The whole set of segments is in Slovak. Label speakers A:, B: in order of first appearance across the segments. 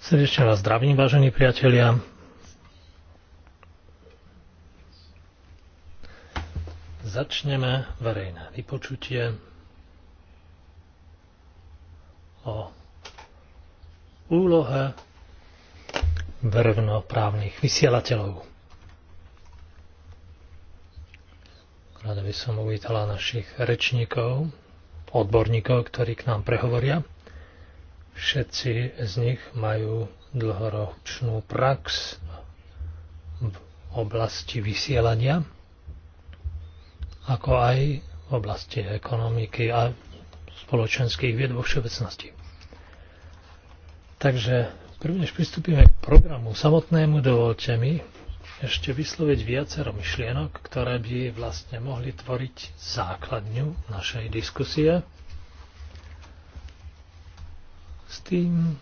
A: Srdečne vás zdravím, vážení priatelia. Začneme verejné vypočutie o úlohe verejnoprávnych vysielateľov. Rada by som uvítala našich rečníkov, odborníkov, ktorí k nám prehovoria. Všetci z nich majú dlhoročnú prax v oblasti vysielania, ako aj v oblasti ekonomiky a spoločenských vied vo všeobecnosti. Takže než pristúpime k programu samotnému, dovolte mi ešte vysloviť viacero myšlienok, ktoré by vlastne mohli tvoriť základňu našej diskusie s tým,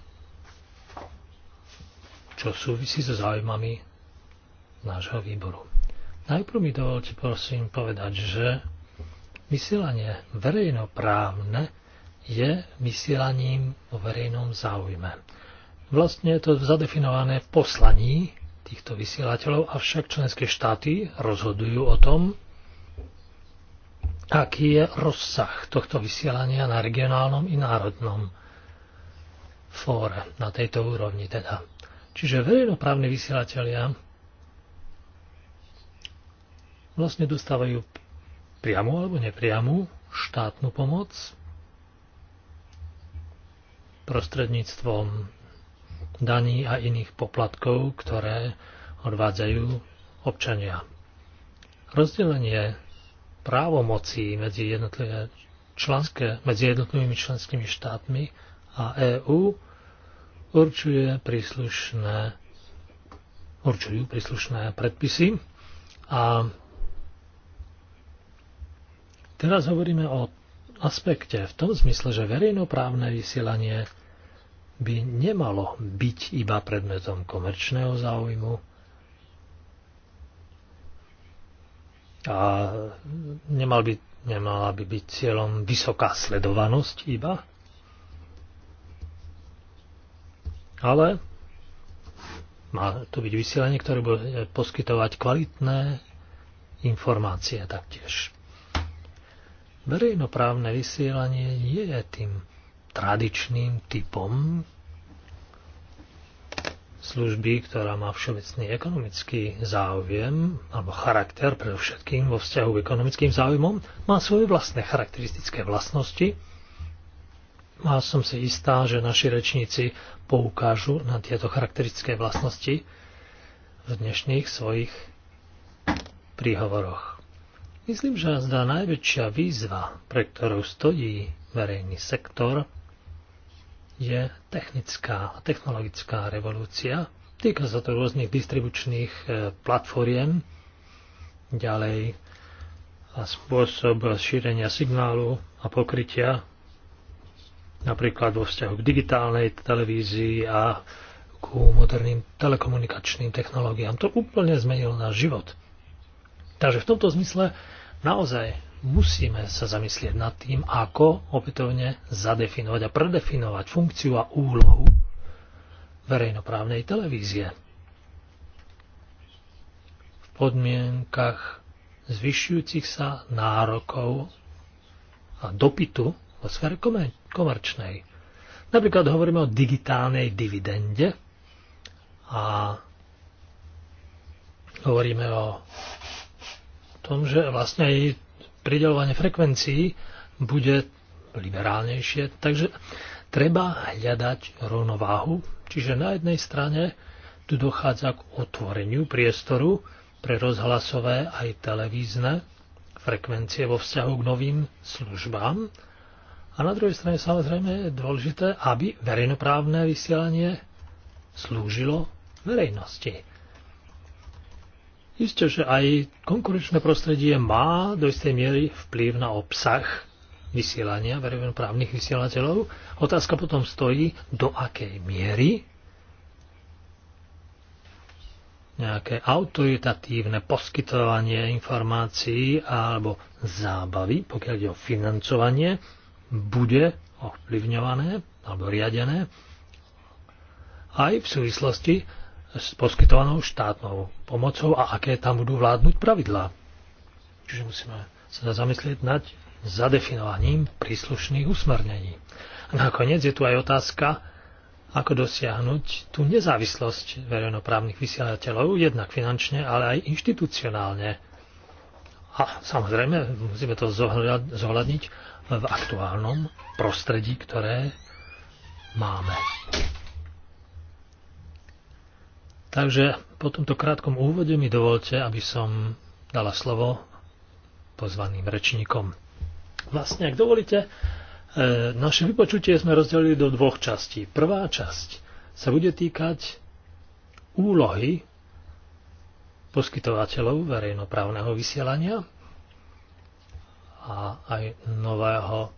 A: čo súvisí so záujmami nášho výboru. Najprv mi dovolte prosím povedať, že vysielanie verejnoprávne je vysielaním o verejnom záujme. Vlastne je to zadefinované v poslaní týchto vysielateľov, avšak členské štáty rozhodujú o tom, aký je rozsah tohto vysielania na regionálnom i národnom fóre, na tejto úrovni teda. Čiže verejnoprávni vysielatelia vlastne dostávajú priamu alebo nepriamu štátnu pomoc prostredníctvom daní a iných poplatkov, ktoré odvádzajú občania. Rozdelenie právomocí medzi, medzi jednotlivými členskými štátmi a EÚ určuje príslušné, určujú príslušné predpisy a teraz hovoríme o aspekte v tom zmysle, že verejnoprávne vysielanie by nemalo byť iba predmetom komerčného záujmu a nemal by, nemala by byť cieľom vysoká sledovanosť iba, ale má to byť vysielanie, ktoré bude eh, poskytovať kvalitné informácie taktiež. Verejnoprávne vysielanie nie je tým tradičným typom služby, ktorá má všeobecný ekonomický záujem alebo charakter predovšetkým vo vzťahu k ekonomickým záujmom, má svoje vlastné charakteristické vlastnosti a som si istá, že naši rečníci poukážu na tieto charakteristické vlastnosti v dnešných svojich príhovoroch. Myslím, že zdá najväčšia výzva, pre ktorú stojí verejný sektor, je technická a technologická revolúcia. Týka sa to rôznych distribučných e, platformiem, ďalej a spôsob šírenia signálu a pokrytia napríklad vo vzťahu k digitálnej televízii a ku moderným telekomunikačným technológiám. To úplne zmenilo náš život. Takže v tomto zmysle naozaj musíme sa zamyslieť nad tým, ako opätovne zadefinovať a predefinovať funkciu a úlohu verejnoprávnej televízie. V podmienkach zvyšujúcich sa nárokov a dopytu vo sfére komerčnej. Napríklad hovoríme o digitálnej dividende a hovoríme o tom, že vlastne aj pridelovanie frekvencií bude liberálnejšie. Takže treba hľadať rovnováhu, čiže na jednej strane tu dochádza k otvoreniu priestoru pre rozhlasové aj televízne frekvencie vo vzťahu k novým službám, a na druhej strane samozrejme je dôležité, aby verejnoprávne vysielanie slúžilo verejnosti. Isté, že aj konkurenčné prostredie má do istej miery vplyv na obsah vysielania verejnoprávnych vysielateľov. Otázka potom stojí, do akej miery nejaké autoritatívne poskytovanie informácií alebo zábavy, pokiaľ ide o financovanie, bude ovplyvňované alebo riadené aj v súvislosti s poskytovanou štátnou pomocou a aké tam budú vládnuť pravidlá. Čiže musíme sa zamyslieť nad zadefinovaním príslušných usmernení. A nakoniec je tu aj otázka, ako dosiahnuť tú nezávislosť verejnoprávnych vysielateľov, jednak finančne, ale aj inštitucionálne a samozrejme musíme to zohľadniť v aktuálnom prostredí, ktoré máme. Takže po tomto krátkom úvode mi dovolte, aby som dala slovo pozvaným rečníkom. Vlastne, ak dovolíte, e, naše vypočutie sme rozdelili do dvoch častí. Prvá časť sa bude týkať úlohy poskytovateľov verejnoprávneho vysielania a aj nového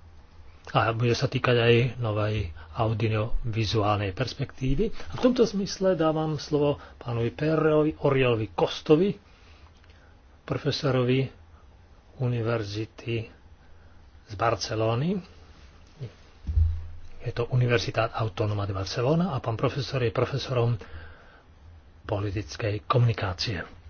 A: a bude sa týkať aj novej audiovizuálnej perspektívy. A v tomto zmysle dávam slovo pánovi Perreovi Orielovi Kostovi, profesorovi univerzity z Barcelóny. Je to Univerzita Autonoma de Barcelona a pán profesor je profesorom politickej komunikácie.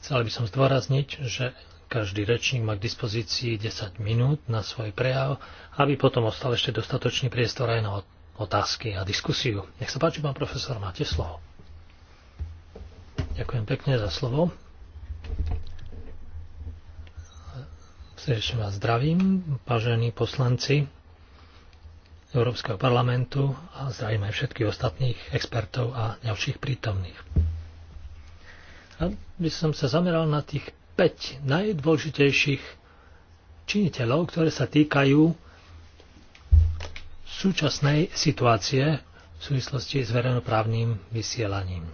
A: Chcel by som zdôrazniť, že každý rečník má k dispozícii 10 minút na svoj prejav, aby potom ostal ešte dostatočný priestor aj na otázky a diskusiu. Nech sa páči, pán profesor, máte slovo. Ďakujem pekne za slovo. Srdečne vás zdravím, vážení poslanci Európskeho parlamentu a zdravím aj všetkých ostatných expertov a ďalších prítomných. Aby som sa zameral na tých 5 najdôležitejších činiteľov, ktoré sa týkajú súčasnej situácie v súvislosti s verejnoprávnym vysielaním.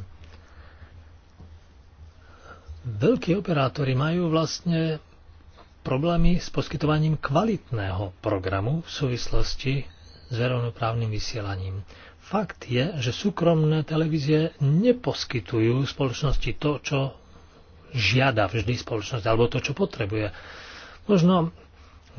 A: Veľkí operátori majú vlastne problémy s poskytovaním kvalitného programu v súvislosti s verejnoprávnym vysielaním. Fakt je, že súkromné televízie neposkytujú spoločnosti to, čo žiada vždy spoločnosť, alebo to, čo potrebuje. Možno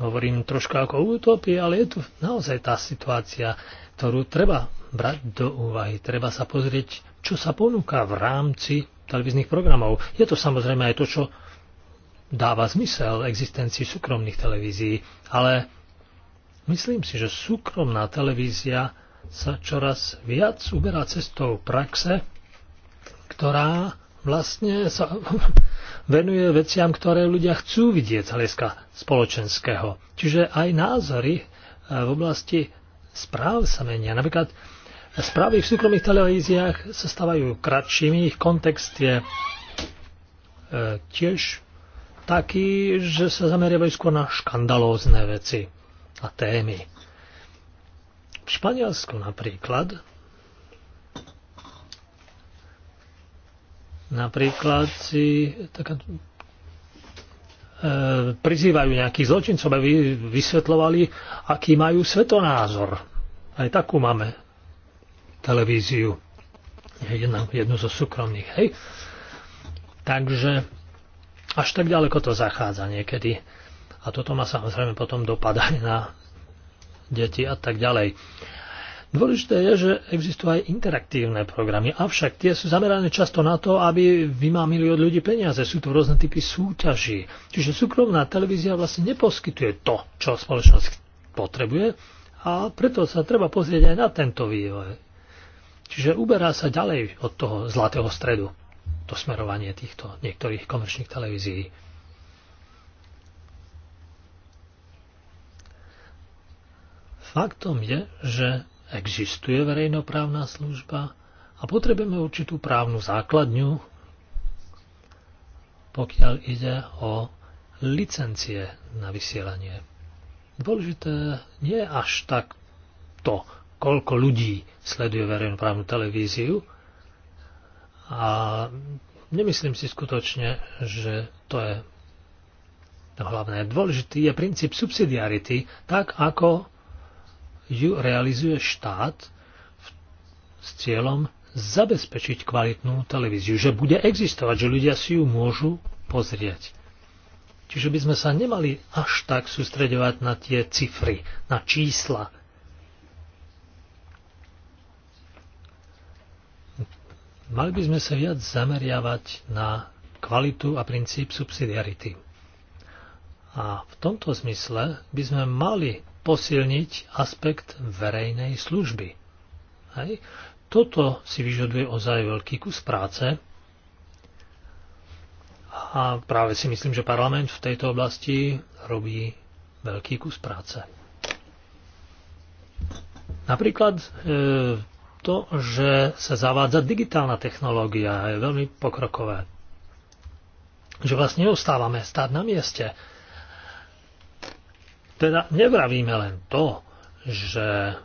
A: hovorím trošku ako utopii, ale je tu naozaj tá situácia, ktorú treba brať do úvahy. Treba sa pozrieť, čo sa ponúka v rámci televíznych programov. Je to samozrejme aj to, čo dáva zmysel existencii súkromných televízií, ale myslím si, že súkromná televízia sa čoraz viac uberá cestou praxe, ktorá vlastne sa venuje veciam, ktoré ľudia chcú vidieť z hľadiska spoločenského. Čiže aj názory eh, v oblasti správ sa menia. Napríklad eh, správy v súkromných televíziách sa stávajú kratšími, ich kontext je eh, tiež taký, že sa zameriavajú skôr na škandalózne veci a témy. V Španielsku napríklad napríklad si taká, e, prizývajú nejakých zločincov, aby vysvetlovali, aký majú svetonázor. Aj takú máme televíziu. Jednu, jednu zo súkromných. Hej. Takže až tak ďaleko to zachádza niekedy. A toto má samozrejme potom dopadať aj na deti a tak ďalej. Dôležité je, že existujú aj interaktívne programy, avšak tie sú zamerané často na to, aby vymámili od ľudí peniaze. Sú tu rôzne typy súťaží. Čiže súkromná televízia vlastne neposkytuje to, čo spoločnosť potrebuje a preto sa treba pozrieť aj na tento vývoj. Čiže uberá sa ďalej od toho zlatého stredu to smerovanie týchto niektorých komerčných televízií. Faktom je, že existuje verejnoprávna služba a potrebujeme určitú právnu základňu, pokiaľ ide o licencie na vysielanie. Dôležité nie je až tak to, koľko ľudí sleduje verejnoprávnu televíziu a nemyslím si skutočne, že to je to hlavné. Dôležitý je princíp subsidiarity, tak ako ju realizuje štát s cieľom zabezpečiť kvalitnú televíziu, že bude existovať, že ľudia si ju môžu pozrieť. Čiže by sme sa nemali až tak sústredovať na tie cifry, na čísla. Mali by sme sa viac zameriavať na kvalitu a princíp subsidiarity. A v tomto zmysle by sme mali posilniť aspekt verejnej služby. Hej. Toto si vyžaduje ozaj veľký kus práce a práve si myslím, že parlament v tejto oblasti robí veľký kus práce. Napríklad e, to, že sa zavádza digitálna technológia, je veľmi pokrokové. Že vlastne ostávame stáť na mieste teda nevravíme len to, že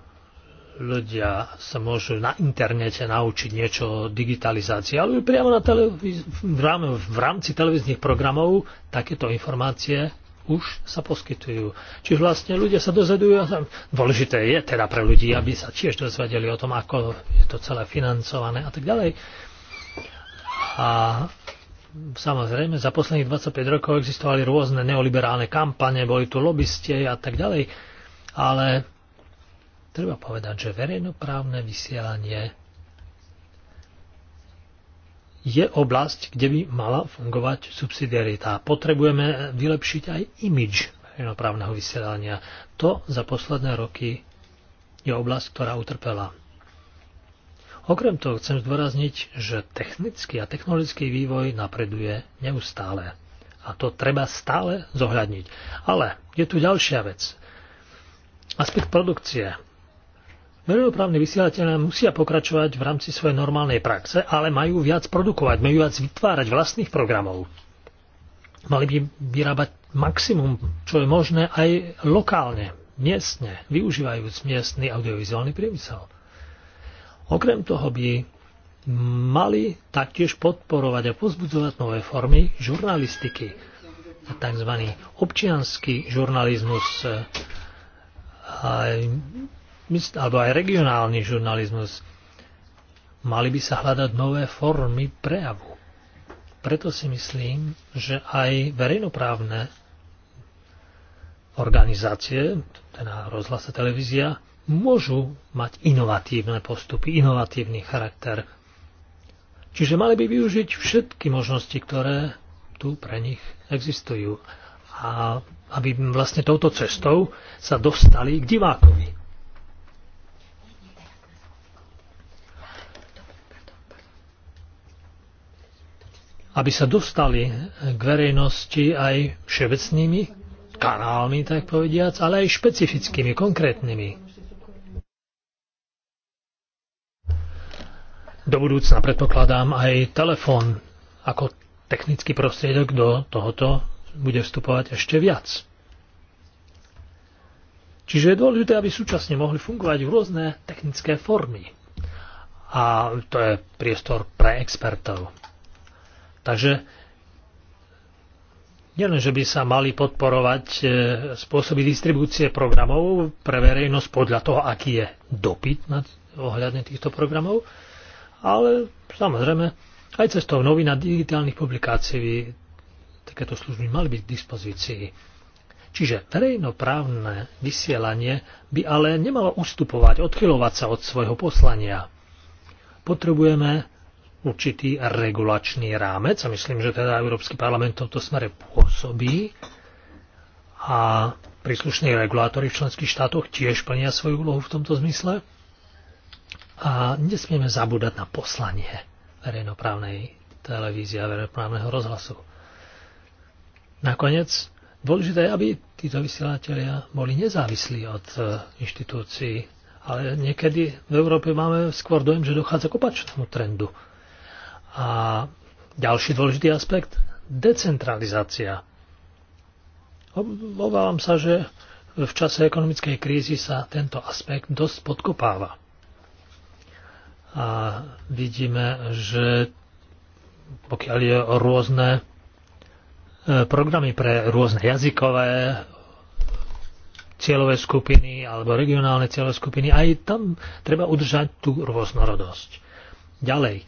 A: ľudia sa môžu na internete naučiť niečo o digitalizácii, ale priamo na televiz- v, rám- v rámci televíznych programov takéto informácie už sa poskytujú. Čiže vlastne ľudia sa dozvedujú. a Dôležité je teda pre ľudí, aby sa tiež dozvedeli o tom, ako je to celé financované a tak ďalej. A Samozrejme, za posledných 25 rokov existovali rôzne neoliberálne kampane, boli tu lobbyste a tak ďalej, ale treba povedať, že verejnoprávne vysielanie je oblasť, kde by mala fungovať subsidiarita. Potrebujeme vylepšiť aj imidž verejnoprávneho vysielania. To za posledné roky je oblasť, ktorá utrpela. Okrem toho chcem zdôrazniť, že technický a technologický vývoj napreduje neustále. A to treba stále zohľadniť. Ale je tu ďalšia vec. Aspekt produkcie. Verejnoprávne vysielateľe musia pokračovať v rámci svojej normálnej praxe, ale majú viac produkovať, majú viac vytvárať vlastných programov. Mali by vyrábať maximum, čo je možné aj lokálne, miestne, využívajúc miestny audiovizuálny priemysel. Okrem toho by mali taktiež podporovať a pozbudzovať nové formy žurnalistiky a tzv. občianský žurnalizmus e, alebo aj regionálny žurnalizmus. Mali by sa hľadať nové formy prejavu. Preto si myslím, že aj verejnoprávne organizácie, teda rozhlas a televízia, môžu mať inovatívne postupy, inovatívny charakter. Čiže mali by využiť všetky možnosti, ktoré tu pre nich existujú. A aby vlastne touto cestou sa dostali k divákovi. Aby sa dostali k verejnosti aj všeobecnými kanálmi, tak povediac, ale aj špecifickými, konkrétnymi do budúcna predpokladám aj telefón ako technický prostriedok do tohoto bude vstupovať ešte viac. Čiže je dôležité, aby súčasne mohli fungovať v rôzne technické formy. A to je priestor pre expertov. Takže nielen, že by sa mali podporovať e, spôsoby distribúcie programov pre verejnosť podľa toho, aký je dopyt nad ohľadne týchto programov, ale samozrejme aj cestou novín a digitálnych publikácií by takéto služby mali byť k dispozícii. Čiže verejnoprávne vysielanie by ale nemalo ustupovať, odchylovať sa od svojho poslania. Potrebujeme určitý regulačný rámec a myslím, že teda Európsky parlament v tomto smere pôsobí a príslušní regulátori v členských štátoch tiež plnia svoju úlohu v tomto zmysle a nesmieme zabúdať na poslanie verejnoprávnej televízie a verejnoprávneho rozhlasu. Nakoniec, dôležité je, aby títo vysielatelia boli nezávislí od e, inštitúcií, ale niekedy v Európe máme skôr dojem, že dochádza k opačnému trendu. A ďalší dôležitý aspekt, decentralizácia. Obávam sa, že v čase ekonomickej krízy sa tento aspekt dosť podkopáva a vidíme, že pokiaľ je o rôzne e, programy pre rôzne jazykové cieľové skupiny alebo regionálne cieľové skupiny, aj tam treba udržať tú rôznorodosť. Ďalej.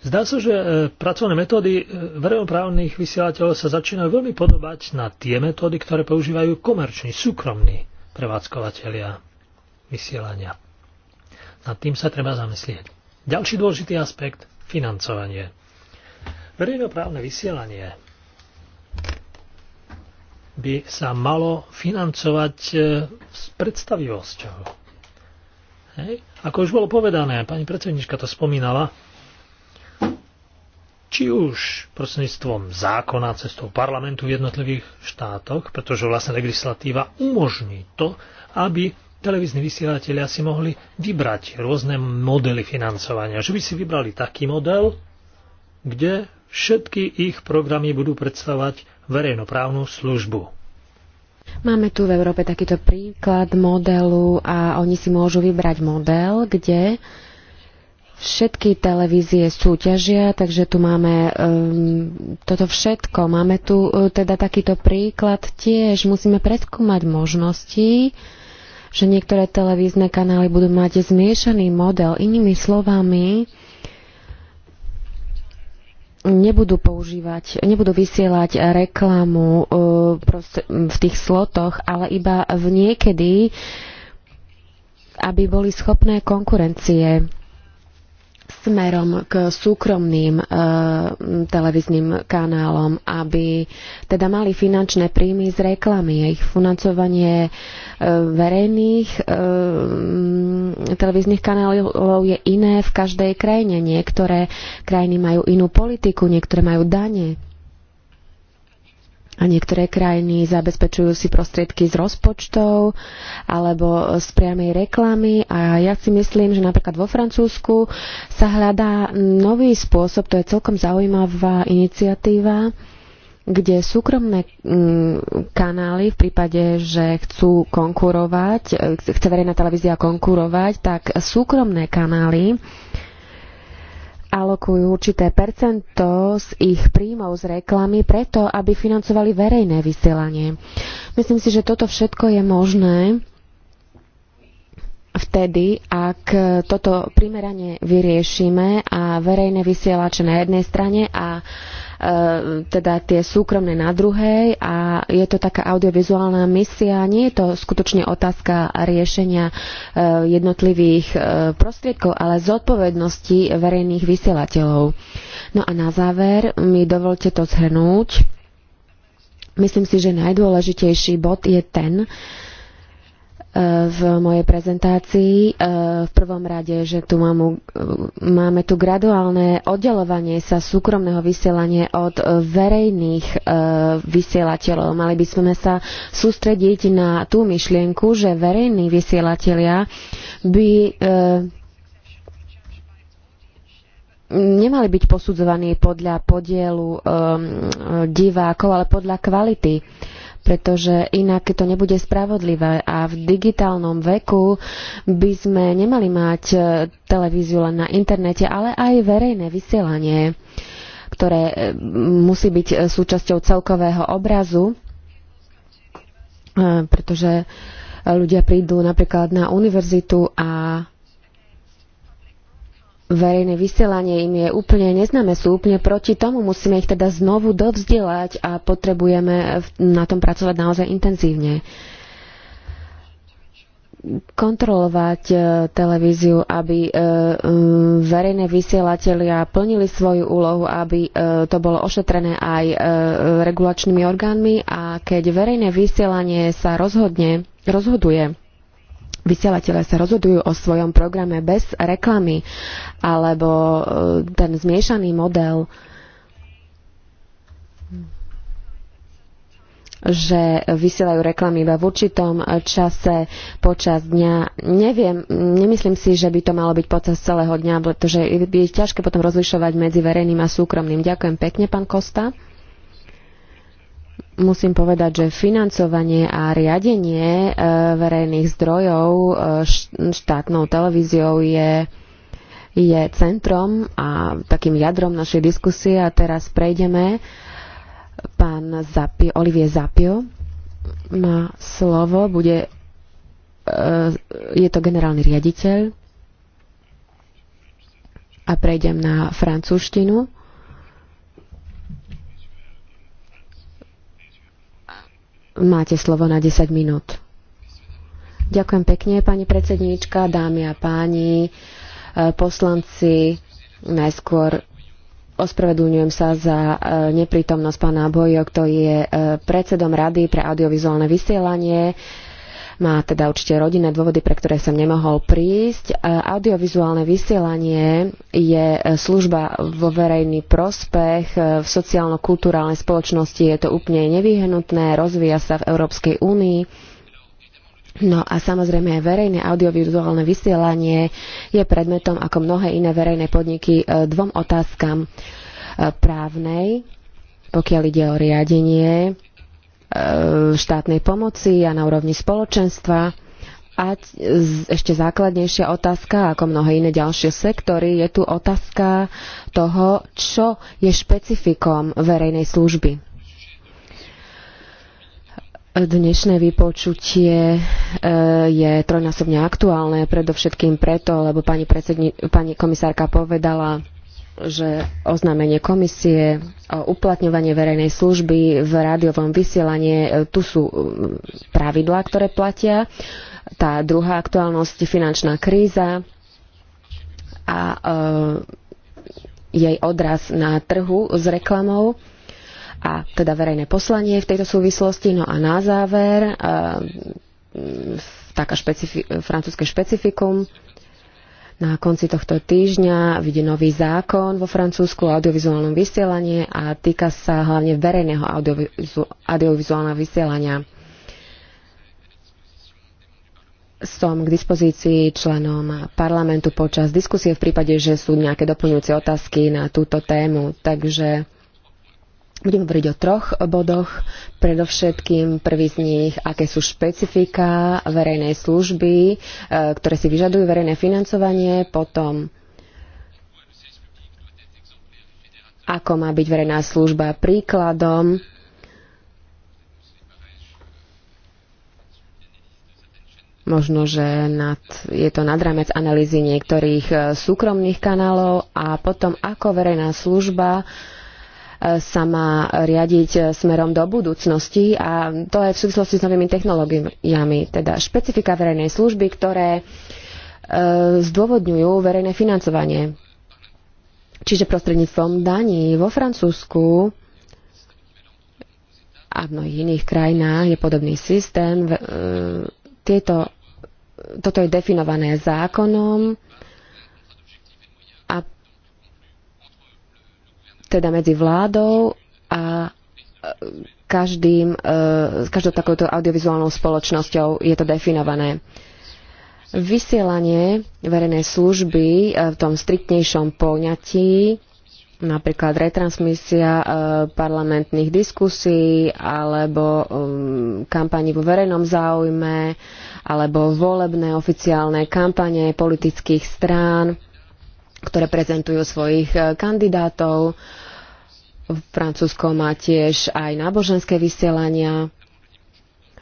A: Zdá sa, že e, pracovné metódy e, verejnoprávnych vysielateľov sa začínajú veľmi podobať na tie metódy, ktoré používajú komerční, súkromní prevádzkovateľia vysielania. Nad tým sa treba zamyslieť. Ďalší dôležitý aspekt financovanie. Verejnoprávne vysielanie by sa malo financovať e, s predstavivosťou. Hej. Ako už bolo povedané, pani predsednička to spomínala, či už prostredníctvom zákona, cestou parlamentu v jednotlivých štátoch, pretože vlastne legislatíva umožní to, aby televízni vysielatelia si mohli vybrať rôzne modely financovania. Že by si vybrali taký model, kde všetky ich programy budú predstavovať verejnoprávnu službu.
B: Máme tu v Európe takýto príklad modelu a oni si môžu vybrať model, kde všetky televízie súťažia, takže tu máme um, toto všetko. Máme tu uh, teda takýto príklad tiež. Musíme preskúmať možnosti, uh, že niektoré televízne kanály budú mať zmiešaný model. Inými slovami, nebudú používať, nebudú vysielať reklamu e, v tých slotoch, ale iba v niekedy, aby boli schopné konkurencie smerom k súkromným e, televíznym kanálom, aby teda mali finančné príjmy z reklamy. Ich financovanie e, verejných e, televíznych kanálov je iné v každej krajine. Niektoré krajiny majú inú politiku, niektoré majú dane a niektoré krajiny zabezpečujú si prostriedky z rozpočtov alebo z priamej reklamy a ja si myslím, že napríklad vo Francúzsku sa hľadá nový spôsob, to je celkom zaujímavá iniciatíva, kde súkromné mm, kanály v prípade, že chcú konkurovať, e, chce verejná televízia konkurovať, tak súkromné kanály uh, alokujú určité percento z ich príjmov z reklamy preto, aby financovali verejné vysielanie. Myslím si, že toto všetko je možné vtedy, ak toto primerane vyriešime a verejné vysielače na jednej strane a uh, E, teda tie súkromné na druhej a je to taká audiovizuálna misia. Nie je to skutočne otázka riešenia e, jednotlivých e, prostriedkov, ale zodpovednosti verejných vysielateľov. No a na záver mi dovolte to zhrnúť. Myslím si, že najdôležitejší bod je ten, v mojej prezentácii. E, v prvom rade, že tu mám, máme tu graduálne oddelovanie sa súkromného vysielania od verejných e, vysielateľov. Mali by sme sa sústrediť na tú myšlienku, že verejní vysielatelia by e, nemali byť posudzovaní podľa podielu divákov, ale podľa kvality pretože inak to nebude spravodlivé a v digitálnom veku by sme nemali mať e, televíziu len na internete, ale aj verejné vysielanie, ktoré e, musí byť e, súčasťou celkového obrazu, pretože ľudia prídu napríklad na univerzitu a verejné vysielanie im je úplne neznáme, sú úplne proti tomu, musíme ich teda znovu dovzdielať a potrebujeme na tom pracovať naozaj intenzívne. Kontrolovať e, televíziu, aby e, e, verejné vysielatelia plnili svoju úlohu, aby to bolo ošetrené aj regulačnými orgánmi a keď verejné vysielanie sa rozhodne, rozhoduje vysielateľe sa rozhodujú o svojom programe bez reklamy, alebo e, ten zmiešaný model, že vysielajú reklamy iba v určitom čase počas dňa. Neviem, nemyslím si, že by to malo byť počas celého dňa, pretože je ťažké potom rozlišovať medzi verejným a súkromným. Ďakujem pekne, pán Kosta musím povedať, že financovanie a riadenie e, verejných zdrojov e, štátnou televíziou je, je centrom a takým jadrom našej diskusie. A teraz prejdeme. Pán Zapio, Olivier Zapio má slovo, bude, e, je to generálny riaditeľ. A prejdem na francúzštinu. Máte slovo na 10 minút. Ďakujem pekne, pani predsedníčka, dámy a páni, e, poslanci. Najskôr ospravedlňujem sa za e, neprítomnosť pána Bojo, ktorý je e, predsedom Rady pre audiovizuálne vysielanie má teda určite rodinné dôvody, pre ktoré som nemohol prísť. E, audiovizuálne vysielanie je e, služba vo verejný prospech. E, v sociálno-kulturálnej spoločnosti je to úplne nevyhnutné, rozvíja sa v Európskej únii. No a samozrejme aj verejné audiovizuálne vysielanie je predmetom, ako mnohé iné verejné podniky, dvom otázkam právnej, pokiaľ ide o riadenie E, štátnej pomoci a na úrovni spoločenstva. A ešte základnejšia otázka, ako mnohé iné ďalšie sektory, je tu otázka toho, čo je špecifikom verejnej služby. Dnešné vypočutie e, je trojnásobne aktuálne, predovšetkým preto, lebo pani, pani komisárka povedala, že oznámenie komisie o uplatňovanie verejnej služby v rádiovom vysielaní, e, tu sú e, pravidlá, ktoré platia. Tá druhá aktuálnosť, finančná kríza a e, jej odraz na trhu s reklamou a teda verejné poslanie v tejto súvislosti. No a na záver, taká špecifi- francúzske špecifikum, na konci tohto týždňa vidie nový zákon vo Francúzsku o audiovizuálnom vysielaní a týka sa hlavne verejného audiovizu, audiovizuálneho vysielania. Som k dispozícii členom parlamentu počas diskusie v prípade, že sú nejaké doplňujúce otázky na túto tému. Takže budem hovoriť o troch bodoch. Predovšetkým prvý z nich, aké sú špecifika verejnej služby, e, ktoré si vyžadujú verejné financovanie, potom ako má byť verejná služba príkladom Možno, že nad, je to nad rámec analýzy niektorých e, súkromných kanálov a potom ako verejná služba uh, sa má riadiť e, smerom do budúcnosti a to je v súvislosti s novými technológiami, teda špecifika verejnej služby, ktoré e, zdôvodňujú verejné financovanie. Čiže prostredníctvom daní vo Francúzsku a v mnohých iných krajinách je podobný systém. E, tieto, toto je definované zákonom teda medzi vládou a e, každým, e, každou takouto audiovizuálnou spoločnosťou je to definované. Vysielanie verejnej služby e, v tom striktnejšom poňatí, napríklad retransmisia parlamentných diskusí alebo mm, kampani vo verejnom záujme alebo volebné oficiálne kampane politických strán, ktoré prezentujú svojich e, kandidátov. v Francúzsko má tiež aj náboženské vysielania,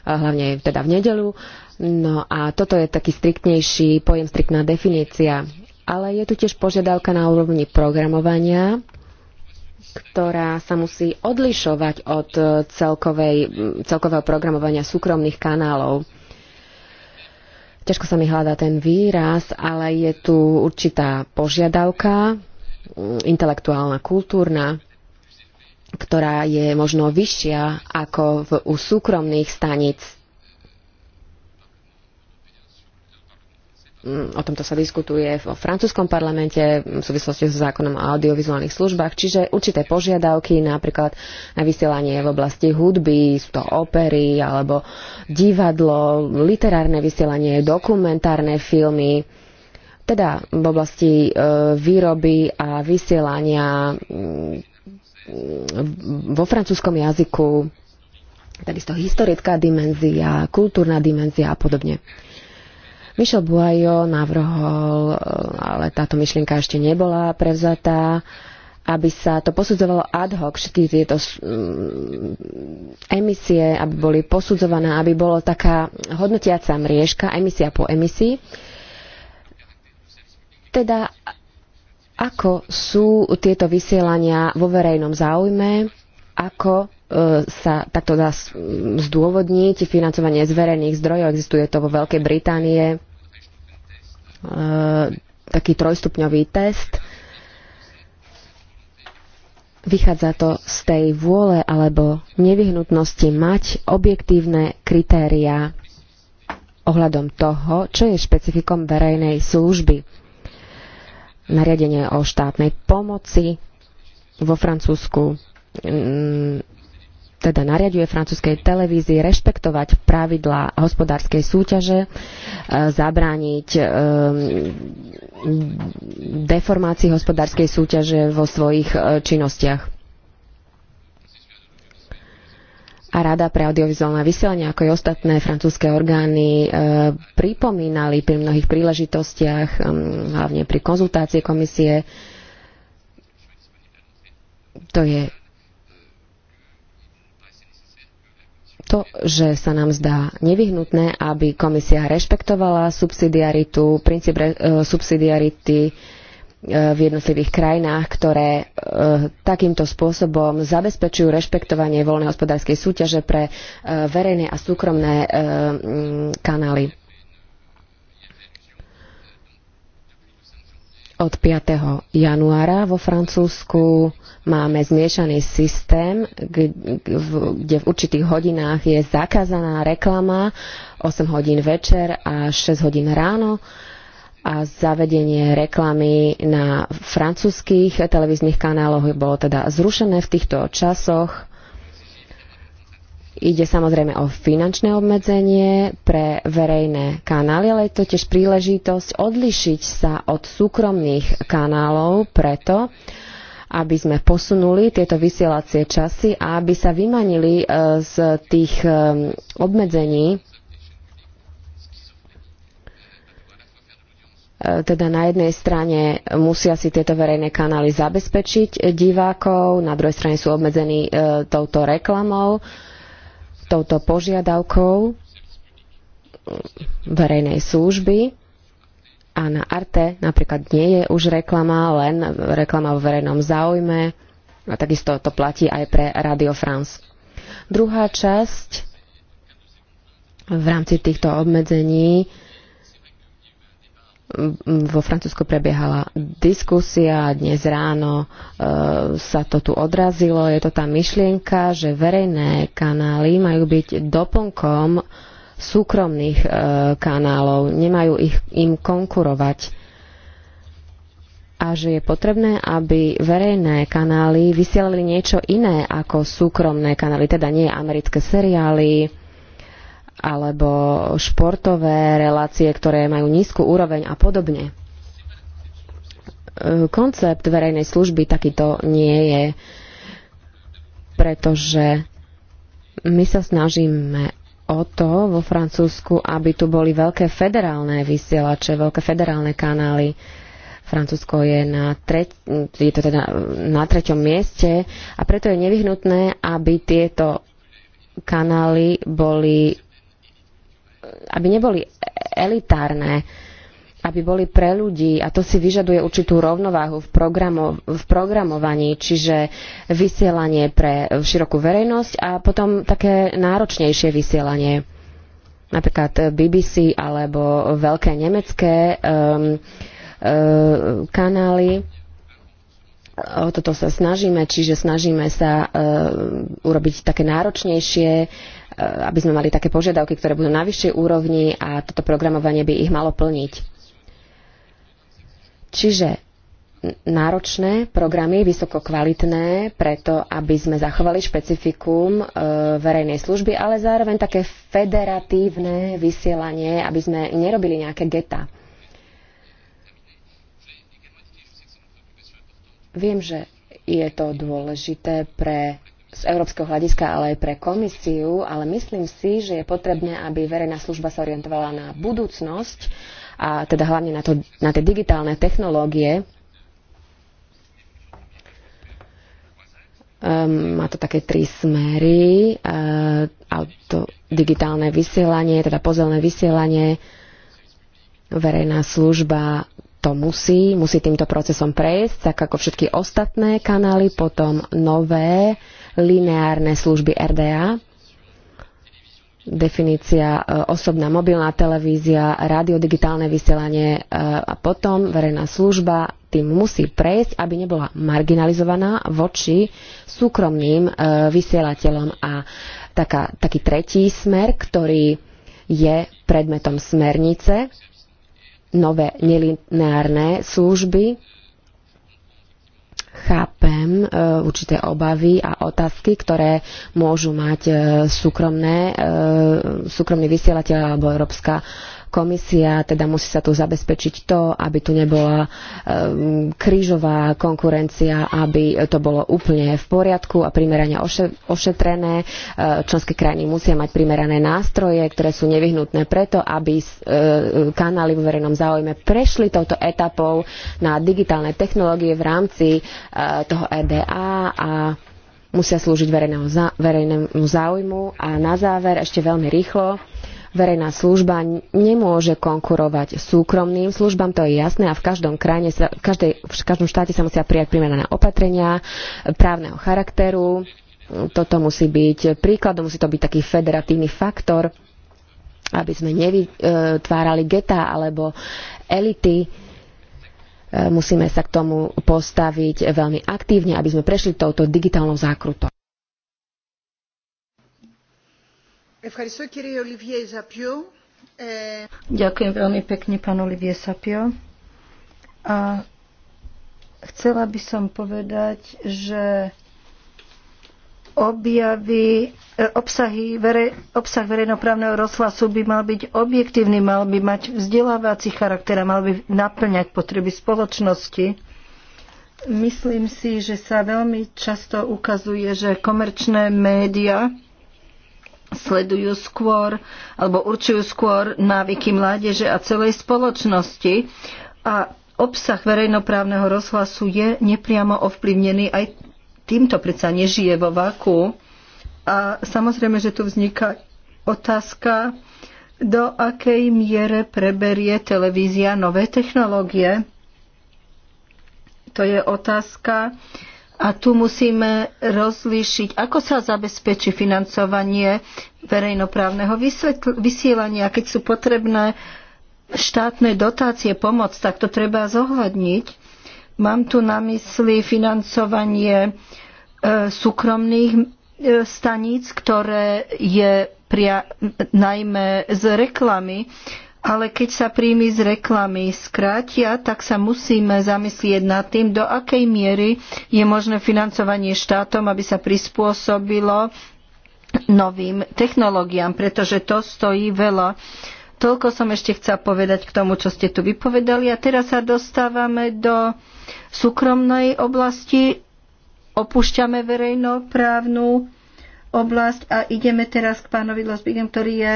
B: hlavne teda v nedelu. No a toto je taký striktnejší pojem, striktná definícia. Ale je tu tiež požiadavka na úrovni programovania, ktorá sa musí odlišovať od e, celkovej, celkového programovania súkromných kanálov. Ťažko sa mi hľadá ten výraz, ale je tu určitá požiadavka, mm, intelektuálna, kultúrna, ktorá je možno vyššia ako v, u súkromných staníc Mm, o tomto sa diskutuje vo francúzskom parlamente v súvislosti so zákonom o audiovizuálnych službách, čiže určité požiadavky napríklad na vysielanie v oblasti hudby, sú to opery alebo divadlo, literárne vysielanie, dokumentárne filmy, teda v oblasti e, výroby a vysielania mm, vo francúzskom jazyku, takisto historická dimenzia, kultúrna dimenzia a podobne. Michel Buajo navrhol, e, ale táto myšlienka ešte nebola prevzatá, aby sa to posudzovalo ad hoc, všetky tieto emisie, aby boli posudzované, aby bolo taká hodnotiaca mriežka, emisia po emisii. Teda ako sú tieto vysielania vo verejnom záujme, ako E, sa takto dá zdôvodniť. Financovanie z verejných zdrojov, existuje to vo Veľkej Británie. Taký trojstupňový test. Vychádza to z tej vôle alebo nevyhnutnosti mať objektívne kritériá ohľadom toho, čo je špecifikom verejnej služby. Nariadenie o štátnej pomoci vo Francúzsku mm, teda nariaduje francúzskej televízii rešpektovať pravidlá hospodárskej súťaže, e, zabrániť e, deformácii hospodárskej súťaže vo svojich e, činnostiach. A Rada pre audiovizuálne vysielanie, ako aj ostatné francúzske orgány, pripomínali pri mnohých príležitostiach, hlavne pri konzultácii komisie, to je to, že sa nám zdá nevyhnutné, aby komisia rešpektovala subsidiaritu, princíp re, e, subsidiarity e, v jednotlivých krajinách, ktoré e, takýmto spôsobom zabezpečujú rešpektovanie voľnej hospodárskej súťaže pre verejné a súkromné kanály. Od 5. januára vo Francúzsku máme zmiešaný systém, kde v určitých hodinách je zakázaná reklama 8 hodín večer a 6 hodín ráno a zavedenie reklamy na francúzských televíznych kanáloch bolo teda zrušené v týchto časoch Ide samozrejme o finančné obmedzenie pre verejné kanály, ale je to tiež príležitosť odlišiť sa od súkromných kanálov preto, aby sme posunuli tieto vysielacie časy a aby sa vymanili e, z tých e, obmedzení, e, teda na jednej strane musia si tieto verejné kanály zabezpečiť divákov, na druhej strane sú obmedzení touto reklamou touto požiadavkou verejnej služby a na Arte napríklad nie je už reklama, len reklama v verejnom záujme a takisto to platí aj pre Radio France. Druhá časť v rámci týchto obmedzení vo Francúzsku prebiehala diskusia a dnes ráno e, sa to tu odrazilo. Je to tá myšlienka, že verejné kanály majú byť doplnkom súkromných e, kanálov, nemajú ich, im konkurovať a že je potrebné, aby verejné kanály vysielali niečo iné ako súkromné kanály, teda nie americké seriály, alebo športové relácie, ktoré majú nízku úroveň a podobne. E, koncept verejnej služby takýto nie je, pretože my sa snažíme o to vo Francúzsku, aby tu boli veľké federálne vysielače, veľké federálne kanály. Francúzsko je, na, treť, je to teda na treťom mieste a preto je nevyhnutné, aby tieto kanály boli aby neboli elitárne, aby boli pre ľudí a to si vyžaduje určitú rovnováhu v, programo, v programovaní, čiže vysielanie pre širokú verejnosť a potom také náročnejšie vysielanie napríklad BBC alebo veľké nemecké um, um, kanály. O toto sa snažíme, čiže snažíme sa um, urobiť také náročnejšie Eh, aby sme mali také požiadavky, ktoré budú na vyššej úrovni a toto programovanie by ich malo plniť. Čiže náročné programy, vysoko kvalitné, preto aby sme zachovali špecifikum e, verejnej služby, ale zároveň také federatívne vysielanie, aby sme nerobili nejaké geta. Viem, že je to dôležité pre z európskeho hľadiska, ale aj pre komisiu, ale myslím si, že je potrebné, aby verejná služba sa orientovala na budúcnosť a teda hlavne na, to, na tie digitálne technológie. Um, má to také tri smery. Ehm, uh, to digitálne vysielanie, teda pozelné vysielanie, verejná služba to musí, musí týmto procesom prejsť, tak ako všetky ostatné kanály, potom nové lineárne služby RDA, definícia e, osobná mobilná televízia, rádio, digitálne vysielanie e, a potom verejná služba tým musí prejsť, aby nebola marginalizovaná voči súkromným e, vysielateľom. A taká, taký tretí smer, ktorý je predmetom smernice, nové nelineárne služby, chápem e, určité obavy a otázky, ktoré môžu mať e, súkromné, e, súkromný vysielateľ alebo Európska Komisia teda musí sa tu zabezpečiť to, aby tu nebola um, krížová konkurencia, aby to bolo úplne v poriadku a primerane ošetrené. E, členské krajiny musia mať primerané nástroje, ktoré sú nevyhnutné preto, aby e, kanály vo verejnom záujme prešli touto etapou na digitálne technológie v rámci toho EDA a musia slúžiť verejnému záujmu. A na záver ešte veľmi rýchlo verejná služba nemôže konkurovať súkromným službám, to je jasné a v každom krajine, v, každej, v každom štáte sa musia prijať primerané opatrenia právneho charakteru. Toto musí byť príkladom, musí to byť taký federatívny faktor, aby sme nevytvárali geta alebo elity. Musíme sa k tomu postaviť veľmi aktívne, aby sme prešli touto digitálnou zákrutou.
C: Ďakujem veľmi pekne, pán Olivier Sapio. A chcela by som povedať, že objavy, e, obsahy, verej, obsah verejnoprávneho rozhlasu by mal byť objektívny, mal by mať vzdelávací charakter a mal by naplňať potreby spoločnosti. Myslím si, že sa veľmi často ukazuje, že komerčné média sledujú skôr alebo určujú skôr návyky mládeže a celej spoločnosti. A obsah verejnoprávneho rozhlasu je nepriamo ovplyvnený aj týmto predsa nežije vo vaku. A samozrejme, že tu vzniká otázka, do akej miere preberie televízia nové technológie. To je otázka, a tu musíme rozlíšiť, ako sa zabezpečí financovanie verejnoprávneho vysielania, keď sú potrebné štátne dotácie, pomoc, tak to treba zohľadniť. Mám tu na mysli financovanie e, súkromných e, staníc, ktoré je pria, najmä z reklamy. E, ale keď sa príjmy z reklamy skrátia, tak sa musíme zamyslieť nad tým, do akej miery je možné financovanie štátom, aby sa prispôsobilo novým technológiám, pretože to stojí veľa. Toľko som ešte chcela povedať k tomu, čo ste tu vypovedali. A teraz sa dostávame do súkromnej oblasti. Opúšťame verejnoprávnu oblasť a ideme teraz k pánovi Lozbigem, ktorý je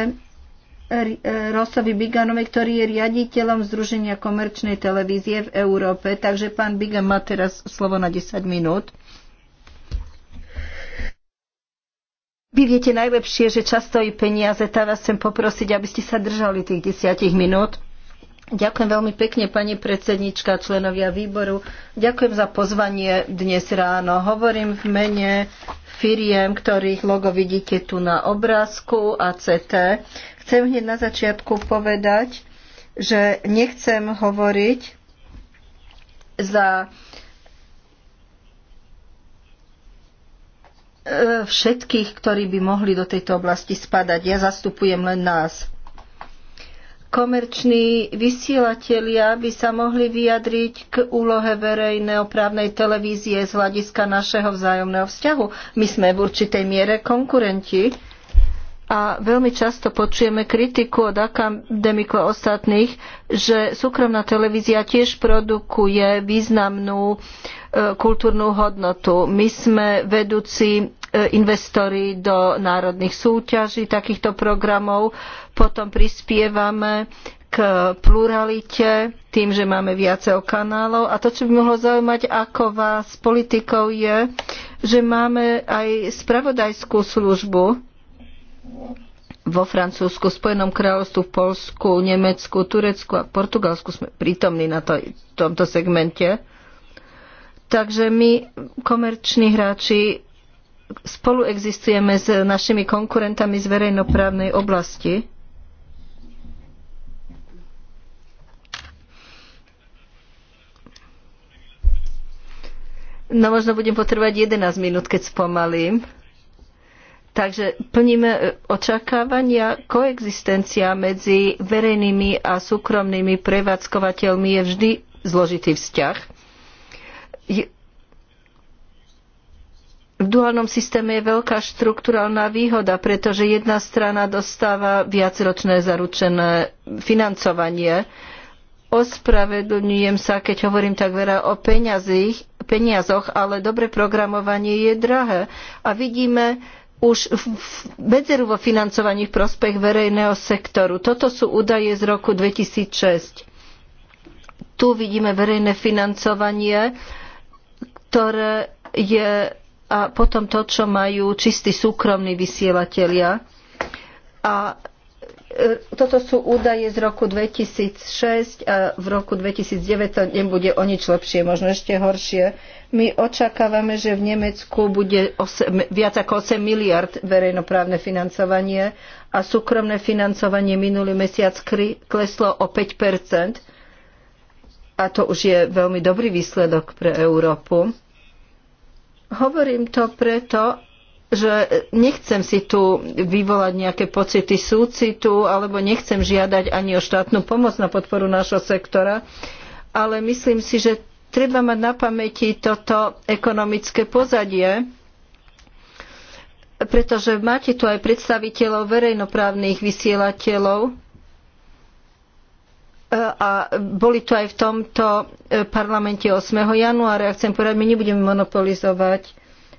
C: E, Rosovi Biganovi, ktorý je riaditeľom Združenia komerčnej televízie v Európe. Takže pán Bigan má teraz slovo na 10 minút. Vy viete najlepšie, že čas stojí peniaze, tá vás chcem poprosiť, aby ste sa držali tých 10 minút. Ďakujem veľmi pekne, pani predsednička, členovia výboru. Ďakujem za pozvanie dnes ráno. Hovorím v mene firiem, ktorých logo vidíte tu na obrázku ACT, Chcem hneď na začiatku povedať, že nechcem hovoriť za e, všetkých, ktorí by mohli do tejto oblasti spadať. Ja zastupujem len nás. Komerční vysielatelia by sa mohli vyjadriť k úlohe verejného právnej televízie z hľadiska našeho vzájomného vzťahu. My sme v určitej miere konkurenti a veľmi často počujeme kritiku od akademikov ostatných, že súkromná televízia tiež produkuje významnú e, kultúrnu hodnotu. My sme vedúci e, investori do národných súťaží takýchto programov, potom prispievame k pluralite tým, že máme viacero kanálov. A to, čo by mohlo zaujímať ako vás politikov, je, že máme aj spravodajskú službu, vo Francúzsku, Spojenom kráľovstvu, v Polsku, Nemecku, Turecku a Portugalsku sme prítomní na to, tomto segmente. Takže my, komerční hráči, spolu existujeme s našimi konkurentami z verejnoprávnej oblasti. No možno budem potrebovať 11 minút, keď spomalím. Takže plníme e, očakávania. Koexistencia medzi verejnými a súkromnými prevádzkovateľmi je vždy zložitý vzťah. V duálnom systéme je veľká štruktúralná výhoda, pretože jedna strana dostáva viacročné zaručené financovanie. Ospravedlňujem sa, keď hovorím tak veľa o peniazoch, ale dobre programovanie je drahé. A vidíme, už medzeru vo financovaní v prospech verejného sektoru. Toto sú údaje z roku 2006. Tu vidíme verejné financovanie, ktoré je a potom to, čo majú čistí súkromní vysielatelia. A e, toto sú údaje z roku 2006 a v roku 2009 to nebude o nič lepšie, možno ešte horšie my očakávame, že v Nemecku bude 8, viac ako 8 miliard verejnoprávne financovanie a súkromné financovanie minulý mesiac kleslo o 5 A to už je veľmi dobrý výsledok pre Európu. Hovorím to preto, že nechcem si tu vyvolať nejaké pocity súcitu alebo nechcem žiadať ani o štátnu pomoc na podporu nášho sektora, ale myslím si, že Treba mať na pamäti toto ekonomické pozadie, pretože máte tu aj predstaviteľov verejnoprávnych vysielateľov a boli tu aj v tomto parlamente 8. januára. Ja chcem povedať, my nebudeme monopolizovať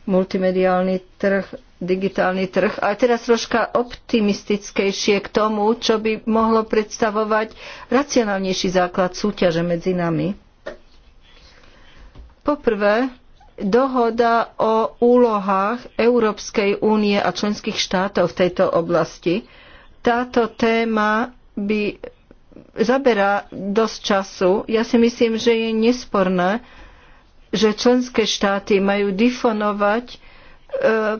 C: multimediálny trh, digitálny trh. A teraz troška optimistickejšie k tomu, čo by mohlo predstavovať racionálnejší základ súťaže medzi nami. Poprvé, dohoda o úlohách Európskej únie a členských štátov v tejto oblasti. Táto téma by zaberá dosť času. Ja si myslím, že je nesporné, že členské štáty majú difonovať e,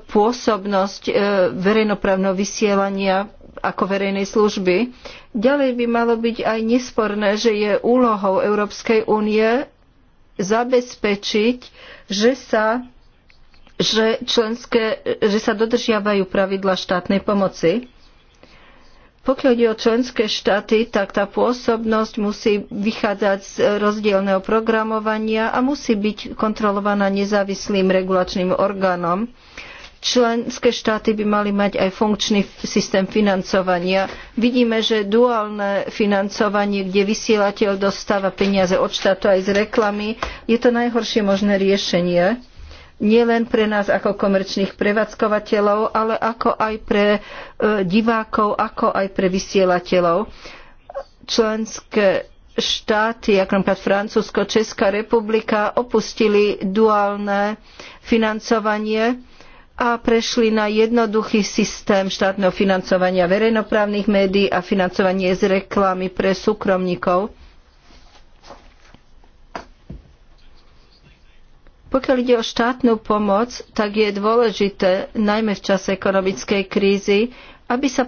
C: pôsobnosť e, verejnoprávneho vysielania ako verejnej služby. Ďalej by malo byť aj nesporné, že je úlohou Európskej únie zabezpečiť, že sa, že členské, že sa dodržiavajú pravidla štátnej pomoci. Pokiaľ ide o členské štáty, tak tá pôsobnosť musí vychádzať z rozdielneho programovania a musí byť kontrolovaná nezávislým regulačným orgánom. Členské štáty by mali mať aj funkčný systém financovania. Vidíme, že duálne financovanie, kde vysielateľ dostáva peniaze od štátu aj z reklamy, je to najhoršie možné riešenie nielen pre nás ako komerčných prevádzkovateľov, ale ako aj pre e, divákov, ako aj pre vysielateľov. Členské štáty, ako napríklad Francúzsko, Česká republika, opustili duálne financovanie a prešli na jednoduchý systém štátneho financovania verejnoprávnych médií a financovanie z reklamy pre súkromníkov. Pokiaľ ide o štátnu pomoc, tak je dôležité, najmä v čase ekonomickej krízy, aby sa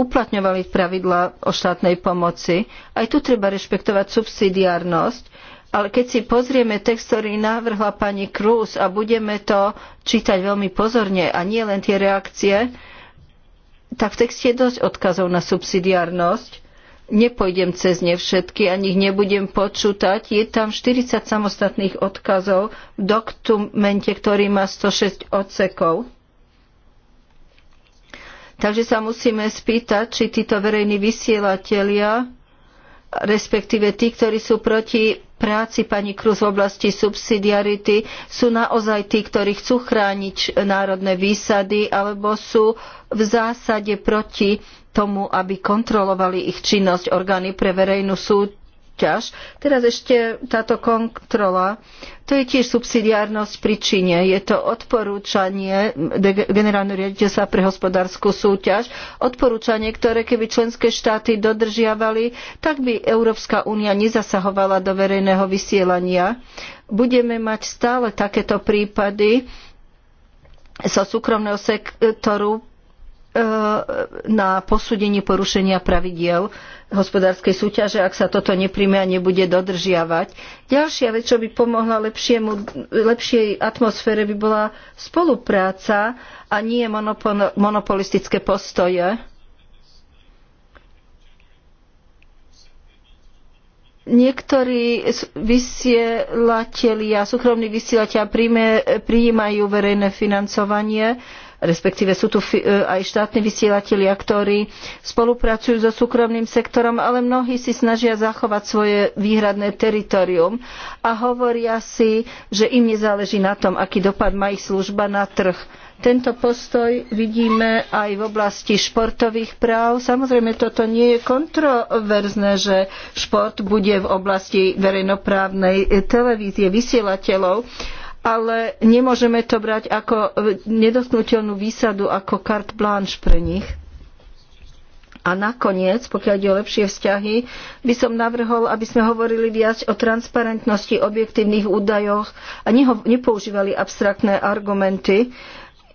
C: uplatňovali pravidlá o štátnej pomoci. Aj tu treba rešpektovať subsidiárnosť ale keď si pozrieme text, ktorý navrhla pani Krús a budeme to čítať veľmi pozorne a nie len tie reakcie, tak v texte je dosť odkazov na subsidiárnosť. Nepojdem cez ne všetky, ani ich nebudem počútať. Je tam 40 samostatných odkazov v dokumente, ktorý má 106 odsekov. Takže sa musíme spýtať, či títo verejní vysielatelia, respektíve tí, ktorí sú proti práci pani Kruz v oblasti subsidiarity sú naozaj tí, ktorí chcú chrániť národné výsady alebo sú v zásade proti tomu, aby kontrolovali ich činnosť orgány pre verejnú súd, súťaž. Teraz ešte táto kontrola. To je tiež subsidiárnosť pri čine. Je to odporúčanie generálneho riaditeľstva pre hospodárskú súťaž. Odporúčanie, ktoré keby členské štáty dodržiavali, tak by Európska únia nezasahovala do verejného vysielania. Budeme mať stále takéto prípady, zo so súkromného sektoru na posúdenie porušenia pravidiel hospodárskej súťaže, ak sa toto nepríjme a nebude dodržiavať. Ďalšia vec, čo by pomohla lepšiemu, lepšej atmosfére, by bola spolupráca a nie monopol, monopolistické postoje. Niektorí vysielatelia, súkromní vysielatelia príjmajú verejné financovanie, respektíve sú tu e, aj štátni vysielatelia, ktorí spolupracujú so súkromným sektorom, ale mnohí si snažia zachovať svoje výhradné teritorium a hovoria si, že im nezáleží na tom, aký dopad má ich služba na trh. Tento postoj vidíme aj v oblasti športových práv. Samozrejme, toto nie je kontroverzné, že šport bude v oblasti verejnoprávnej televízie vysielateľov, ale nemôžeme to brať ako e, nedotknutelnú výsadu, ako carte blanche pre nich. A nakoniec, pokiaľ ide o lepšie vzťahy, by som navrhol, aby sme hovorili viac o transparentnosti objektívnych údajoch a nepoužívali abstraktné argumenty,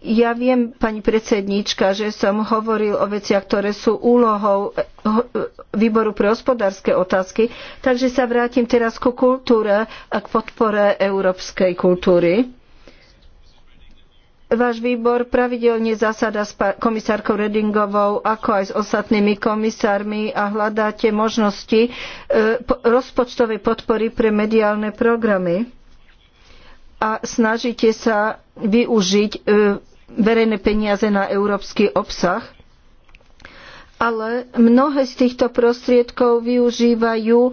C: ja viem, pani predsedníčka, že som hovoril o veciach, ktoré sú úlohou eh, eh, výboru pre hospodárske otázky, takže sa vrátim teraz ku kultúre a k podpore európskej kultúry. Váš výbor pravidelne zasada s komisárkou Redingovou, ako aj s ostatnými komisármi a hľadáte možnosti eh, rozpočtovej podpory pre mediálne programy a snažíte sa využiť verejné peniaze na európsky obsah, ale mnohé z týchto prostriedkov využívajú e,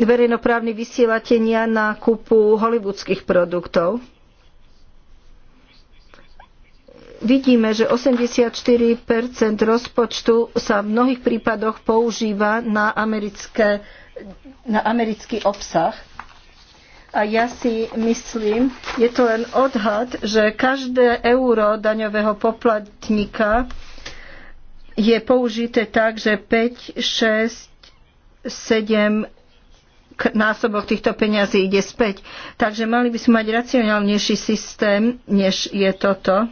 C: verejnoprávne vysielatenia na kúpu hollywoodských produktov. Vidíme, že 84 rozpočtu sa v mnohých prípadoch používa na, americké, na americký obsah a ja si myslím, je to len odhad, že každé euro daňového poplatníka je použité tak, že 5, 6, 7 násobok týchto peňazí ide späť. Takže mali by sme mať racionálnejší systém, než je toto.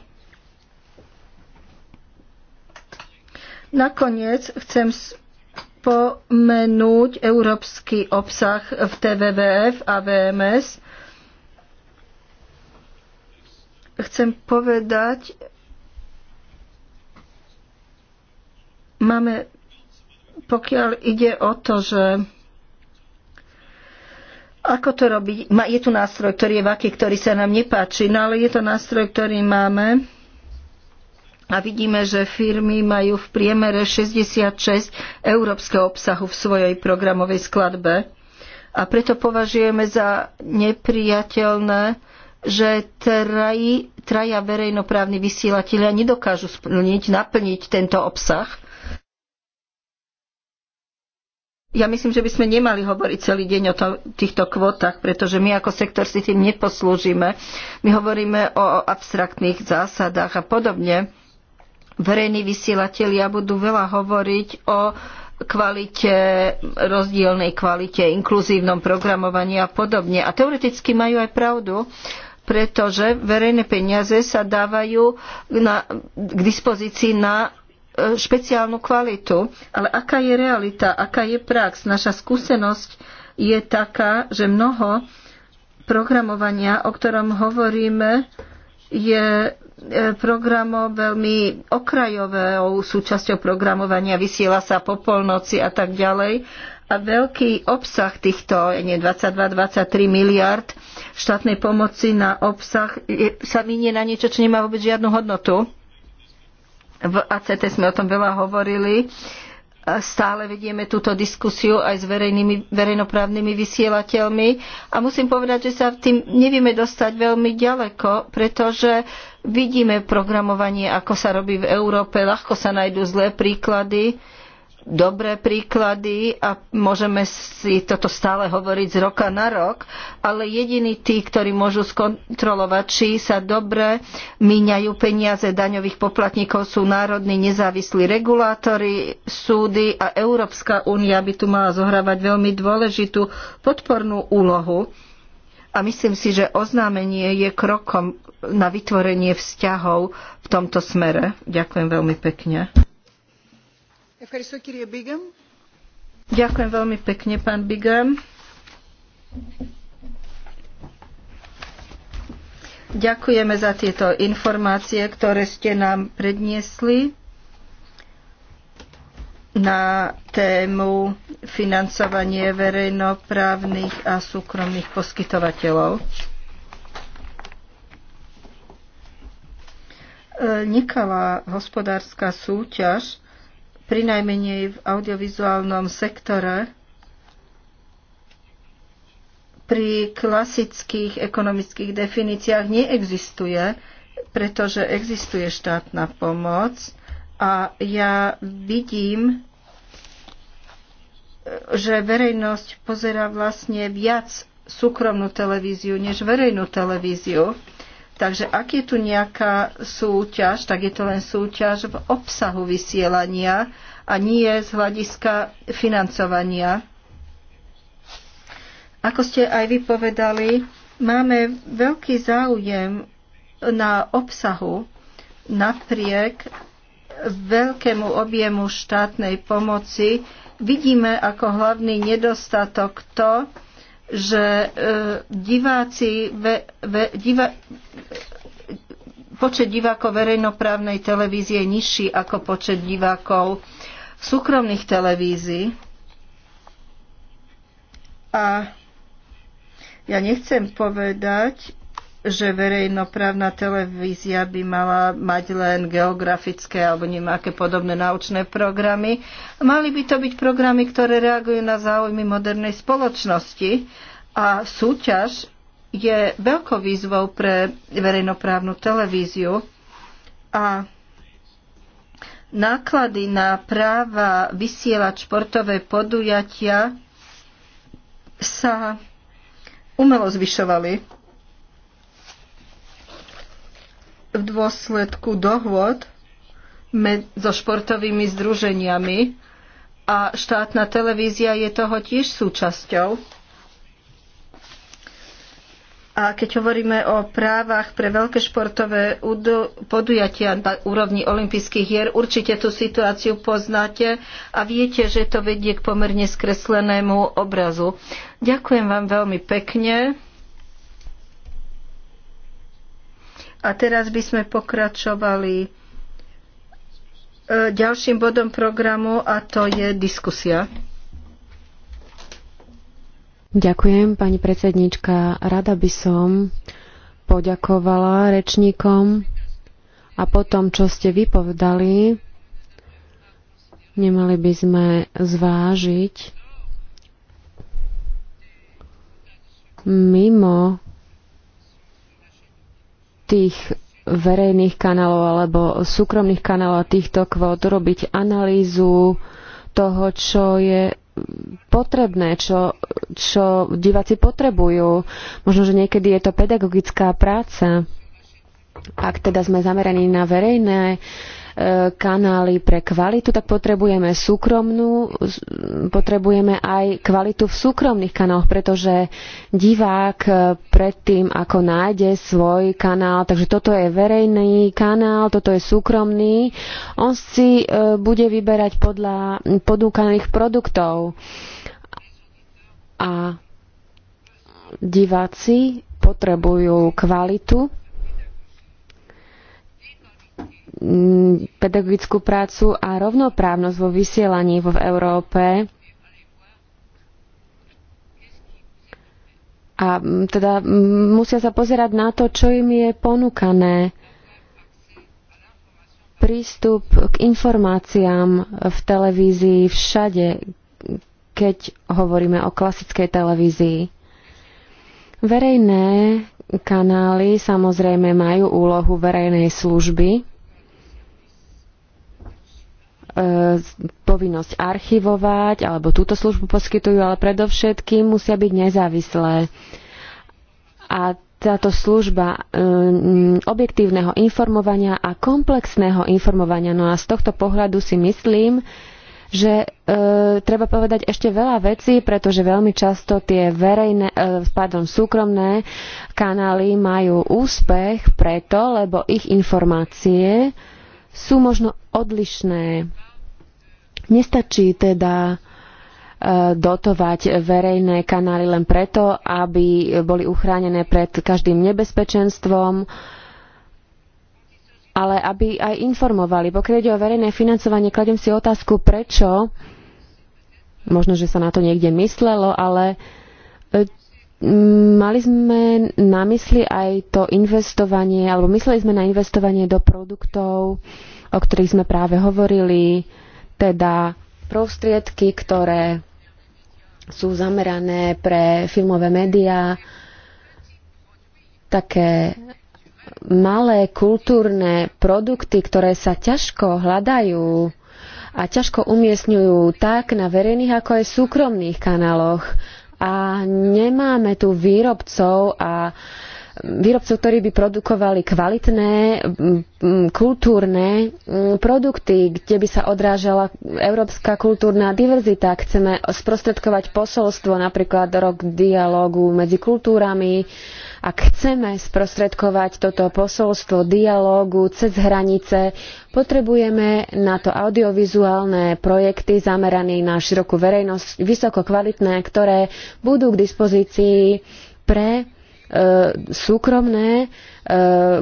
C: Nakoniec chcem pripomenúť európsky obsah v TVVF a VMS. Chcem povedať, máme, pokiaľ ide o to, že ako to robiť, je tu nástroj, ktorý je vaký, ktorý sa nám nepáči, no ale je to nástroj, ktorý máme a vidíme, že firmy majú v priemere 66 európskeho obsahu v svojej programovej skladbe. A preto považujeme za nepriateľné, že traj, traja verejnoprávni vysielatelia nedokážu splniť, naplniť tento obsah. Ja myslím, že by sme nemali hovoriť celý deň o to, týchto kvotách, pretože my ako sektor si tým neposlúžime. My hovoríme o abstraktných zásadách a podobne verejní vysielatelia budú veľa hovoriť o kvalite, rozdielnej kvalite, inkluzívnom programovaní a podobne. A teoreticky majú aj pravdu, pretože verejné peniaze sa dávajú na, k dispozícii na e, špeciálnu kvalitu. Ale aká je realita, aká je prax? Naša skúsenosť je taká, že mnoho programovania, o ktorom hovoríme, je E, programov veľmi okrajovou súčasťou programovania, vysiela sa po polnoci a tak ďalej. A veľký obsah týchto 22-23 miliard štátnej pomoci na obsah sa minie na niečo, čo nemá vôbec žiadnu hodnotu. V ACT sme o tom veľa hovorili. Stále vedieme túto diskusiu aj s verejnými, verejnoprávnymi vysielateľmi a musím povedať, že sa tým nevieme dostať veľmi ďaleko, pretože Vidíme programovanie, ako sa robí v Európe, ľahko sa nájdú zlé príklady, dobré príklady a môžeme si toto stále hovoriť z roka na rok, ale jediní tí, ktorí môžu skontrolovať, či sa dobre míňajú peniaze daňových poplatníkov, sú národní nezávislí regulátori, súdy a Európska únia by tu mala zohrávať veľmi dôležitú podpornú úlohu a myslím si, že oznámenie je krokom na vytvorenie vzťahov v tomto smere. Ďakujem veľmi pekne. Ďakujem veľmi pekne, pán Bigam. Ďakujeme za tieto informácie, ktoré ste nám predniesli na tému financovanie verejnoprávnych a súkromných poskytovateľov. E, nekalá hospodárska súťaž, prinajmenej v audiovizuálnom sektore, pri klasických ekonomických definíciách neexistuje, pretože existuje štátna pomoc, a ja vidím, že verejnosť pozera vlastne viac súkromnú televíziu než verejnú televíziu. Takže ak je tu nejaká súťaž, tak je to len súťaž v obsahu vysielania a nie z hľadiska financovania. Ako ste aj vypovedali, máme veľký záujem na obsahu napriek veľkému objemu štátnej pomoci vidíme ako hlavný nedostatok to, že e, diváci, ve, ve, diva, počet divákov verejnoprávnej televízie je nižší ako počet divákov súkromných televízií. A ja nechcem povedať, že verejnoprávna televízia by mala mať len geografické alebo nejaké podobné naučné programy. Mali by to byť programy, ktoré reagujú na záujmy modernej spoločnosti a súťaž je veľkou výzvou pre verejnoprávnu televíziu a náklady na práva vysielať športové podujatia sa umelo zvyšovali v dôsledku dohôd so športovými združeniami a štátna televízia je toho tiež súčasťou. A keď hovoríme o právach pre veľké športové podujatia na úrovni olympijských hier, určite tú situáciu poznáte a viete, že to vedie k pomerne skreslenému obrazu. Ďakujem vám veľmi pekne. A teraz by sme pokračovali e, ďalším bodom programu a to je diskusia.
B: Ďakujem, pani predsednička. Rada by som poďakovala rečníkom a po tom, čo ste vypovedali, nemali by sme zvážiť mimo tých verejných kanálov alebo súkromných kanálov týchto kvót robiť analýzu toho, čo je potrebné, čo, čo diváci potrebujú. Možno, že niekedy je to pedagogická práca. Ak teda sme zameraní na verejné kanály pre kvalitu, tak potrebujeme súkromnú, potrebujeme aj kvalitu v súkromných kanáloch, pretože divák e, predtým, ako nájde svoj kanál, takže toto je verejný kanál, toto je súkromný, on si e, bude vyberať podľa podúkaných produktov. A diváci potrebujú kvalitu Mm, pedagogickú prácu a rovnoprávnosť vo vysielaní vo v Európe. A mm, teda mm, musia sa pozerať na to, čo im je ponúkané. Prístup k informáciám v televízii všade, keď hovoríme o klasickej televízii. Verejné kanály samozrejme majú úlohu verejnej služby, E, povinnosť archivovať alebo túto službu poskytujú, ale predovšetkým musia byť nezávislé. A táto služba um, objektívneho informovania a komplexného informovania. No a z tohto pohľadu si myslím, že uh, treba povedať ešte veľa vecí, pretože veľmi často tie verejné, uh, pardon, súkromné kanály majú úspech preto, lebo ich informácie sú možno odlišné Nestačí teda e, dotovať verejné kanály len preto, aby boli uchránené pred každým nebezpečenstvom, ale aby aj informovali. Pokiaľ ide o verejné financovanie, kladem si otázku, prečo, možno, že sa na to niekde myslelo, ale e, mali sme na mysli aj to investovanie, alebo mysleli sme na investovanie do produktov, o ktorých sme práve hovorili, teda prostriedky, ktoré sú zamerané pre filmové médiá, také malé kultúrne produkty, ktoré sa ťažko hľadajú a ťažko umiestňujú tak na verejných, ako aj súkromných kanáloch. A nemáme tu výrobcov a výrobcov, ktorí by produkovali kvalitné kultúrne produkty, kde by sa odrážala európska kultúrna diverzita. Chceme sprostredkovať posolstvo, napríklad rok dialógu medzi kultúrami. Ak chceme sprostredkovať toto posolstvo dialógu cez hranice, potrebujeme na to audiovizuálne projekty zamerané na širokú verejnosť, vysokokvalitné, ktoré budú k dispozícii pre E, súkromné e,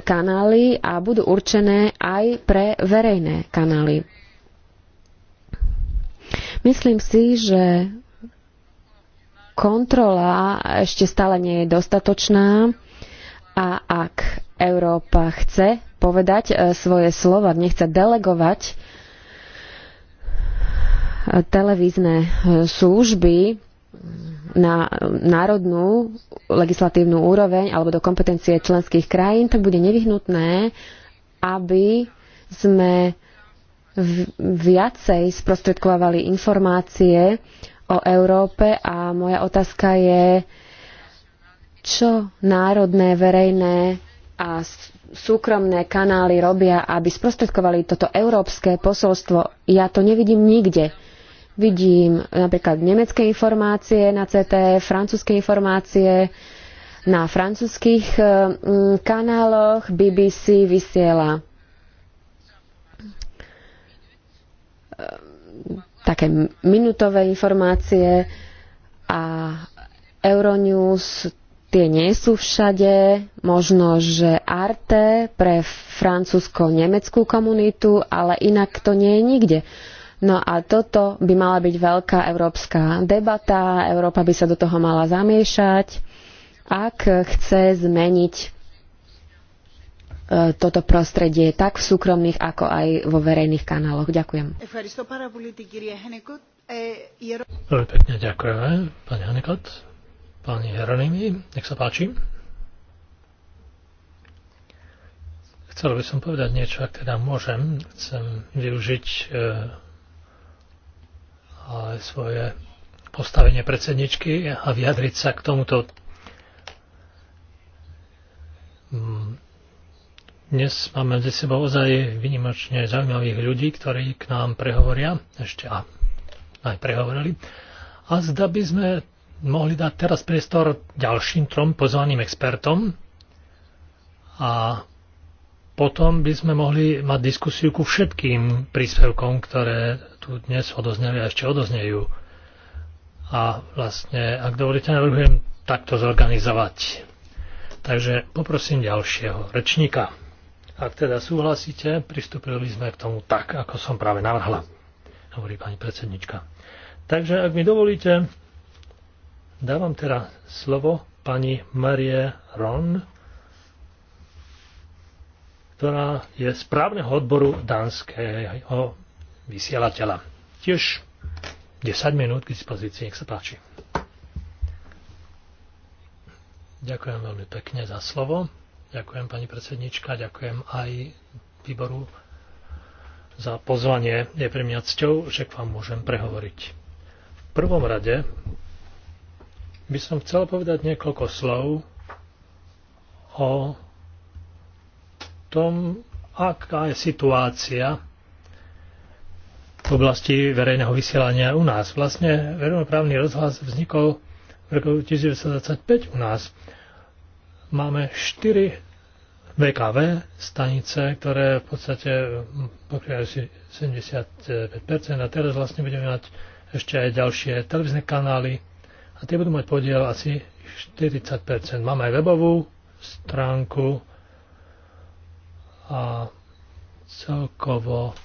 B: kanály a budú určené aj pre verejné kanály. Myslím si, že kontrola ešte stále nie je dostatočná a ak Európa chce povedať e, svoje slova, nechce delegovať televízne služby, na národnú legislatívnu úroveň alebo do kompetencie členských krajín, tak bude nevyhnutné, aby sme viacej sprostredkovávali informácie o Európe a moja otázka je, čo národné, verejné a súkromné kanály robia, aby sprostredkovali toto európske posolstvo. Ja to nevidím nikde. Vidím napríklad nemecké informácie na CT, francúzske informácie na francúzských e, kanáloch, BBC vysiela e, také minutové informácie a Euronews tie nie sú všade, možno, že Arte pre francúzsko-nemeckú komunitu, ale inak to nie je nikde. No a toto by mala byť veľká európska debata, Európa by sa do toho mala zamiešať, ak chce zmeniť e, toto prostredie tak v súkromných, ako aj vo verejných kanáloch. Ďakujem.
A: Veľmi pekne ďakujeme, pani Hanekot, pani Heronimi, nech sa páči. Chcel by som povedať niečo, ak teda môžem. Chcem využiť e svoje postavenie predsedničky a vyjadriť sa k tomuto. Mm, dnes máme medzi sebou ozaj vynimočne zaujímavých ľudí, ktorí k nám prehovoria, ešte a aj prehovorili. A zda by sme mohli dať teraz priestor ďalším trom pozvaným expertom a potom by sme mohli mať diskusiu ku všetkým príspevkom, ktoré tu dnes odozneli a ešte odoznejú. A vlastne, ak dovolíte, navrhujem takto zorganizovať. Takže poprosím ďalšieho rečníka. Ak teda súhlasíte, pristúpili by sme k tomu tak, ako som práve navrhla, hovorí pani predsednička. Takže, ak mi dovolíte, dávam teda slovo pani Marie Ron, ktorá je správneho odboru Danského vysielateľa. Tiež 10 minút k dispozícii, nech sa páči. Ďakujem veľmi pekne za slovo. Ďakujem pani predsednička, ďakujem aj výboru za pozvanie. Je pre mňa cťou, že k vám môžem prehovoriť. V prvom rade by som chcel povedať niekoľko slov o tom, aká je situácia v oblasti verejného vysielania u nás. Vlastne verejnoprávny rozhlas vznikol v roku 1925 u nás. Máme 4 VKV stanice, ktoré v podstate pokrývajú si 75% a teraz vlastne budeme mať ešte aj ďalšie televízne kanály a tie budú mať podiel asi 40%. Máme aj webovú stránku a celkovo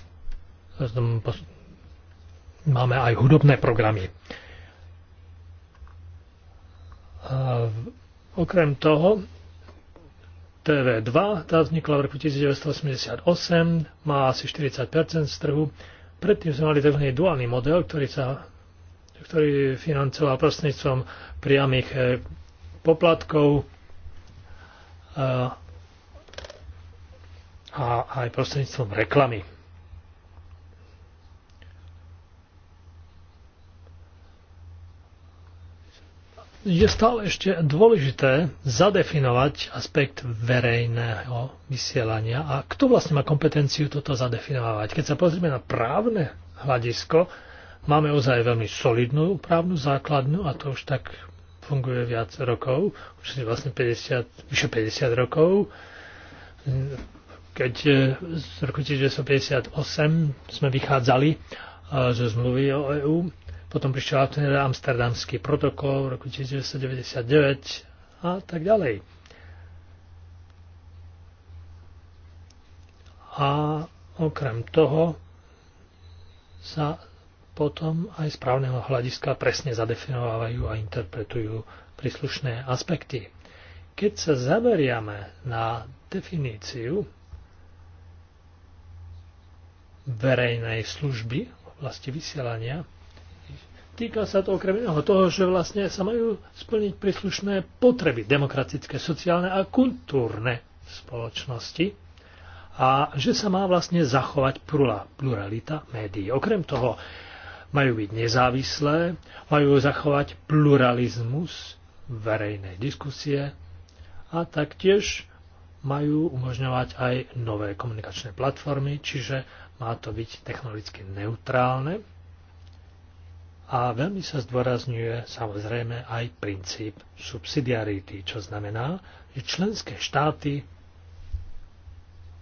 A: máme aj hudobné programy. A okrem toho, TV2, tá vznikla v roku 1988, má asi 40% z trhu. Predtým sme mali tzv. duálny model, ktorý sa ktorý financoval prostredníctvom priamých e, poplatkov e, a aj prostredníctvom reklamy. je stále ešte dôležité zadefinovať aspekt verejného vysielania a kto vlastne má kompetenciu toto zadefinovať. Keď sa pozrieme na právne hľadisko, máme ozaj veľmi solidnú právnu základnu a to už tak funguje viac rokov, už je vlastne 50, vyše 50 rokov. Keď e, z roku 1958 sme vychádzali e, zo zmluvy o EÚ potom prišiel Amsterdamský protokol v roku 1999 a tak ďalej. A okrem toho sa potom aj z právneho hľadiska presne zadefinovávajú a interpretujú príslušné aspekty. Keď sa zameriame na definíciu verejnej služby v oblasti vysielania, týka sa to okrem iného toho, že vlastne sa majú splniť príslušné potreby demokratické, sociálne a kultúrne v spoločnosti a že sa má vlastne zachovať pluralita médií. Okrem toho majú byť nezávislé, majú zachovať pluralizmus verejnej diskusie a taktiež majú umožňovať aj nové komunikačné platformy, čiže má to byť technologicky neutrálne a veľmi sa zdôrazňuje samozrejme aj princíp subsidiarity, čo znamená, že členské štáty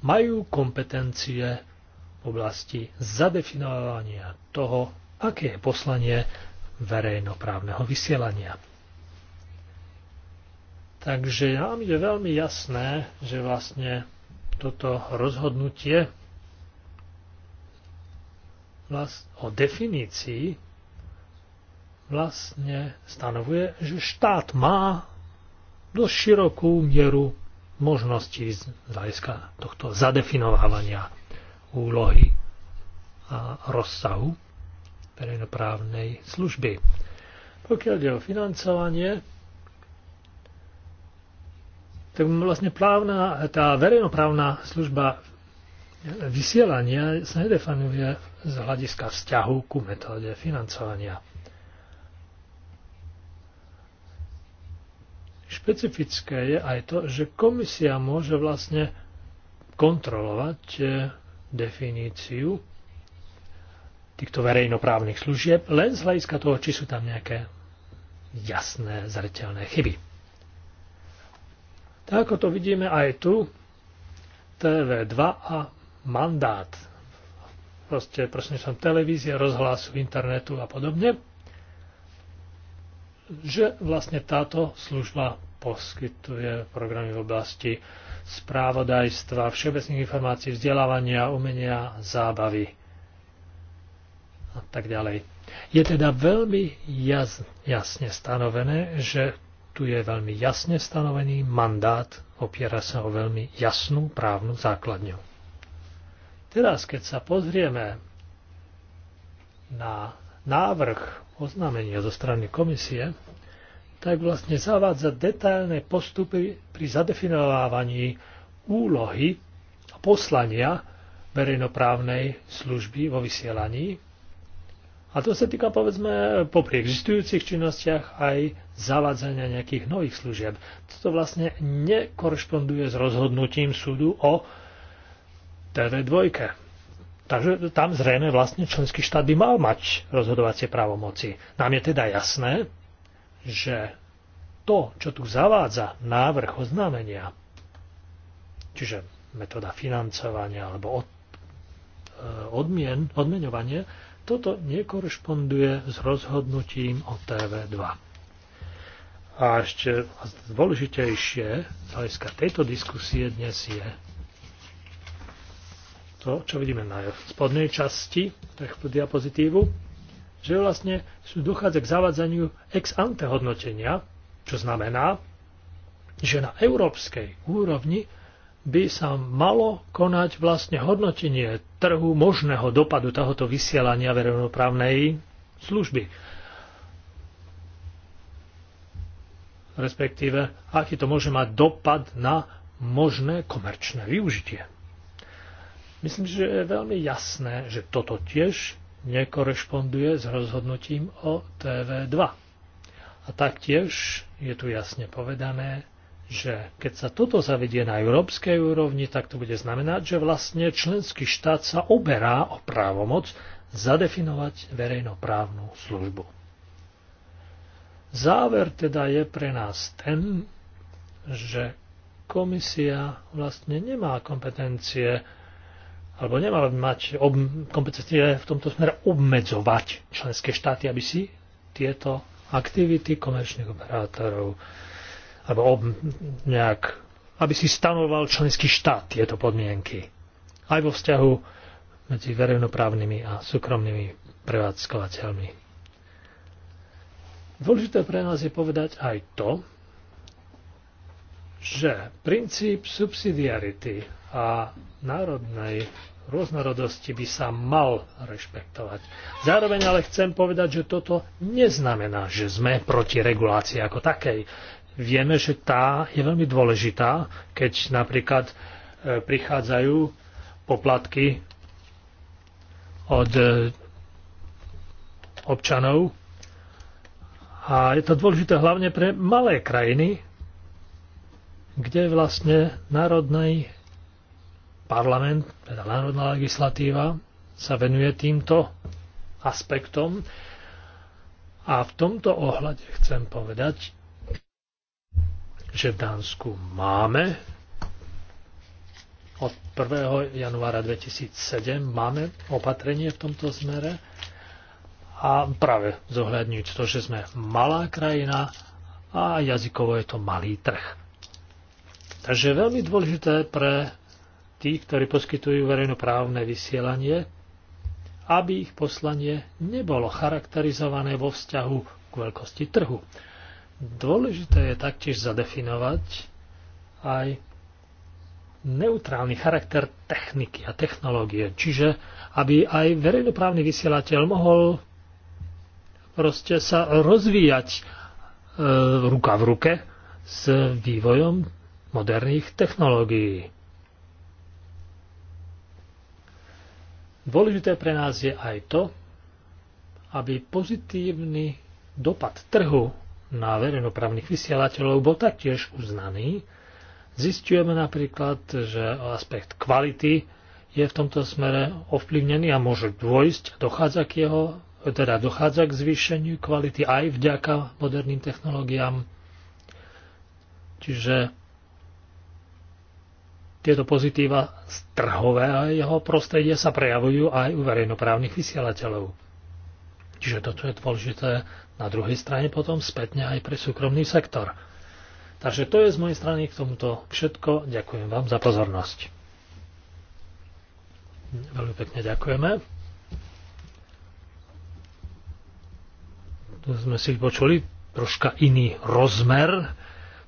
A: majú kompetencie v oblasti zadefinovania toho, aké je poslanie verejnoprávneho vysielania. Takže nám je veľmi jasné, že vlastne toto rozhodnutie o definícii vlastne stanovuje, že štát má dosť širokú mieru možností z hľadiska tohto zadefinovávania úlohy a rozsahu verejnoprávnej služby. Pokiaľ ide o financovanie, tak vlastne právna, tá verejnoprávna služba vysielania sa nedefinuje z hľadiska vzťahu ku metóde financovania. Špecifické je aj to, že komisia môže vlastne kontrolovať e, definíciu týchto verejnoprávnych služieb len z hľadiska toho, či sú tam nejaké jasné, zretelné chyby. Tak ako to vidíme aj tu, TV2 a mandát. Proste som televízie, rozhlasu, internetu a podobne že vlastne táto služba poskytuje programy v oblasti správodajstva, všeobecných informácií, vzdelávania, umenia, zábavy a tak ďalej. Je teda veľmi jas, jasne stanovené, že tu je veľmi jasne stanovený mandát, opiera sa o veľmi jasnú právnu základňu. Teraz, keď sa pozrieme na návrh oznámenia zo strany komisie, tak vlastne zavádza detailné postupy pri zadefinovávaní úlohy a poslania verejnoprávnej služby vo vysielaní. A to sa týka, povedzme, popri existujúcich činnostiach aj zavádzania nejakých nových služieb. Toto vlastne nekorešponduje s rozhodnutím súdu o TV2. Takže tam zrejme vlastne členský štát by mal mať rozhodovacie právomoci. Nám je teda jasné, že to, čo tu zavádza návrh oznámenia, čiže metóda financovania alebo od, e, odmien, odmeňovanie, toto nekorešponduje s rozhodnutím o TV2. A ešte dôležitejšie z hľadiska tejto diskusie dnes je, to, čo vidíme na spodnej časti diapozitívu, že vlastne sú dochádza k zavádzaniu ex ante hodnotenia, čo znamená, že na európskej úrovni by sa malo konať vlastne hodnotenie trhu možného dopadu tohoto vysielania verejnoprávnej služby. Respektíve, aký to môže mať dopad na možné komerčné využitie. Myslím, že je veľmi jasné, že toto tiež nekorešponduje s rozhodnutím o TV2. A taktiež je tu jasne povedané, že keď sa toto zavedie na európskej úrovni, tak to bude znamenať, že vlastne členský štát sa oberá o právomoc zadefinovať verejnoprávnu službu. Záver teda je pre nás ten, že komisia vlastne nemá kompetencie alebo nemal by mať kompetencie v tomto smere obmedzovať členské štáty, aby si tieto aktivity komerčných operátorov alebo ob, nejak, aby si stanoval členský štát tieto podmienky. Aj vo vzťahu medzi verejnoprávnymi a súkromnými prevádzkovateľmi. Dôležité pre nás je povedať aj to, že princíp subsidiarity a národnej rôznorodosti by sa mal rešpektovať. Zároveň ale chcem povedať, že toto neznamená, že sme proti regulácii ako takej. Vieme, že tá je veľmi dôležitá, keď napríklad e, prichádzajú poplatky od e, občanov. A je to dôležité hlavne pre malé krajiny, kde vlastne národnej parlament, teda národná legislatíva, sa venuje týmto aspektom. A v tomto ohľade chcem povedať, že v Dánsku máme od 1. januára 2007 máme opatrenie v tomto smere a práve zohľadňujúc to, že sme malá krajina a jazykovo je to malý trh. Takže veľmi dôležité pre tých, ktorí poskytujú verejnoprávne vysielanie, aby ich poslanie nebolo charakterizované vo vzťahu k veľkosti trhu. Dôležité je taktiež zadefinovať aj neutrálny charakter techniky a technológie, čiže aby aj verejnoprávny vysielateľ mohol proste sa rozvíjať e, ruka v ruke s vývojom moderných technológií. Dôležité pre nás je aj to, aby pozitívny dopad trhu na verejnoprávnych vysielateľov bol taktiež uznaný. Zistujeme napríklad, že aspekt kvality je v tomto smere ovplyvnený a môže dôjsť, dochádza k jeho, teda dochádza k zvýšeniu kvality aj vďaka moderným technológiám. Čiže tieto pozitíva z trhového prostredia sa prejavujú aj u verejnoprávnych vysielateľov. Čiže toto je dôležité na druhej strane potom spätne aj pre súkromný sektor. Takže to je z mojej strany k tomuto všetko. Ďakujem vám za pozornosť. Veľmi pekne ďakujeme. Tu sme si počuli troška iný rozmer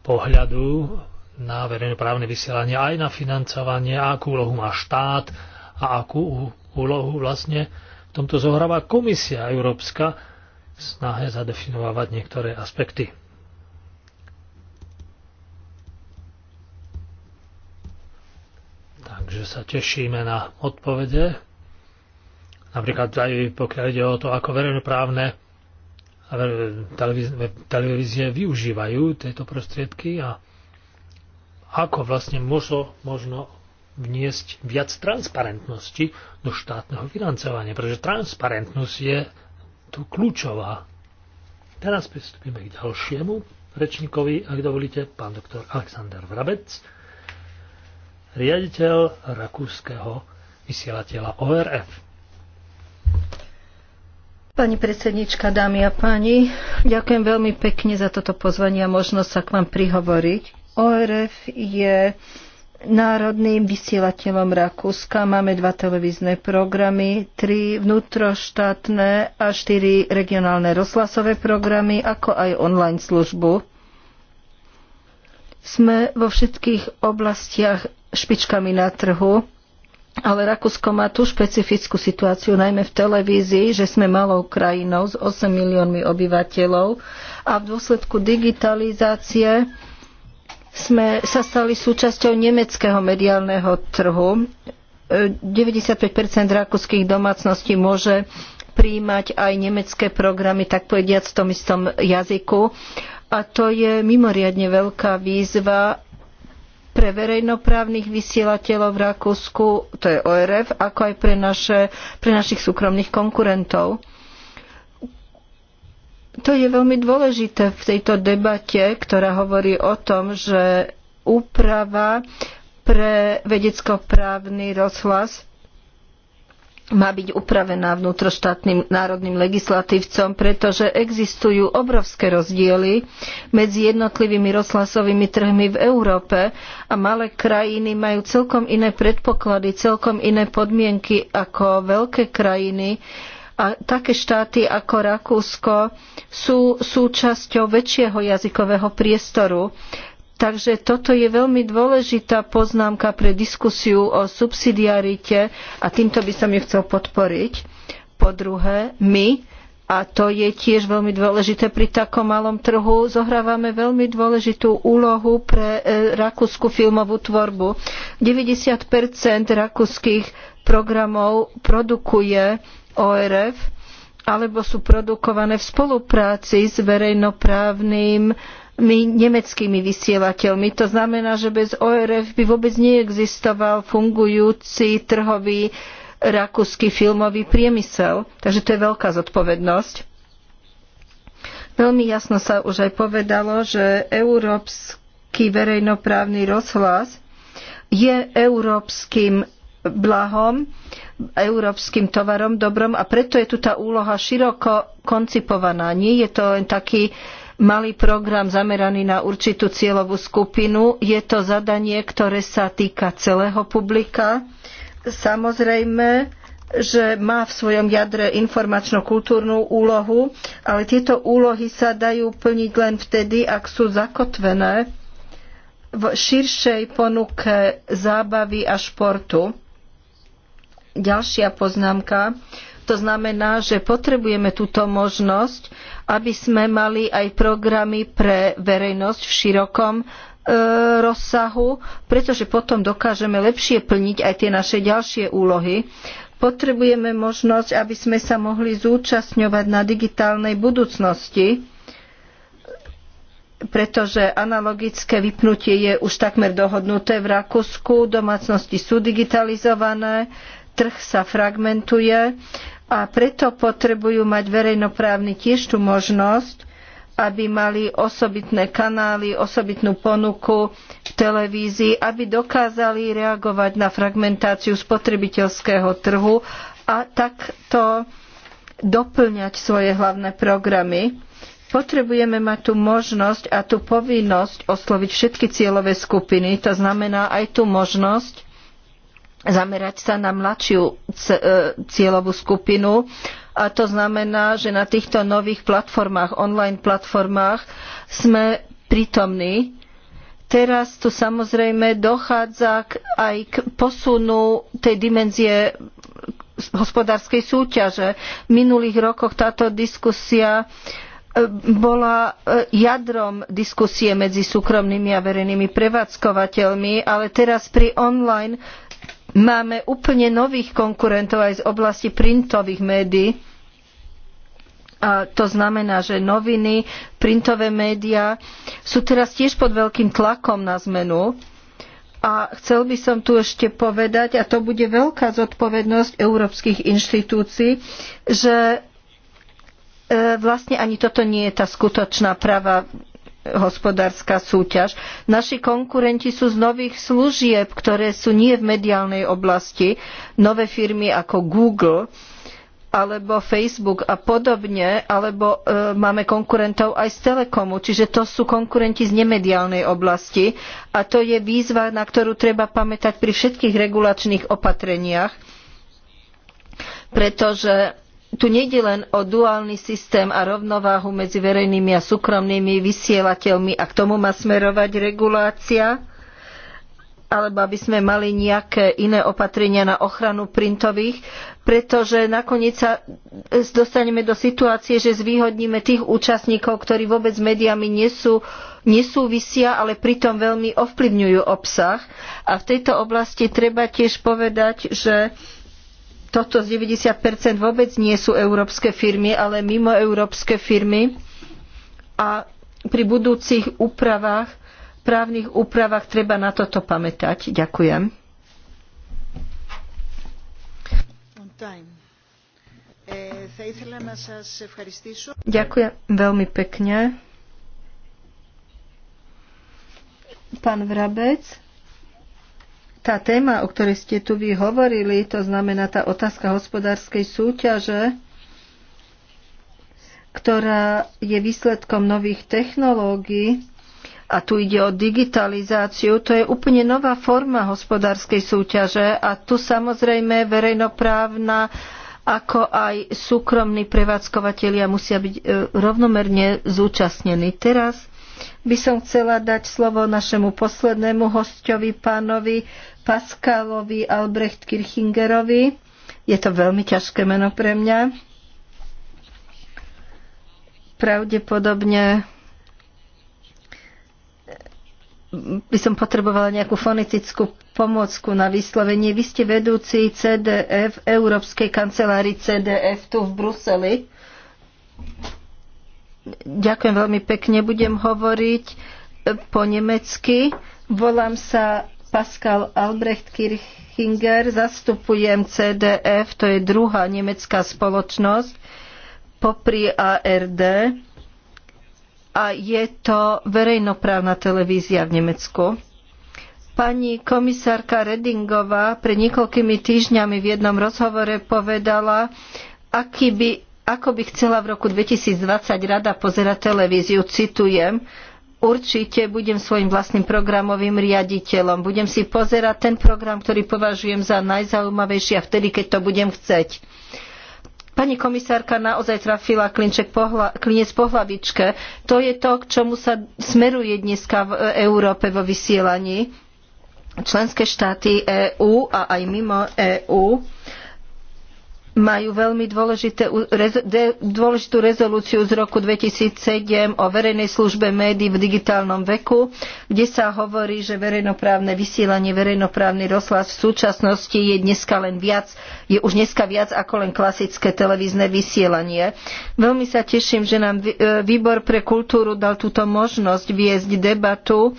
A: pohľadu na verejnoprávne vysielanie, aj na financovanie, akú úlohu má štát a akú úlohu vlastne v tomto zohráva Komisia Európska v snahe zadefinovať niektoré aspekty. Takže sa tešíme na odpovede. Napríklad aj pokiaľ ide o to, ako verejnoprávne televízie využívajú tieto prostriedky a ako vlastne možno, možno vniesť viac transparentnosti do štátneho financovania, pretože transparentnosť je tu kľúčová. Teraz pristúpime k ďalšiemu rečníkovi, ak dovolíte, pán doktor Alexander Vrabec, riaditeľ rakúskeho vysielateľa ORF.
C: Pani predsednička, dámy a páni, ďakujem veľmi pekne za toto pozvanie a možnosť sa k vám prihovoriť. ORF je národným vysielateľom Rakúska. Máme dva televízne programy, tri vnútroštátne a štyri regionálne rozhlasové programy, ako aj online službu. Sme vo všetkých oblastiach špičkami na trhu, ale Rakúsko má tú špecifickú situáciu, najmä v televízii, že sme malou krajinou s 8 miliónmi obyvateľov a v dôsledku digitalizácie sme sa stali súčasťou nemeckého mediálneho trhu. 95 rakúskych domácností môže príjmať aj nemecké programy, tak povediať v tom istom jazyku. A to je mimoriadne veľká výzva pre verejnoprávnych vysielateľov v Rakúsku, to je ORF, ako aj pre, naše, pre našich súkromných konkurentov. To je veľmi dôležité v tejto debate, ktorá hovorí o tom, že úprava pre vedecko-právny rozhlas má byť upravená vnútroštátnym národným legislatívcom, pretože existujú obrovské rozdiely medzi jednotlivými rozhlasovými trhmi v Európe a malé krajiny majú celkom iné predpoklady, celkom iné podmienky ako veľké krajiny, a také štáty ako Rakúsko sú súčasťou väčšieho jazykového priestoru. Takže toto je veľmi dôležitá poznámka pre diskusiu o subsidiarite a týmto by som ju chcel podporiť. Po druhé, my, a to je tiež veľmi dôležité pri takom malom trhu, zohrávame veľmi dôležitú úlohu pre e, rakúsku filmovú tvorbu. 90 rakúskych programov produkuje ORF, alebo sú produkované v spolupráci s verejnoprávnymi nemeckými vysielateľmi. To znamená, že bez ORF by vôbec neexistoval fungujúci trhový rakúsky filmový priemysel. Takže to je veľká zodpovednosť. Veľmi jasno sa už aj povedalo, že európsky verejnoprávny rozhlas je európskym blahom, európskym tovarom, dobrom a preto je tu tá úloha široko koncipovaná. Nie je to len taký malý program zameraný na určitú cieľovú skupinu. Je to zadanie, ktoré sa týka celého publika. Samozrejme, že má v svojom jadre informačno-kultúrnu úlohu, ale tieto úlohy sa dajú plniť len vtedy, ak sú zakotvené v širšej ponuke zábavy a športu. Ďalšia poznámka. To znamená, že potrebujeme túto možnosť, aby sme mali aj programy pre verejnosť v širokom e, rozsahu, pretože potom dokážeme lepšie plniť aj tie naše ďalšie úlohy. Potrebujeme možnosť, aby sme sa mohli zúčastňovať na digitálnej budúcnosti, pretože analogické vypnutie je už takmer dohodnuté v Rakúsku, domácnosti sú digitalizované, trh sa fragmentuje a preto potrebujú mať verejnoprávny tiež tú možnosť, aby mali osobitné kanály, osobitnú ponuku v televízii, aby dokázali reagovať na fragmentáciu spotrebiteľského trhu a takto doplňať svoje hlavné programy. Potrebujeme mať tú možnosť a tú povinnosť osloviť všetky cieľové skupiny, to znamená aj tú možnosť zamerať sa na mladšiu e, cieľovú skupinu. A to znamená, že na týchto nových platformách, online platformách sme prítomní. Teraz tu samozrejme dochádza aj k posunu tej dimenzie hospodárskej súťaže. V minulých rokoch táto diskusia e, bola e, jadrom diskusie medzi súkromnými a verejnými prevádzkovateľmi, ale teraz pri online Máme úplne nových konkurentov aj z oblasti printových médií. A to znamená, že noviny, printové médiá sú teraz tiež pod veľkým tlakom na zmenu. A chcel by som tu ešte povedať, a to bude veľká zodpovednosť európskych inštitúcií, že e, vlastne ani toto nie je tá skutočná pravá hospodárska súťaž. Naši konkurenti sú z nových služieb, ktoré sú nie v mediálnej oblasti, nové firmy ako Google alebo Facebook a podobne, alebo e, máme konkurentov aj z Telekomu, čiže to sú konkurenti z nemediálnej oblasti a to je výzva, na ktorú treba pamätať pri všetkých regulačných opatreniach, pretože tu nejde len o duálny systém a rovnováhu medzi verejnými a súkromnými vysielateľmi a k tomu má smerovať regulácia, alebo aby sme mali nejaké iné opatrenia na ochranu printových, pretože nakoniec sa eh, dostaneme do situácie, že zvýhodníme tých účastníkov, ktorí vôbec s médiami nesú, nesúvisia, ale pritom veľmi ovplyvňujú obsah. A v tejto oblasti treba tiež povedať, že toto z 90% vôbec nie sú európske firmy, ale mimo európske firmy. A pri budúcich úpravách, právnych úpravách treba na toto pamätať. Ďakujem. Ďakujem veľmi pekne. Pán Vrabec. Tá téma, o ktorej ste tu vy hovorili, to znamená tá otázka hospodárskej súťaže, ktorá je výsledkom nových technológií, a tu ide o digitalizáciu, to je úplne nová forma hospodárskej súťaže a tu samozrejme verejnoprávna ako aj súkromní prevádzkovateľia musia byť e, rovnomerne zúčastnení. Teraz by som chcela dať slovo našemu poslednému hostovi, pánovi Pascalovi Albrecht Kirchingerovi. Je to veľmi ťažké meno pre mňa. Pravdepodobne by som potrebovala nejakú fonetickú pomôcku na vyslovenie. Vy ste vedúci CDF, Európskej kancelárii CDF tu v Bruseli. Ďakujem veľmi pekne, budem hovoriť po nemecky. Volám sa Pascal Albrecht Kirchinger, zastupujem CDF, to je druhá nemecká spoločnosť, popri ARD a je to verejnoprávna televízia v Nemecku. Pani komisárka Redingová pred niekoľkými týždňami v jednom rozhovore povedala, aký by, ako by chcela v roku 2020 rada pozerať televíziu. Citujem, Určite budem svojim vlastným programovým riaditeľom. Budem si pozerať ten program, ktorý považujem za najzaujímavejší a vtedy, keď to budem chceť. Pani komisárka naozaj trafila klinček pohla, klinec po hlavičke. To je to, k čomu sa smeruje dneska v Európe vo vysielaní. Členské štáty EÚ a aj mimo EÚ majú veľmi dôležité, dôležitú rezolúciu z roku 2007 o verejnej službe médií v digitálnom veku, kde sa hovorí, že verejnoprávne vysielanie, verejnoprávny rozhlas v súčasnosti je dneska len viac, je už dneska viac ako len klasické televízne vysielanie. Veľmi sa teším, že nám e, výbor pre kultúru dal túto možnosť viesť debatu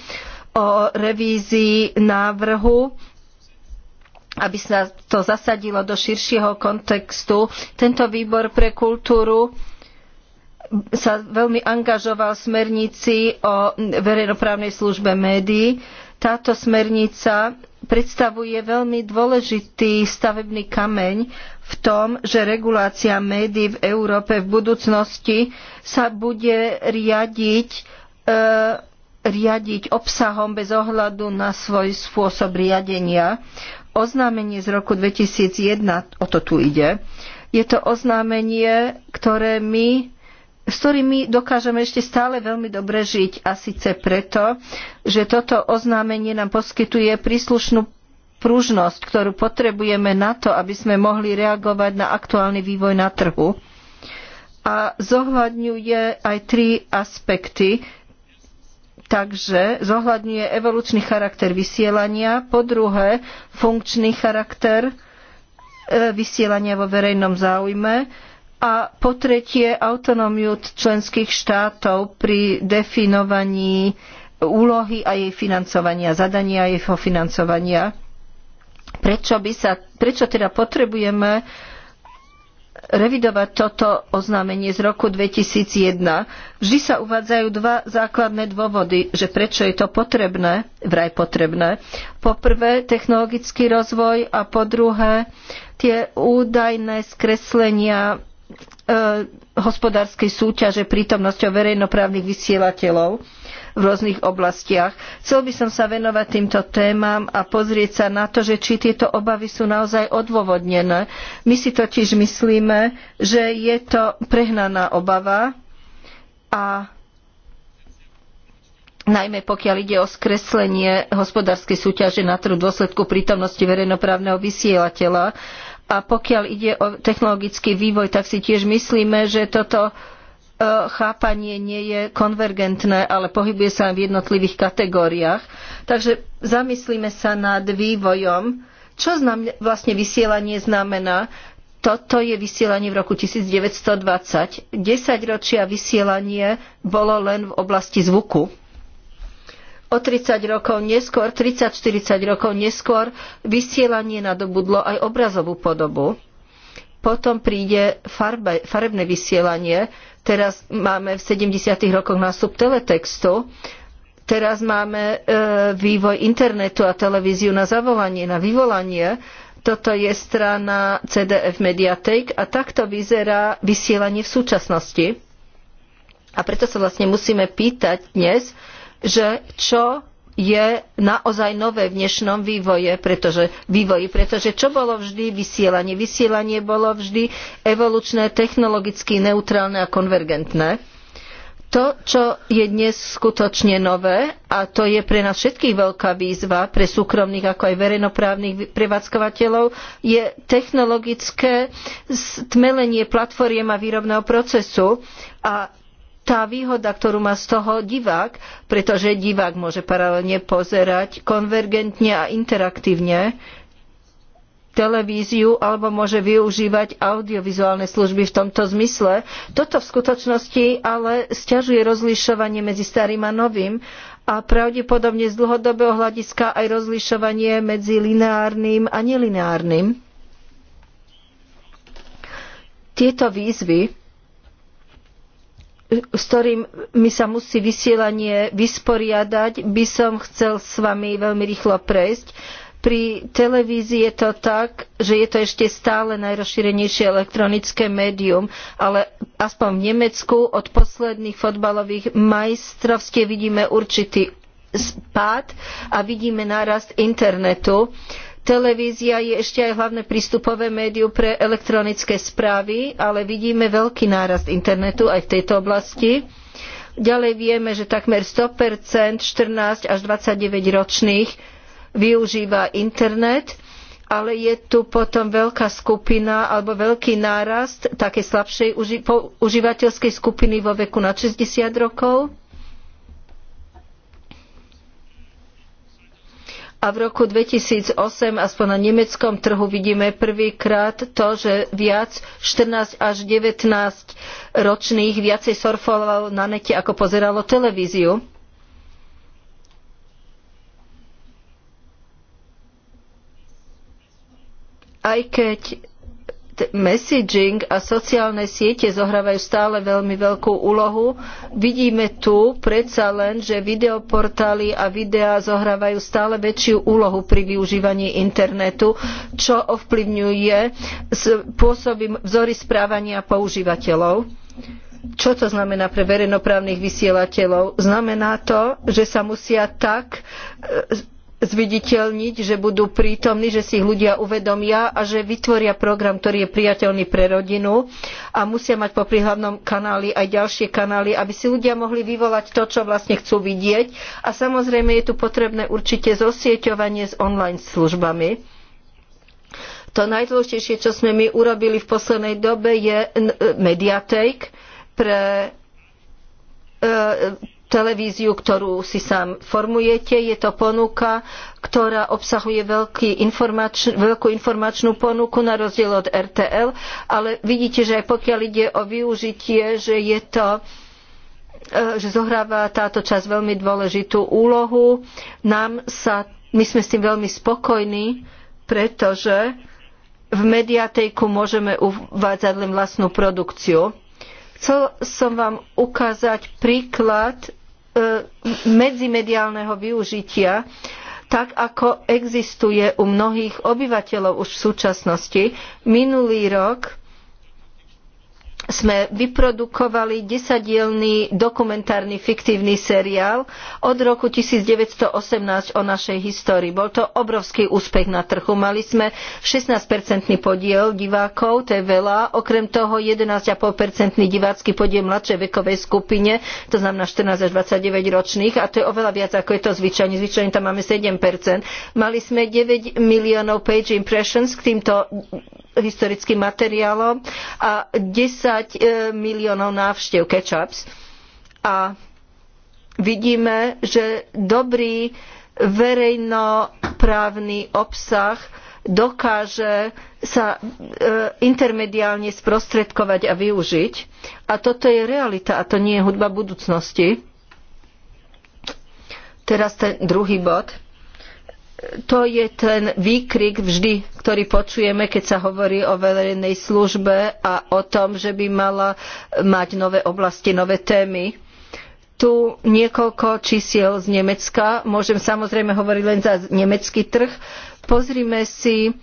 C: o revízii návrhu aby sa to zasadilo do širšieho kontextu. Tento výbor pre kultúru sa veľmi angažoval v smernici o verejnoprávnej službe médií. Táto smernica predstavuje veľmi dôležitý stavebný kameň v tom, že regulácia médií v Európe v budúcnosti sa bude riadiť, e, riadiť obsahom bez ohľadu na svoj spôsob riadenia oznámenie z roku 2001, o to tu ide, je to oznámenie, ktoré my, s ktorými dokážeme ešte stále veľmi dobre žiť a síce preto, že toto oznámenie nám poskytuje príslušnú pružnosť, ktorú potrebujeme na to, aby sme mohli reagovať na aktuálny vývoj na trhu. A zohľadňuje aj tri aspekty, Takže zohľadňuje evolučný charakter vysielania, po druhé funkčný charakter e, vysielania vo verejnom záujme a po tretie autonómiu členských štátov pri definovaní úlohy a jej financovania, zadania a jeho financovania. Prečo, by sa, prečo teda potrebujeme revidovať toto oznámenie z roku 2001. Vždy sa uvádzajú dva základné dôvody, že prečo je to potrebné, vraj potrebné. Po prvé, technologický rozvoj a po druhé, tie údajné skreslenia E, hospodárskej súťaže prítomnosťou verejnoprávnych vysielateľov v rôznych oblastiach. Chcel by som sa venovať týmto témam a pozrieť sa na to, že či tieto obavy sú naozaj odôvodnené. My si totiž myslíme, že je to prehnaná obava a najmä pokiaľ ide o skreslenie hospodárskej súťaže na trhu dôsledku prítomnosti verejnoprávneho vysielateľa a pokiaľ ide o technologický vývoj, tak si tiež myslíme, že toto e, chápanie nie je konvergentné, ale pohybuje sa v jednotlivých kategóriách. Takže zamyslíme sa nad vývojom, čo vlastne vysielanie znamená. Toto je vysielanie v roku 1920. Desaťročia vysielanie bolo len v oblasti zvuku o 30 rokov neskôr, 30-40 rokov neskôr vysielanie nadobudlo aj obrazovú podobu. Potom príde farbe, farebné vysielanie. Teraz máme v 70. rokoch nástup teletextu. Teraz máme e, vývoj internetu a televíziu na zavolanie, na vyvolanie. Toto je strana CDF Mediatek a takto vyzerá vysielanie v súčasnosti. A preto sa vlastne musíme pýtať dnes, že čo je naozaj nové v dnešnom vývoje, pretože, vývoji, pretože čo bolo vždy vysielanie? Vysielanie bolo vždy evolučné, technologicky neutrálne a konvergentné. To, čo je dnes skutočne nové, a to je pre nás všetkých veľká výzva, pre súkromných ako aj verejnoprávnych prevádzkovateľov, je technologické stmelenie platformiem a výrobného procesu. A tá výhoda, ktorú má z toho divák, pretože divák môže paralelne pozerať konvergentne a interaktívne televíziu alebo môže využívať audiovizuálne služby v tomto zmysle. Toto v skutočnosti ale sťažuje rozlišovanie medzi starým a novým a pravdepodobne z dlhodobého hľadiska aj rozlišovanie medzi lineárnym a nelineárnym. Tieto výzvy s ktorými sa musí vysielanie vysporiadať, by som chcel s vami veľmi rýchlo prejsť. Pri televízii je to tak, že je to ešte stále najrozšírenejšie elektronické médium, ale aspoň v Nemecku od posledných fotbalových majstrovstiev vidíme určitý spád a vidíme nárast internetu. Televízia je ešte aj hlavné prístupové médium pre elektronické správy, ale vidíme veľký nárast internetu aj v tejto oblasti. Ďalej vieme, že takmer 100 14 až 29 ročných využíva internet, ale je tu potom veľká skupina alebo veľký nárast takej slabšej uži- užívateľskej skupiny vo veku nad 60 rokov a v roku 2008 aspoň na nemeckom trhu vidíme prvýkrát to, že viac 14 až 19 ročných viacej surfovalo na nete, ako pozeralo televíziu. Aj keď messaging a sociálne siete zohrávajú stále veľmi veľkú úlohu. Vidíme tu predsa len, že videoportály a videá zohrávajú stále väčšiu úlohu pri využívaní internetu, čo ovplyvňuje spôsoby vzory správania používateľov. Čo to znamená pre verejnoprávnych vysielateľov? Znamená to, že sa musia tak e, zviditeľniť, že budú prítomní, že si ich ľudia uvedomia a že vytvoria program, ktorý je priateľný pre rodinu a musia mať po hlavnom kanáli aj ďalšie kanály, aby si ľudia mohli vyvolať to, čo vlastne chcú vidieť. A samozrejme je tu potrebné určite zosieťovanie s online službami. To najdôležitejšie, čo sme my urobili v poslednej dobe, je Mediatek pre e, televíziu, ktorú si sám formujete. Je to ponuka, ktorá obsahuje veľký informač, veľkú informačnú ponuku na rozdiel od RTL, ale vidíte, že aj pokiaľ ide o využitie, že je to e, že zohráva táto časť veľmi dôležitú úlohu. Nám sa, my sme s tým veľmi spokojní, pretože v mediatejku môžeme uvádzať len vlastnú produkciu. Chcel som vám ukázať príklad E, medzimediálneho využitia, tak ako existuje u mnohých obyvateľov už v súčasnosti. Minulý rok sme vyprodukovali desadielný dokumentárny fiktívny seriál od roku 1918 o našej histórii. Bol to obrovský úspech na trhu. Mali sme 16-percentný podiel divákov, to je veľa. Okrem toho 11,5-percentný divácky podiel mladšej vekovej skupine, to znamená 14 až 29 ročných a to je oveľa viac ako je to zvyčajne. Zvyčajne tam máme 7%. Mali sme 9 miliónov page impressions k týmto historickým materiálom a 10 10 e, miliónov návštev Ketchups. A vidíme, že dobrý verejnoprávny obsah dokáže sa e, intermediálne sprostredkovať a využiť. A toto je realita a to nie je hudba budúcnosti. Teraz ten druhý bod to je ten výkrik vždy, ktorý počujeme, keď sa hovorí o verejnej službe a o tom, že by mala mať nové oblasti, nové témy. Tu niekoľko čísiel z Nemecka. Môžem samozrejme hovoriť len za nemecký trh. Pozrime si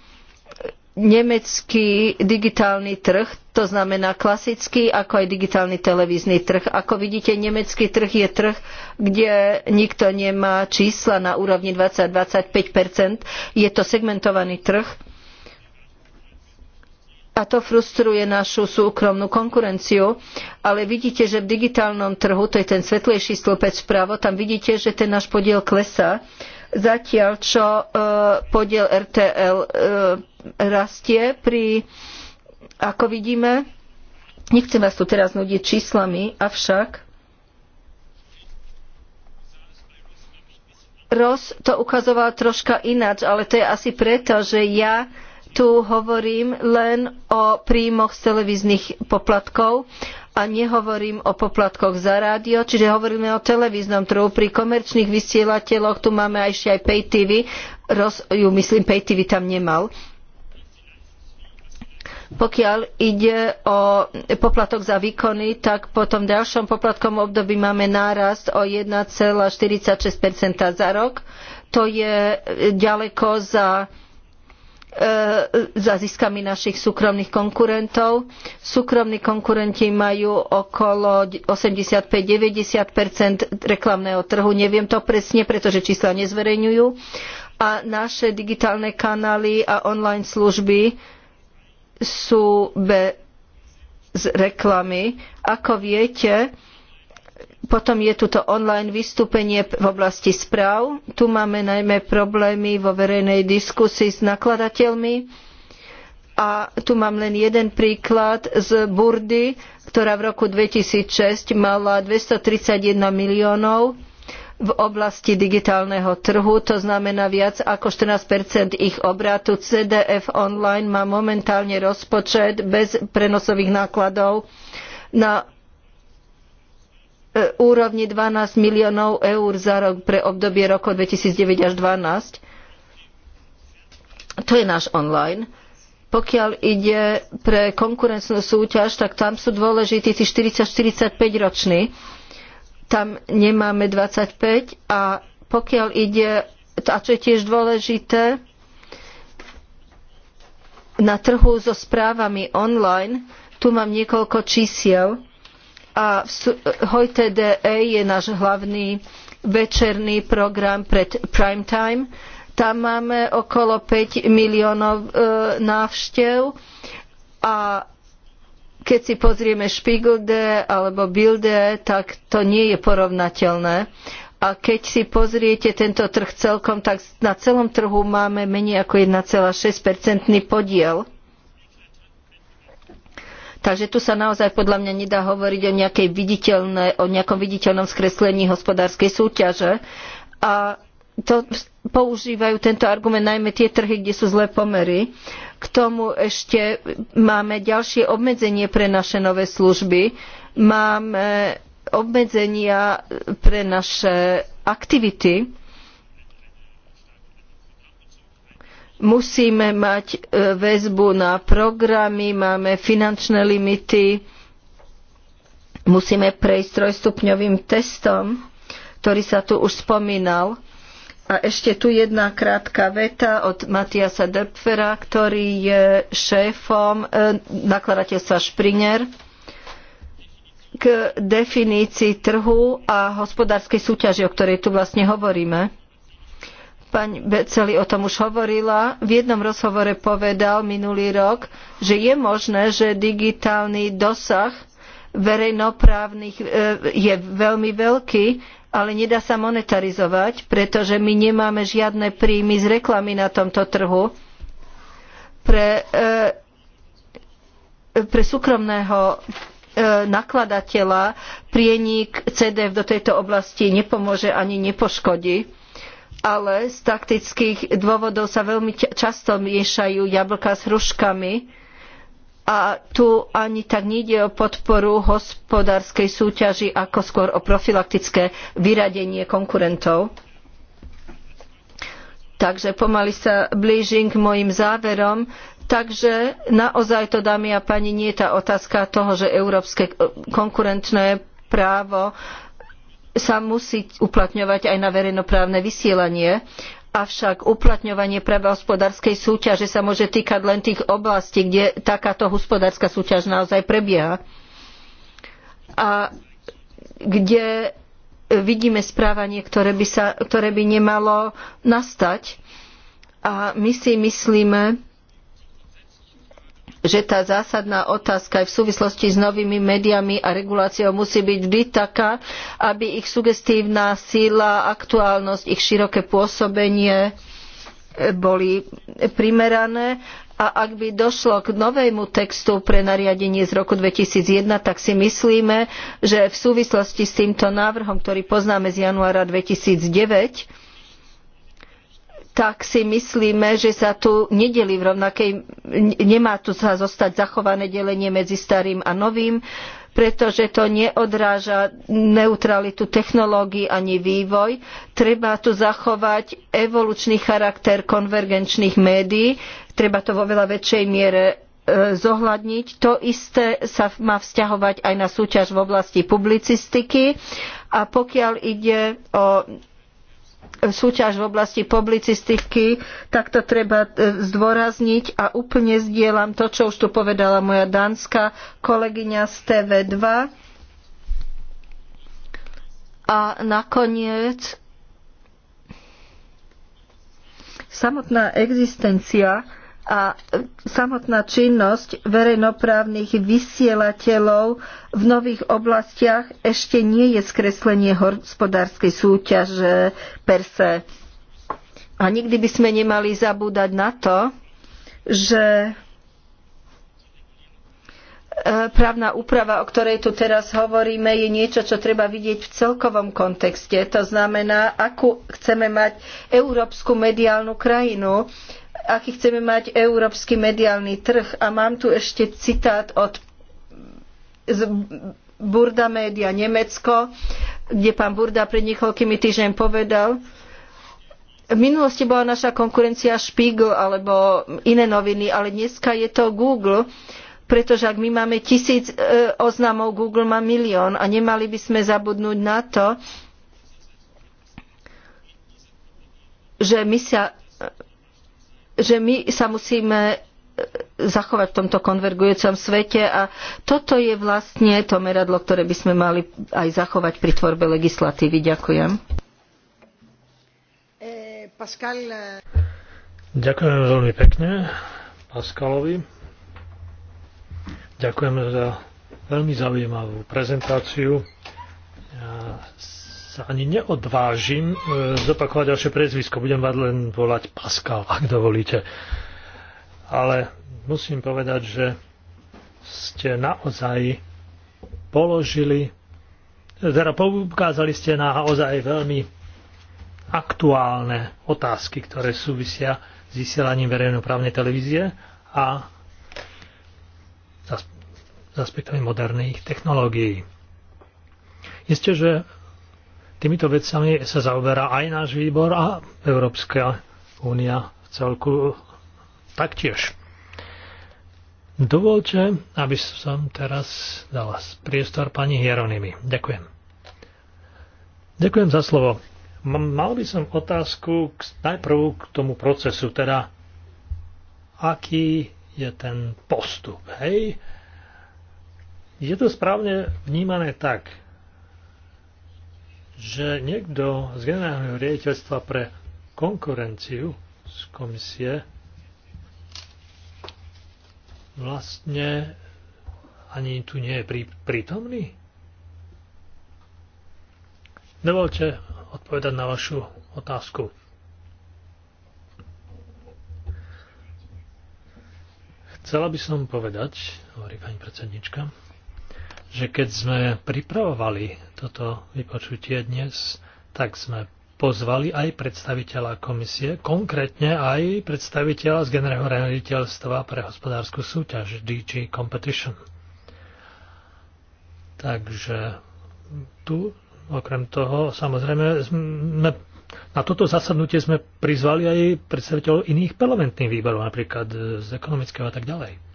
C: nemecký digitálny trh, to znamená klasický, ako aj digitálny televízny trh. Ako vidíte, nemecký trh je trh, kde nikto nemá čísla na úrovni 20-25 Je to segmentovaný trh a to frustruje našu súkromnú konkurenciu. Ale vidíte, že v digitálnom trhu, to je ten svetlejší stĺpec vpravo, tam vidíte, že ten náš podiel klesá. Zatiaľ, čo e, podiel RTL e, rastie pri, ako vidíme, nechcem vás tu teraz nudiť číslami, avšak Ross to ukazoval troška ináč, ale to je asi preto, že ja tu hovorím len o príjmoch z televíznych poplatkov a nehovorím o poplatkoch za rádio, čiže hovoríme o televíznom trhu. Pri komerčných vysielateľoch tu máme ešte aj Pay TV, Roz, ju myslím Pay TV tam nemal. Pokiaľ ide o poplatok za výkony, tak po tom ďalšom poplatkom období máme nárast o 1,46 za rok. To je ďaleko za e, za ziskami našich súkromných konkurentov. Súkromní konkurenti majú okolo 85-90 reklamného trhu. Neviem to presne, pretože čísla nezverejňujú. A naše digitálne kanály a online služby sú bez reklamy. Ako viete, potom je tuto online vystúpenie v oblasti správ. Tu máme najmä problémy vo verejnej diskusii s nakladateľmi. A tu mám len jeden príklad z Burdy, ktorá v roku 2006 mala 231 miliónov v oblasti digitálneho trhu, to znamená viac ako 14 ich obratu. CDF online má momentálne rozpočet bez prenosových nákladov na e, úrovni 12 miliónov eur za rok pre obdobie rokov 2009 až 2012. To je náš online. Pokiaľ ide pre konkurenčnú súťaž, tak tam sú dôležití tí 40-45 roční tam nemáme 25 a pokiaľ ide, a čo je tiež dôležité, na trhu so správami online, tu mám niekoľko čísiel a Hoj.de je náš hlavný večerný program pred prime time. Tam máme okolo 5 miliónov e, návštev a keď si pozrieme Špigelde alebo Bilde, tak to nie je porovnateľné. A keď si pozriete tento trh celkom, tak na celom trhu máme menej ako 1,6-percentný podiel. Takže tu sa naozaj podľa mňa nedá hovoriť o, o nejakom viditeľnom skreslení hospodárskej súťaže. A to používajú tento argument najmä tie trhy, kde sú zlé pomery. K tomu ešte máme ďalšie obmedzenie pre naše nové služby. Máme obmedzenia pre naše aktivity. Musíme mať e, väzbu na programy, máme finančné limity, musíme prejsť trojstupňovým testom, ktorý sa tu už spomínal a ešte tu jedna krátka veta od Matiasa Döpfera, ktorý je šéfom e, nakladateľstva Springer k definícii trhu a hospodárskej súťaži, o ktorej tu vlastne hovoríme. Pani Beceli o tom už hovorila. V jednom rozhovore povedal minulý rok, že je možné, že digitálny dosah verejnoprávnych e, je veľmi veľký, ale nedá sa monetarizovať, pretože my nemáme žiadne príjmy z reklamy na tomto trhu. Pre, e, pre súkromného e, nakladateľa prienik CDF do tejto oblasti nepomôže ani nepoškodí ale z taktických dôvodov sa veľmi často miešajú jablká s hruškami a tu ani tak nejde o podporu hospodárskej súťaži, ako skôr o profilaktické vyradenie konkurentov. Takže pomaly sa blížim k mojim záverom. Takže naozaj to, dámy a pani, nie je tá otázka toho, že európske konkurenčné právo sa musí uplatňovať aj na verejnoprávne vysielanie. Avšak uplatňovanie práva hospodárskej súťaže sa môže týkať len tých oblastí, kde takáto hospodárska súťaž naozaj prebieha. A kde vidíme správanie, ktoré by, sa, ktoré by nemalo nastať. A my si myslíme, že tá zásadná otázka aj v súvislosti s novými médiami a reguláciou musí byť vždy taká, aby ich sugestívna síla, aktuálnosť, ich široké pôsobenie eh, boli primerané a ak by došlo k novému textu pre nariadenie z roku 2001, tak si myslíme, že v súvislosti s týmto návrhom, ktorý poznáme z januára 2009, tak si myslíme, že sa tu nedeli v rovnakej, nemá tu sa zostať zachované delenie medzi starým a novým, pretože to neodráža neutralitu technológií ani vývoj. Treba tu zachovať evolučný charakter konvergenčných médií, treba to vo veľa väčšej miere e, zohľadniť. To isté sa má vzťahovať aj na súťaž v oblasti publicistiky. A pokiaľ ide o súťaž v oblasti publicistiky, tak to treba e, zdôrazniť a úplne zdieľam to, čo už tu povedala moja dánska kolegyňa z TV2. A nakoniec samotná existencia a samotná činnosť verejnoprávnych vysielateľov v nových oblastiach ešte nie je skreslenie hospodárskej súťaže per se. A nikdy by sme nemali zabúdať na to, že e, právna úprava, o ktorej tu teraz hovoríme, je niečo, čo treba vidieť v celkovom kontexte. To znamená, akú chceme mať európsku mediálnu krajinu aký chceme mať európsky mediálny trh. A mám tu ešte citát od z Burda Media Nemecko, kde pán Burda pred niekoľkými týždňami povedal, v minulosti bola naša konkurencia Spiegel alebo iné noviny, ale dneska je to Google, pretože ak my máme tisíc e, oznamov, Google má milión a nemali by sme zabudnúť na to, že my sa že my sa musíme e, zachovať v tomto konvergujúcom svete a toto je vlastne to meradlo, ktoré by sme mali aj zachovať pri tvorbe legislatívy. Ďakujem. E, Pascal... E,
A: Ďakujem veľmi pekne Pascalovi. Ďakujem za veľmi zaujímavú prezentáciu. Ja sa ani neodvážim e, zopakovať vaše prezvisko. Budem vás len volať Pascal, ak dovolíte. Ale musím povedať, že ste naozaj položili, teda poukázali ste na ozaj veľmi aktuálne otázky, ktoré súvisia s vysielaním verejnoprávnej televízie a s aspektami moderných technológií. Isté, že Týmito vecami sa zaoberá aj náš výbor a Európska únia v celku taktiež. Dovolte, aby som teraz dala priestor pani Hieronymy. Ďakujem. Ďakujem za slovo. Mal by som otázku k, najprv k tomu procesu, teda aký je ten postup, hej? Je to správne vnímané tak, že niekto z generálneho riaditeľstva pre konkurenciu z komisie vlastne ani tu nie je prí, prítomný? Dovolte odpovedať na vašu otázku. Chcela by som povedať, hovorí pani predsednička, že keď sme pripravovali toto vypočutie dnes, tak sme pozvali aj predstaviteľa komisie, konkrétne aj predstaviteľa z generálneho raditeľstva pre hospodárskú súťaž DG Competition. Takže tu, okrem toho, samozrejme, sme, na toto zasadnutie sme prizvali aj predstaviteľov iných parlamentných výborov, napríklad z ekonomického a tak ďalej.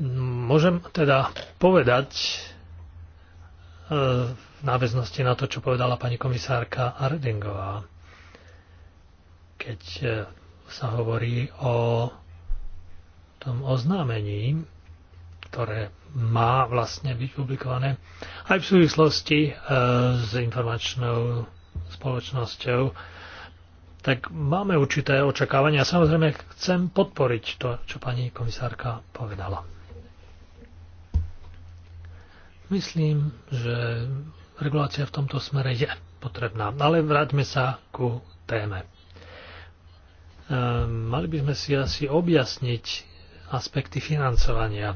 A: Môžem teda povedať e, v náväznosti na to, čo povedala pani komisárka Ardingová, keď e, sa hovorí o tom oznámení, ktoré má vlastne byť publikované aj v súvislosti e, s informačnou spoločnosťou tak máme určité očakávania. Samozrejme, chcem podporiť to, čo pani komisárka povedala. Myslím, že regulácia v tomto smere je potrebná, ale vráťme sa ku téme. Ehm, mali by sme si asi objasniť aspekty financovania,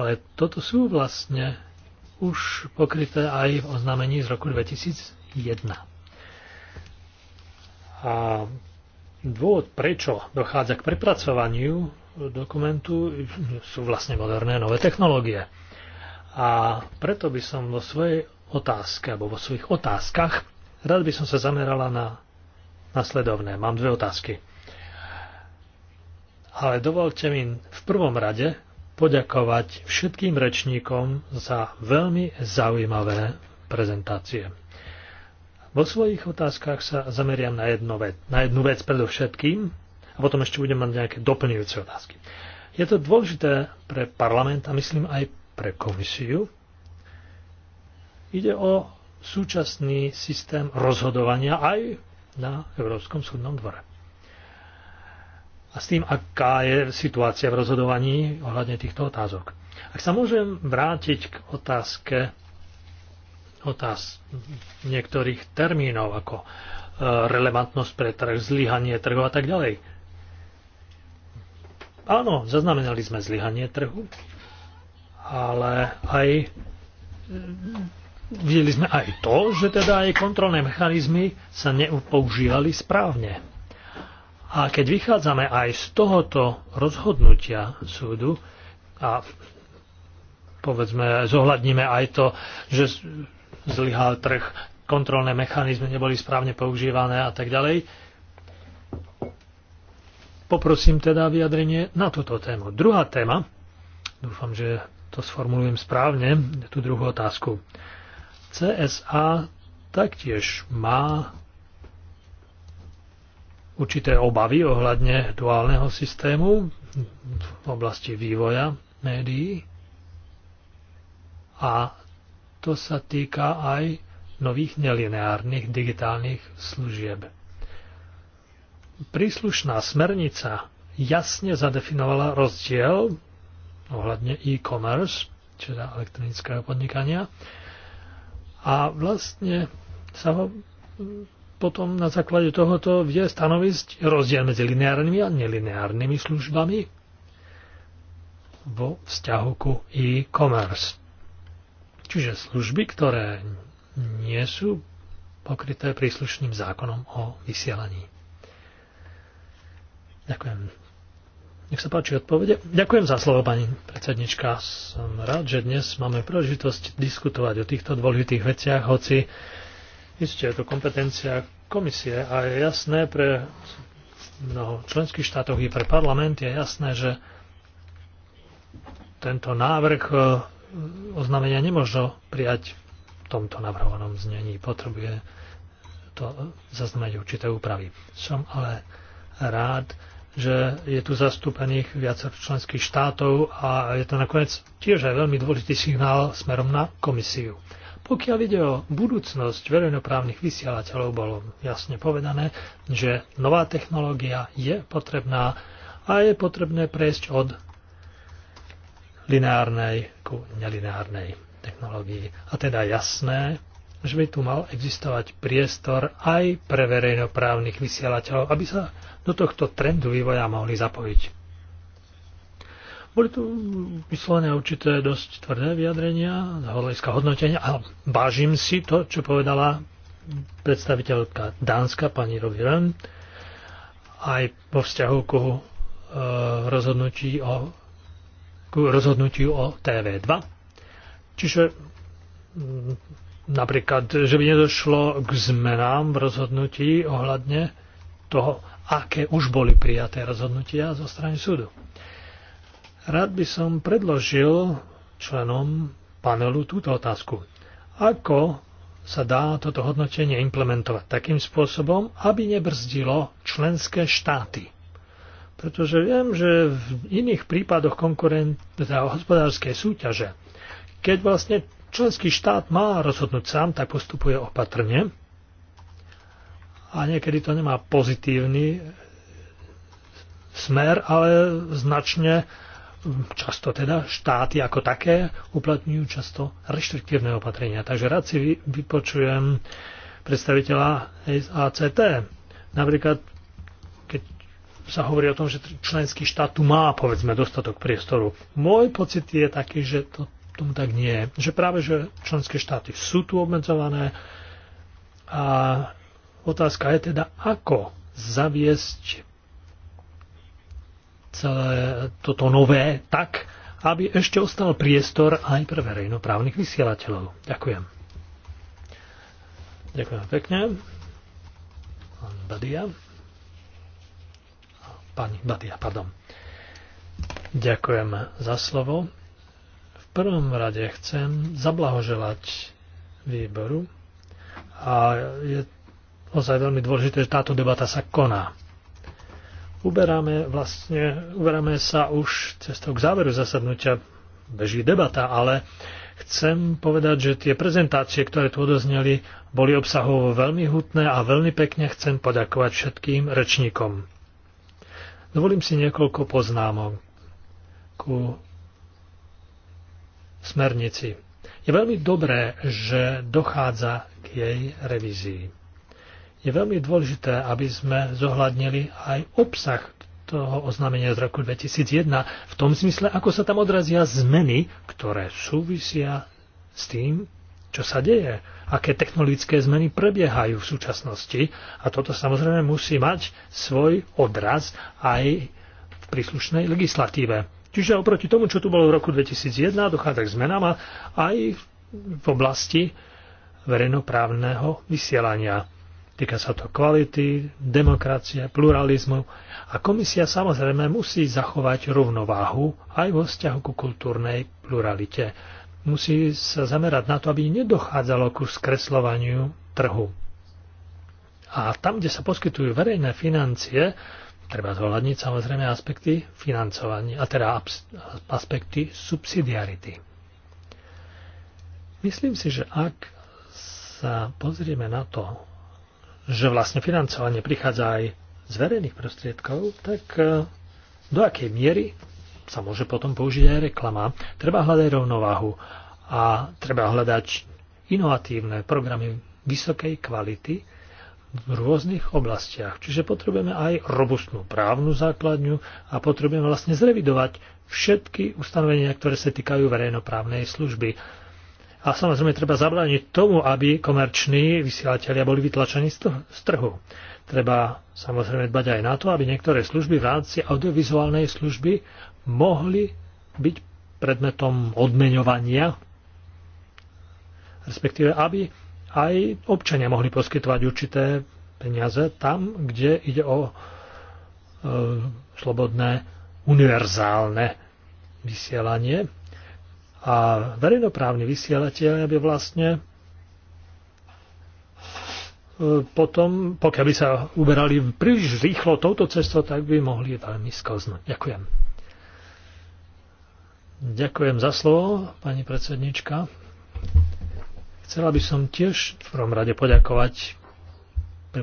A: ale toto sú vlastne už pokryté aj v oznámení z roku 2001. A dôvod, prečo dochádza k prepracovaniu dokumentu, sú vlastne moderné nové technológie. A preto by som vo svojej otázke, alebo vo svojich otázkach, rád by som sa zamerala na nasledovné. Mám dve otázky. Ale dovolte mi v prvom rade poďakovať všetkým rečníkom za veľmi zaujímavé prezentácie. Vo svojich otázkach sa zameriam na, jedno vec, na jednu vec predovšetkým a potom ešte budem mať nejaké doplňujúce otázky. Je to dôležité pre parlament a myslím aj pre komisiu. Ide o súčasný systém rozhodovania aj na Európskom súdnom dvore. A s tým, aká je situácia v rozhodovaní ohľadne týchto otázok. Ak sa môžem vrátiť k otázke otáz niektorých termínov ako e, relevantnosť pre trh, zlyhanie trhu a tak ďalej. Áno, zaznamenali sme zlyhanie trhu, ale aj e, videli sme aj to, že teda aj kontrolné mechanizmy sa nepoužívali správne. A keď vychádzame aj z tohoto rozhodnutia súdu a povedzme zohľadníme aj to, že zlyhal trh, kontrolné mechanizmy neboli správne používané a tak ďalej. Poprosím teda vyjadrenie na túto tému. Druhá téma, dúfam, že to sformulujem správne, tú druhú otázku. CSA taktiež má určité obavy ohľadne duálneho systému v oblasti vývoja médií a to sa týka aj nových nelineárnych digitálnych služieb. Príslušná smernica jasne zadefinovala rozdiel ohľadne e-commerce, teda elektronického podnikania, a vlastne sa ho potom na základe tohoto vie stanovisť rozdiel medzi lineárnymi a nelineárnymi službami vo vzťahu ku e-commerce. Čiže služby, ktoré nie sú pokryté príslušným zákonom o vysielaní. Ďakujem. Nech sa páči odpovede. Ďakujem za slovo, pani predsednička. Som rád, že dnes máme príležitosť diskutovať o týchto dôležitých veciach, hoci isté je to kompetencia komisie a je jasné pre mnoho členských štátov i pre parlament, je jasné, že tento návrh oznámenia nemožno prijať v tomto navrhovanom znení. Potrebuje to zaznamenať určité úpravy. Som ale rád, že je tu zastúpených viacero členských štátov a je to nakoniec tiež aj veľmi dôležitý signál smerom na komisiu. Pokiaľ ide o budúcnosť verejnoprávnych vysielateľov, bolo jasne povedané, že nová technológia je potrebná a je potrebné prejsť od lineárnej ku nelineárnej technológii. A teda jasné, že by tu mal existovať priestor aj pre verejnoprávnych vysielateľov, aby sa do tohto trendu vývoja mohli zapojiť. Boli tu vyslovené určité dosť tvrdé vyjadrenia z hľadiska hodnotenia a bážim si to, čo povedala predstaviteľka Dánska, pani Roviren, aj vo vzťahu ku e, rozhodnutí o k rozhodnutiu o TV2. Čiže mm, napríklad, že by nedošlo k zmenám v rozhodnutí ohľadne toho, aké už boli prijaté rozhodnutia zo strany súdu. Rád by som predložil členom panelu túto otázku. Ako sa dá toto hodnotenie implementovať takým spôsobom, aby nebrzdilo členské štáty pretože viem, že v iných prípadoch konkurent, teda hospodárskej súťaže, keď vlastne členský štát má rozhodnúť sám, tak postupuje opatrne a niekedy to nemá pozitívny e, smer, ale značne často teda štáty ako také uplatňujú často reštriktívne opatrenia. Takže rád si vypočujem predstaviteľa ACT. Napríklad sa hovorí o tom, že členský štát tu má, povedzme, dostatok priestoru. Môj pocit je taký, že to tomu tak nie je. Že práve, že členské štáty sú tu obmedzované a otázka je teda, ako zaviesť celé toto nové tak, aby ešte ostal priestor aj pre verejnoprávnych vysielateľov. Ďakujem. Ďakujem pekne. Pán Badia. Pani Badia, pardon. Ďakujem za slovo. V prvom rade chcem zablahoželať výboru a je ozaj veľmi dôležité, že táto debata sa koná. Uberáme, vlastne, uberáme sa už cestou k záveru zasadnutia, beží debata, ale chcem povedať, že tie prezentácie, ktoré tu odozneli, boli obsahovo veľmi hutné a veľmi pekne chcem poďakovať všetkým rečníkom. Dovolím si niekoľko poznámok ku smernici. Je veľmi dobré, že dochádza k jej revízii. Je veľmi dôležité, aby sme zohľadnili aj obsah toho oznámenia z roku 2001 v tom zmysle, ako sa tam odrazia zmeny, ktoré súvisia s tým, čo sa deje, aké technologické zmeny prebiehajú v súčasnosti a toto samozrejme musí mať svoj odraz aj v príslušnej legislatíve. Čiže oproti tomu, čo tu bolo v roku 2001, dochádza k zmenám aj v oblasti verejnoprávneho vysielania. Týka sa to kvality, demokracie, pluralizmu a komisia samozrejme musí zachovať rovnováhu aj vo vzťahu ku kultúrnej pluralite musí sa zamerať na to, aby nedochádzalo ku skresľovaniu trhu. A tam, kde sa poskytujú verejné financie, treba zohľadniť samozrejme aspekty financovania, a teda aspekty subsidiarity. Myslím si, že ak sa pozrieme na to, že vlastne financovanie prichádza aj z verejných prostriedkov, tak eh, do akej miery sa môže potom použiť aj reklama. Treba hľadať rovnováhu a treba hľadať inovatívne programy vysokej kvality v rôznych oblastiach. Čiže potrebujeme aj robustnú právnu základňu a potrebujeme vlastne zrevidovať všetky ustanovenia, ktoré sa týkajú verejnoprávnej služby. A samozrejme treba zabrániť tomu, aby komerční vysielatelia boli vytlačení z trhu. Treba samozrejme dbať aj na to, aby niektoré služby v rámci audiovizuálnej služby mohli byť predmetom odmeňovania, respektíve aby aj občania mohli poskytovať určité peniaze tam, kde ide o e, slobodné univerzálne vysielanie. A verejnoprávni vysielateľ by vlastne e, potom, pokiaľ by sa uberali príliš rýchlo touto cestou, tak by mohli veľmi skoznúť. Ďakujem. Ďakujem za slovo, pani predsednička. Chcela by som tiež v prvom rade poďakovať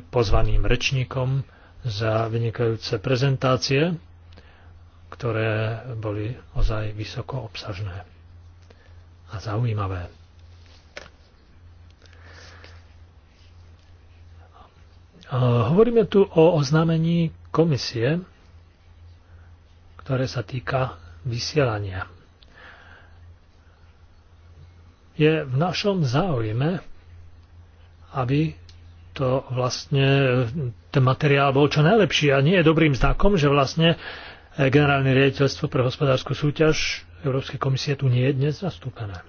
A: pozvaným rečníkom za vynikajúce prezentácie, ktoré boli ozaj vysoko obsažné a zaujímavé. Hovoríme tu o oznámení komisie, ktoré sa týka vysielania je v našom záujme, aby to vlastne ten materiál bol čo najlepší a nie je dobrým znakom, že vlastne eh, generálne riaditeľstvo pre hospodárskú súťaž Európskej komisie tu nie je dnes zastúpené.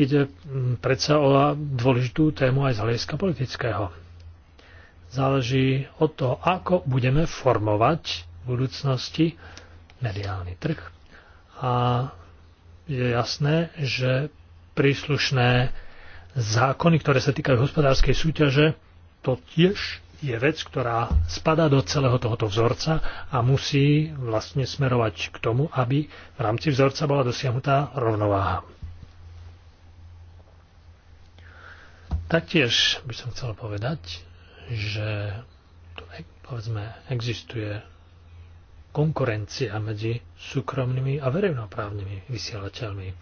A: Ide hm, predsa o dôležitú tému aj z hľadiska politického. Záleží od toho, ako budeme formovať v budúcnosti mediálny trh a je jasné, že príslušné zákony, ktoré sa týkajú hospodárskej súťaže, to tiež je vec, ktorá spadá do celého tohoto vzorca a musí vlastne smerovať k tomu, aby v rámci vzorca bola dosiahnutá rovnováha. Taktiež by som chcel povedať, že tu povedzme existuje konkurencia medzi súkromnými a verejnoprávnymi vysielateľmi. E,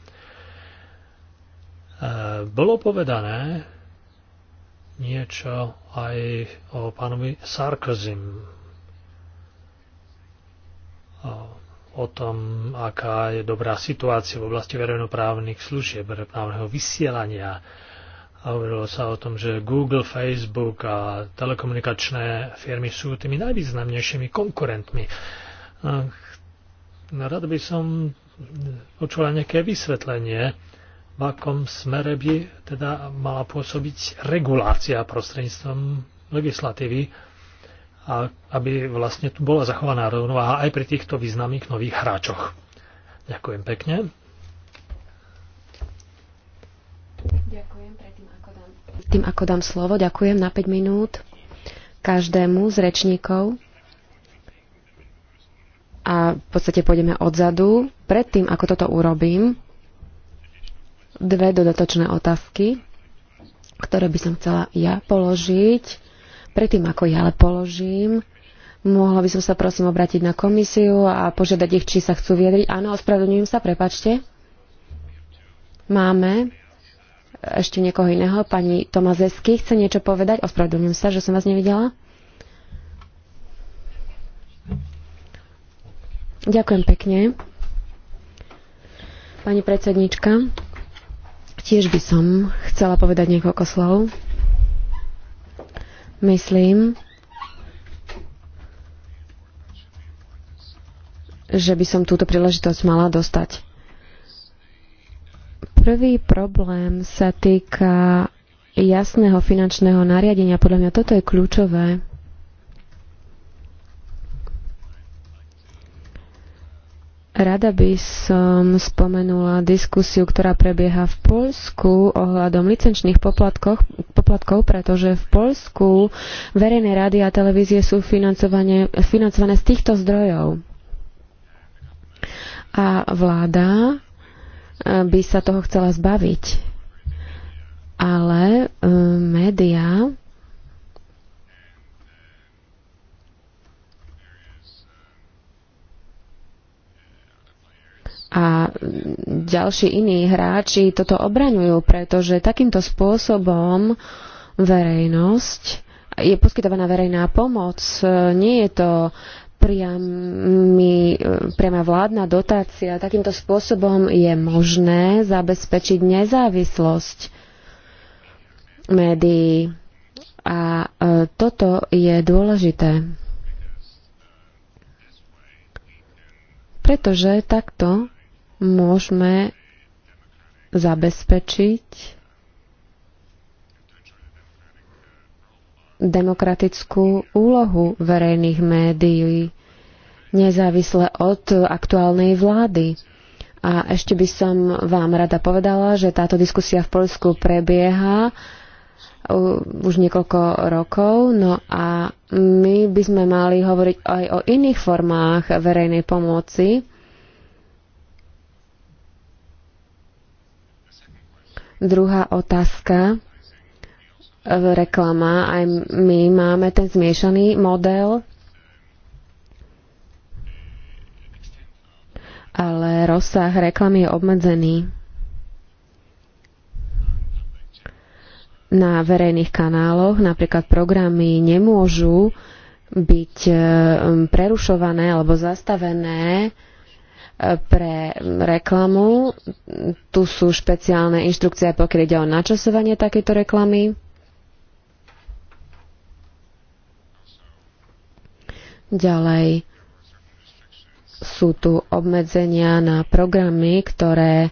A: bolo povedané niečo aj o pánovi Sarkozym, o tom, aká je dobrá situácia v oblasti verejnoprávnych služieb, verejnoprávneho vysielania. A hovorilo sa o tom, že Google, Facebook a telekomunikačné firmy sú tými najvýznamnejšími konkurentmi Rád by som počula nejaké vysvetlenie, v akom smere by teda mala pôsobiť regulácia prostredníctvom legislatívy, a aby vlastne tu bola zachovaná rovnováha aj pri týchto významných nových hráčoch. Ďakujem pekne.
B: Ďakujem tým, ako
A: dám, tým,
B: ako dám slovo. Ďakujem na 5 minút každému z rečníkov a v podstate pôjdeme odzadu. Predtým, ako toto urobím, dve dodatočné otázky, ktoré by som chcela ja položiť. Predtým, ako ja ale položím, mohla by som sa prosím obrátiť na komisiu a požiadať ich, či sa chcú vyjadriť. Áno, ospravedlňujem sa, prepačte. Máme ešte niekoho iného. Pani Tomazesky chce niečo povedať. Ospravedlňujem sa, že som vás nevidela. Ďakujem pekne. Pani predsednička, tiež by som chcela povedať niekoľko slov. Myslím, že by som túto príležitosť mala dostať. Prvý problém sa týka jasného finančného nariadenia. Podľa mňa toto je kľúčové. Rada by som spomenula diskusiu, ktorá prebieha v Polsku ohľadom licenčných poplatkov, pretože v Polsku verejné rádi a televízie sú financované, financované z týchto zdrojov. A vláda e, by sa toho chcela zbaviť. Ale e, médiá a ďalší iní hráči toto obraňujú, pretože takýmto spôsobom verejnosť je poskytovaná verejná pomoc. Nie je to priamy, priama vládna dotácia. Takýmto spôsobom je možné zabezpečiť nezávislosť médií. A e, toto je dôležité. Pretože takto môžeme zabezpečiť demokratickú úlohu verejných médií, nezávisle od aktuálnej vlády. A ešte by som vám rada povedala, že táto diskusia v Polsku prebieha už niekoľko rokov, no a my by sme mali hovoriť aj o iných formách verejnej pomoci, Druhá otázka. Reklama. Aj my máme ten zmiešaný model, ale rozsah reklamy je obmedzený na verejných kanáloch. Napríklad programy nemôžu byť eh, prerušované alebo zastavené pre reklamu. Tu sú špeciálne inštrukcie, pokiaľ ide o načasovanie takéto reklamy. Ďalej sú tu obmedzenia na programy, ktoré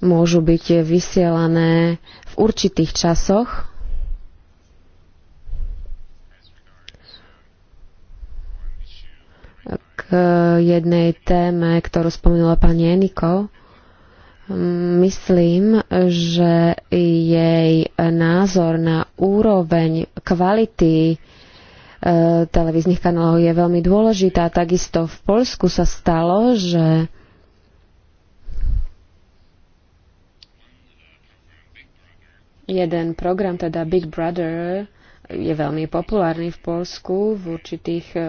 B: môžu byť vysielané v určitých časoch Eh, jednej téme, ktorú spomenula pani Eniko. Myslím, že jej názor na úroveň kvality eh, televíznych kanálov je veľmi dôležitá. Takisto v Polsku sa stalo, že jeden program, teda Big Brother, je veľmi populárny v Polsku v určitých eh,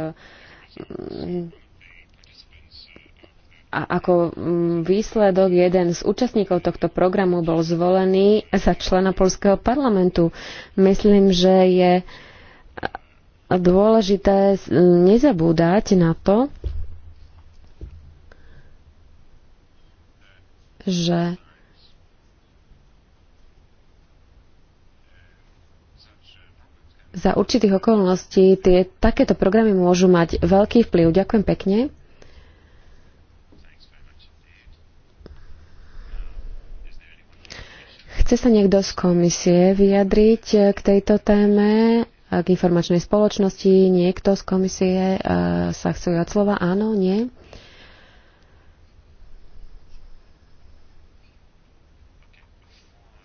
B: a ako mm, výsledok jeden z účastníkov tohto programu bol zvolený za člena Polského parlamentu. Myslím, že je dôležité nezabúdať na to, že za určitých okolností tie, takéto programy môžu mať veľký vplyv. Ďakujem pekne. Chce sa niekto z komisie vyjadriť e, k tejto téme, e, k informačnej spoločnosti? Niekto z komisie e, sa chce od slova? Áno, nie?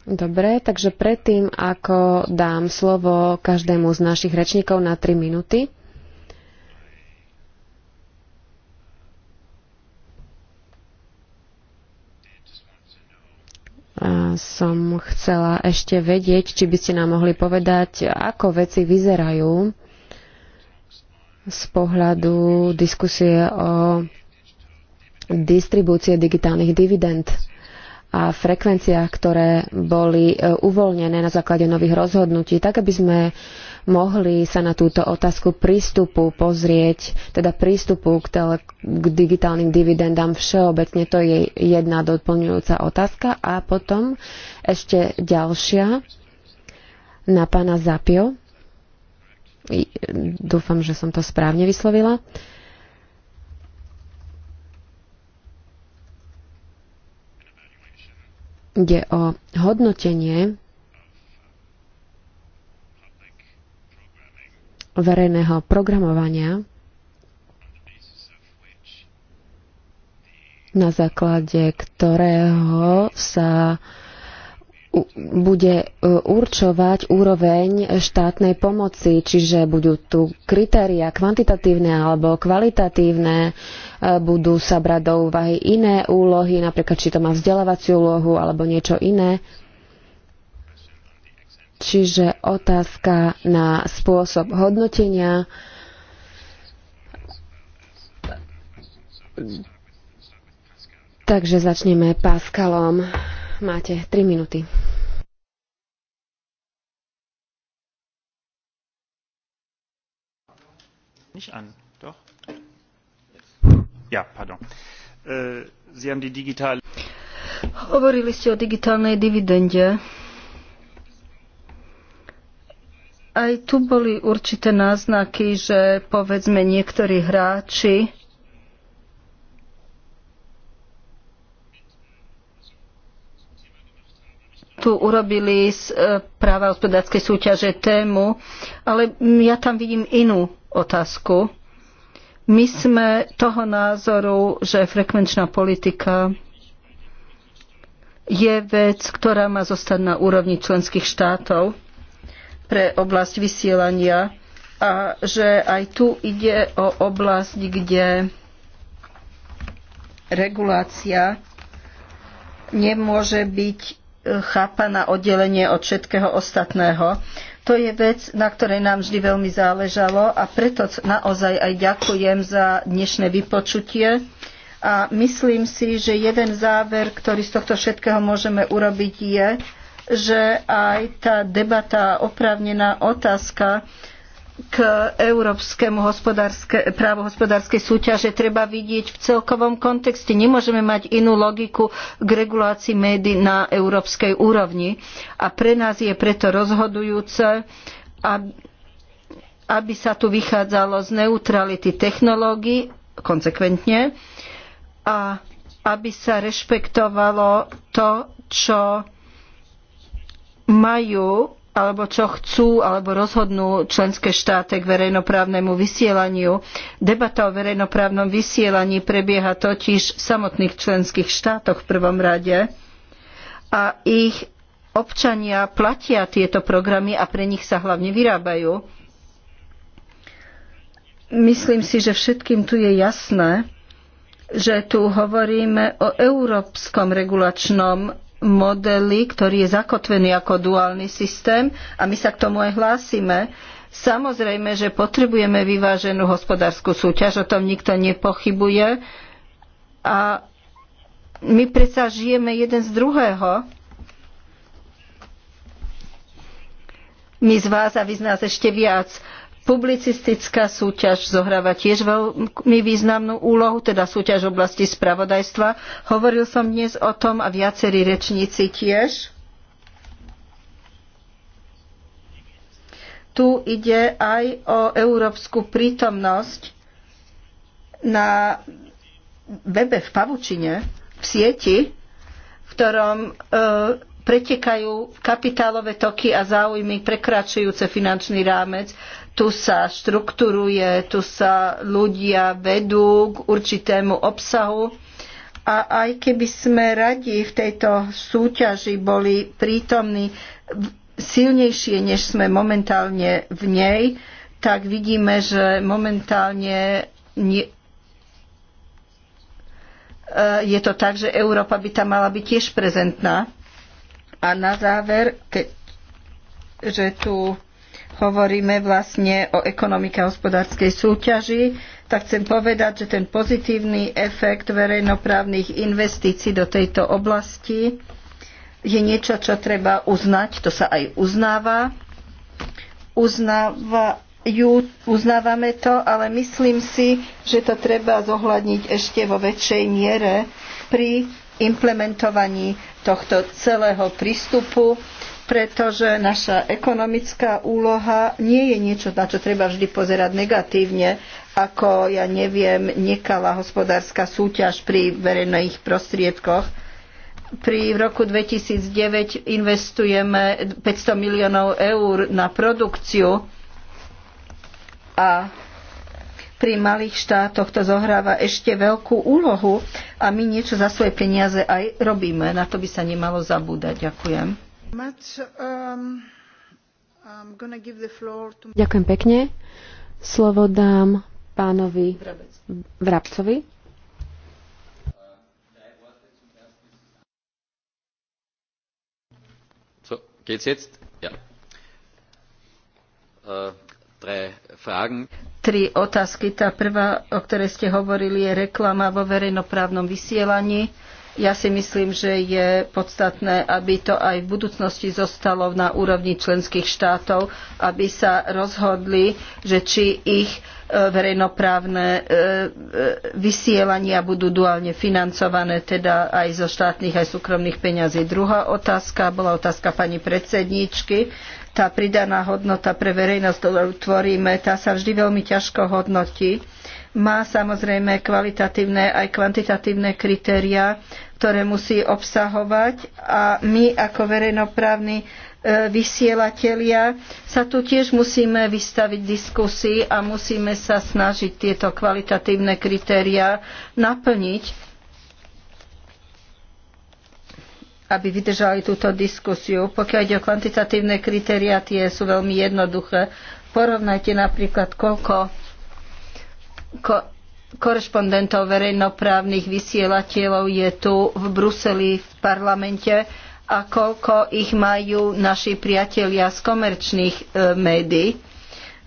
B: Dobre, takže predtým, ako dám slovo každému z našich rečníkov na 3 minúty, som chcela ešte vedieť, či by ste nám mohli povedať, ako veci vyzerajú z pohľadu diskusie o distribúcie digitálnych dividend a frekvenciách, ktoré boli e, uvoľnené na základe nových rozhodnutí, tak aby sme mohli sa na túto otázku prístupu pozrieť, teda prístupu k, tele, k digitálnym dividendám všeobecne. To je jedna doplňujúca otázka. A potom ešte ďalšia na pána Zapio. Dúfam, že som to správne vyslovila. Ide o hodnotenie verejného programovania, na základe ktorého sa bude e, určovať úroveň štátnej pomoci, čiže budú tu kritéria kvantitatívne alebo kvalitatívne, e, budú sa brať do úvahy iné úlohy, napríklad či to má vzdelávaciu úlohu alebo niečo iné. Čiže otázka na spôsob hodnotenia Takže začneme Paskalom. Máte 3 minúty.
A: Nicht an, doch? Ja, pardon. Äh, Sie haben die digitale...
C: Hovorili ste o digitálnej dividende. Aj tu boli určité náznaky, že povedzme niektorí hráči tu urobili z e, práva hospodárskej súťaže tému, ale ja tam vidím inú otázku. My sme toho názoru, že frekvenčná politika je vec, ktorá má zostať na úrovni členských štátov pre oblasť vysielania a že aj tu ide o oblasť, kde regulácia nemôže byť chápaná oddelenie od všetkého ostatného. To je vec, na ktorej nám vždy veľmi záležalo a preto naozaj aj ďakujem za dnešné vypočutie. A myslím si, že jeden záver, ktorý z tohto všetkého môžeme urobiť, je, že aj tá debata, oprávnená otázka k európskemu hospodárske, právo hospodárskej súťaže treba vidieť v celkovom kontexte. Nemôžeme mať inú logiku k regulácii médií na európskej úrovni. A pre nás je preto rozhodujúce, aby sa tu vychádzalo z neutrality technológií konsekventne a aby sa rešpektovalo to, čo majú alebo čo chcú, alebo rozhodnú členské štáty k verejnoprávnemu vysielaniu. Debata o verejnoprávnom vysielaní prebieha totiž v samotných členských štátoch v prvom rade a ich občania platia tieto programy a pre nich sa hlavne vyrábajú. Myslím si, že všetkým tu je jasné, že tu hovoríme o európskom regulačnom modely, ktorý je zakotvený ako duálny systém a my sa k tomu aj hlásime. Samozrejme, že potrebujeme vyváženú hospodárskú súťaž, o tom nikto nepochybuje. A my predsa žijeme jeden z druhého. My z vás a vy z nás ešte viac. Publicistická súťaž zohráva tiež veľmi významnú úlohu, teda súťaž v oblasti spravodajstva. Hovoril som dnes o tom a viacerí rečníci tiež. Tu ide aj o európsku prítomnosť na webe v pavučine, v sieti, v ktorom e, pretekajú kapitálové toky a záujmy prekračujúce finančný rámec tu sa štruktúruje, tu sa ľudia vedú k určitému obsahu. A aj keby sme radi v tejto súťaži boli prítomní silnejšie, než sme momentálne v nej, tak vidíme, že momentálne nie... E, je to tak, že Európa by tam mala byť tiež prezentná. A na záver, keď, že tu hovoríme vlastne o ekonomike a hospodárskej súťaži, tak chcem povedať, že ten pozitívny efekt verejnoprávnych investícií do tejto oblasti je niečo, čo treba uznať, to sa aj uznáva. ju, uznávame to, ale myslím si, že to treba zohľadniť ešte vo väčšej miere pri implementovaní tohto celého prístupu pretože naša ekonomická úloha nie je niečo, na čo treba vždy pozerať negatívne, ako, ja neviem, nekalá hospodárska súťaž pri verejných prostriedkoch. Pri roku 2009 investujeme 500 miliónov eur na produkciu a pri malých štátoch to zohráva ešte veľkú úlohu a my niečo za svoje peniaze aj robíme. Na to by sa nemalo zabúdať.
B: Ďakujem.
C: Um,
B: Ďakujem pekne. Slovo dám pánovi Vrabcovi. So, geht's jetzt? Ja.
A: Uh, drei Fragen.
C: Tri otázky. Tá prvá, o ktorej ste hovorili, je reklama vo verejnoprávnom vysielaní. Uh, ja si myslím, že je podstatné, aby to aj v budúcnosti zostalo na úrovni členských štátov, aby sa rozhodli, že či ich e, verejnoprávne e, e, vysielania budú duálne financované, teda aj zo štátnych, aj súkromných peňazí. Druhá otázka bola otázka pani predsedníčky. Tá pridaná hodnota pre verejnosť, ktorú tvoríme, tá sa vždy veľmi ťažko hodnotí. Má samozrejme kvalitatívne aj kvantitatívne kritéria, ktoré musí obsahovať a my ako verejnoprávni e, vysielatelia sa tu tiež musíme vystaviť diskusii a musíme sa snažiť tieto kvalitatívne kritériá naplniť, aby vydržali túto diskusiu. Pokiaľ ide o kvantitatívne kritériá, tie sú veľmi jednoduché. Porovnajte napríklad, koľko ko, korešpondentov verejnoprávnych vysielateľov je tu v Bruseli v parlamente a koľko ich majú naši priatelia z komerčných e, médií.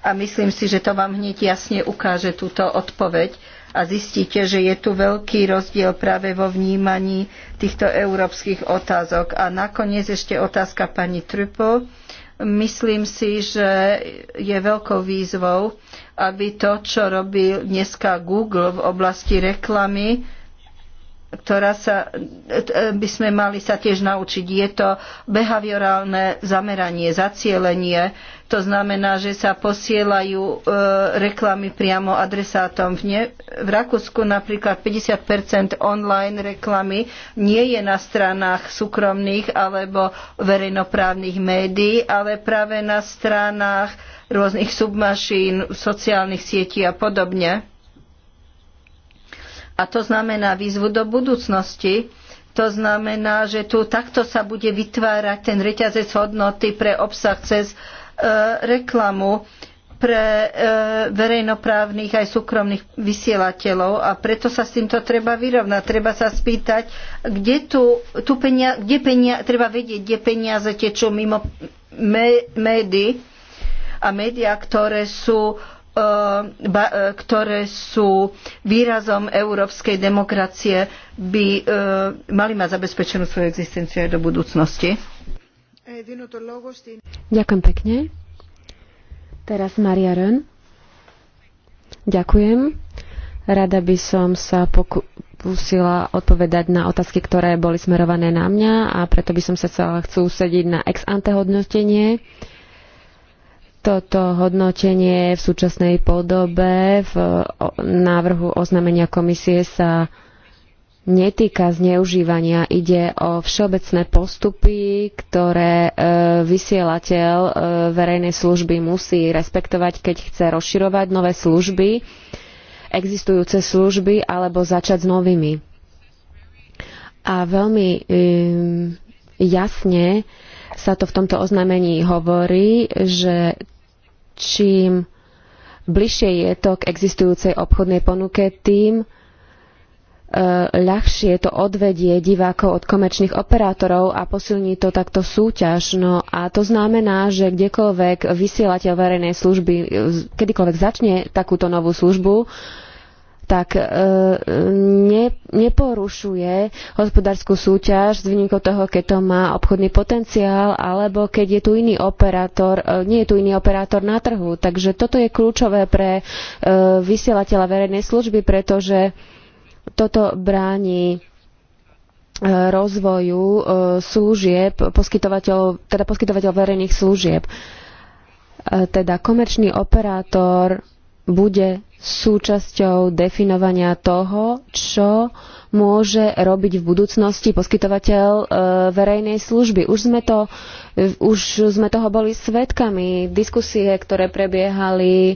C: A myslím si, že to vám hneď jasne ukáže túto odpoveď a zistíte, že je tu veľký rozdiel práve vo vnímaní týchto európskych otázok. A nakoniec ešte otázka pani Trüppel Myslím si, že je veľkou výzvou, aby to, čo robí dneska Google v oblasti reklamy, ktorá sa, e, by sme mali sa tiež naučiť. Je to behaviorálne zameranie, zacielenie. To znamená, že sa posielajú e, reklamy priamo adresátom. V, ne, v Rakúsku napríklad 50 online reklamy nie je na stranách súkromných alebo verejnoprávnych médií, ale práve na stranách rôznych submašín, sociálnych sietí a podobne a to znamená výzvu do budúcnosti. To znamená, že tu takto sa bude vytvárať ten reťazec hodnoty pre obsah cez e, reklamu pre e, verejnoprávnych aj súkromných vysielateľov a preto sa s týmto treba vyrovnať. Treba sa spýtať, kde, tu, tu penia, kde penia, treba vedieť, kde peniaze tečú mimo médií a médiá, ktoré sú e, E, e, ktoré sú výrazom európskej demokracie, by e, mali mať zabezpečenú svoju existenciu aj do budúcnosti.
B: Ďakujem pekne. Teraz Maria Rön. Ďakujem. Rada by som sa pokúsila odpovedať na otázky, ktoré boli smerované na mňa a preto by som sa chcela chcú usediť na ex ante hodnotenie. Uh, toto hodnotenie v súčasnej podobe v návrhu oznámenia komisie sa netýka zneužívania, ide o všeobecné postupy, ktoré e, vysielateľ e, verejnej služby musí respektovať, keď chce rozširovať nové služby, existujúce služby alebo začať s novými. A veľmi e, jasne sa to v tomto oznámení hovorí, že čím bližšie je to k existujúcej obchodnej ponuke, tým e, ľahšie to odvedie divákov od komerčných operátorov a posilní to takto súťaž. No a to znamená, že kdekoľvek vysielateľ verejnej služby e, kedykoľvek začne takúto novú službu, tak e, ne, neporušuje hospodárskú súťaž s výnimkou toho, keď to má obchodný potenciál, alebo keď je tu iný operátor, e, nie je tu iný operátor na trhu. Takže toto je kľúčové pre e, vysielateľa verejnej služby, pretože toto bráni rozvoju služieb, poskytovateľov, teda poskytovateľ verejných služieb. Teda komerčný operátor bude súčasťou definovania toho, čo môže robiť v budúcnosti poskytovateľ e, verejnej služby. Už sme, to, už sme toho boli svetkami. Diskusie, ktoré prebiehali e,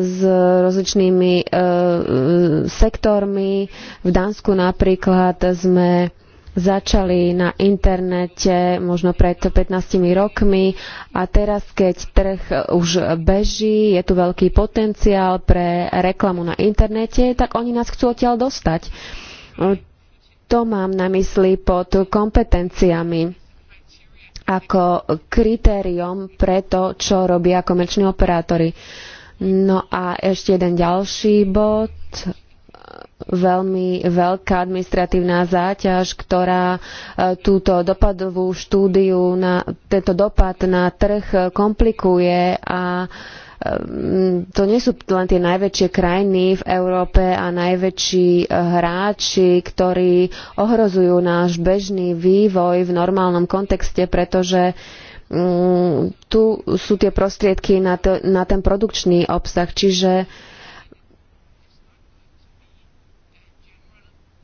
B: s rozličnými e, sektormi. V Dánsku napríklad sme začali na internete možno pred 15 rokmi a teraz, keď trh už beží, je tu veľký potenciál pre reklamu na internete, tak oni nás chcú odtiaľ dostať. To mám na mysli pod kompetenciami ako kritériom pre to, čo robia komerční operátori. No a ešte jeden ďalší bod veľmi veľká administratívna záťaž, ktorá e, túto dopadovú štúdiu, na, tento dopad na trh e, komplikuje a mm, to nie sú len tie najväčšie krajiny v Európe a najväčší e, hráči, ktorí ohrozujú náš bežný vývoj v normálnom kontexte, pretože mm, tu sú tie prostriedky na, to, na ten produkčný obsah. Čiže uh,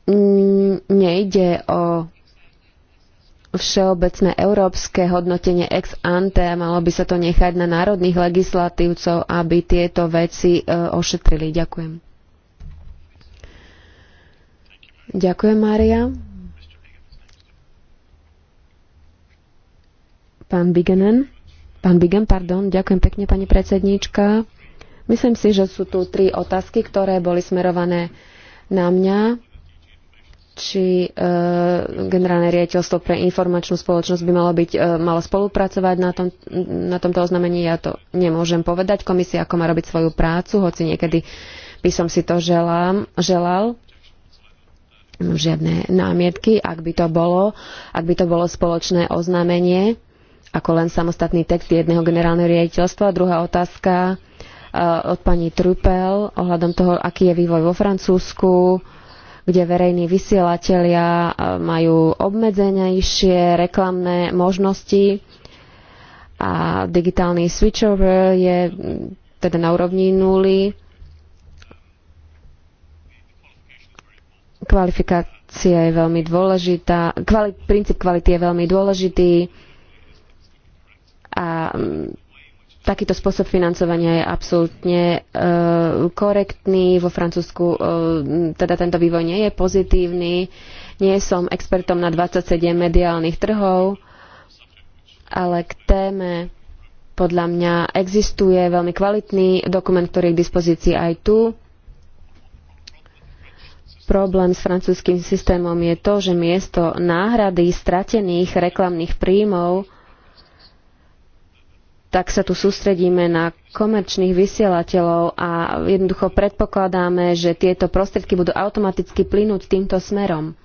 B: Mm, nejde o všeobecné európske hodnotenie ex ante a malo by sa to nechať na národných legislatívcov, aby tieto veci e, ošetrili. Ďakujem. Ďakujem, Mária. Pán Bigenen. Pán Bigen, pardon. Ďakujem pekne, pani predsedníčka. Myslím si, že sú tu tri otázky, ktoré boli smerované na mňa či e, generálne riaditeľstvo pre informačnú spoločnosť by malo, byť, e, malo spolupracovať na, tom, na tomto oznámení, Ja to nemôžem povedať. Komisia ako má robiť svoju prácu, hoci niekedy by som si to želám, želal. Žiadne námietky, ak by to bolo, ak by to bolo spoločné oznámenie, ako len samostatný text jedného generálneho riaditeľstva. Druhá otázka e, od pani Trupel ohľadom toho, aký je vývoj vo Francúzsku kde verejní vysielatelia e, majú obmedzenejšie reklamné možnosti a digitálny switchover je mm, teda na úrovni nuly. Kvalifikácia je veľmi dôležitá, kvali, princíp kvality je veľmi dôležitý a mm, takýto spôsob financovania je absolútne e, korektný. Vo Francúzsku e, teda tento vývoj nie je pozitívny. Nie som expertom na 27 mediálnych trhov, ale k téme podľa mňa existuje veľmi kvalitný dokument, ktorý je k dispozícii aj tu. Problém s francúzským systémom je to, že miesto náhrady stratených reklamných príjmov tak sa tu sústredíme na komerčných vysielateľov a jednoducho predpokladáme, že tieto prostriedky budú automaticky plynúť týmto smerom.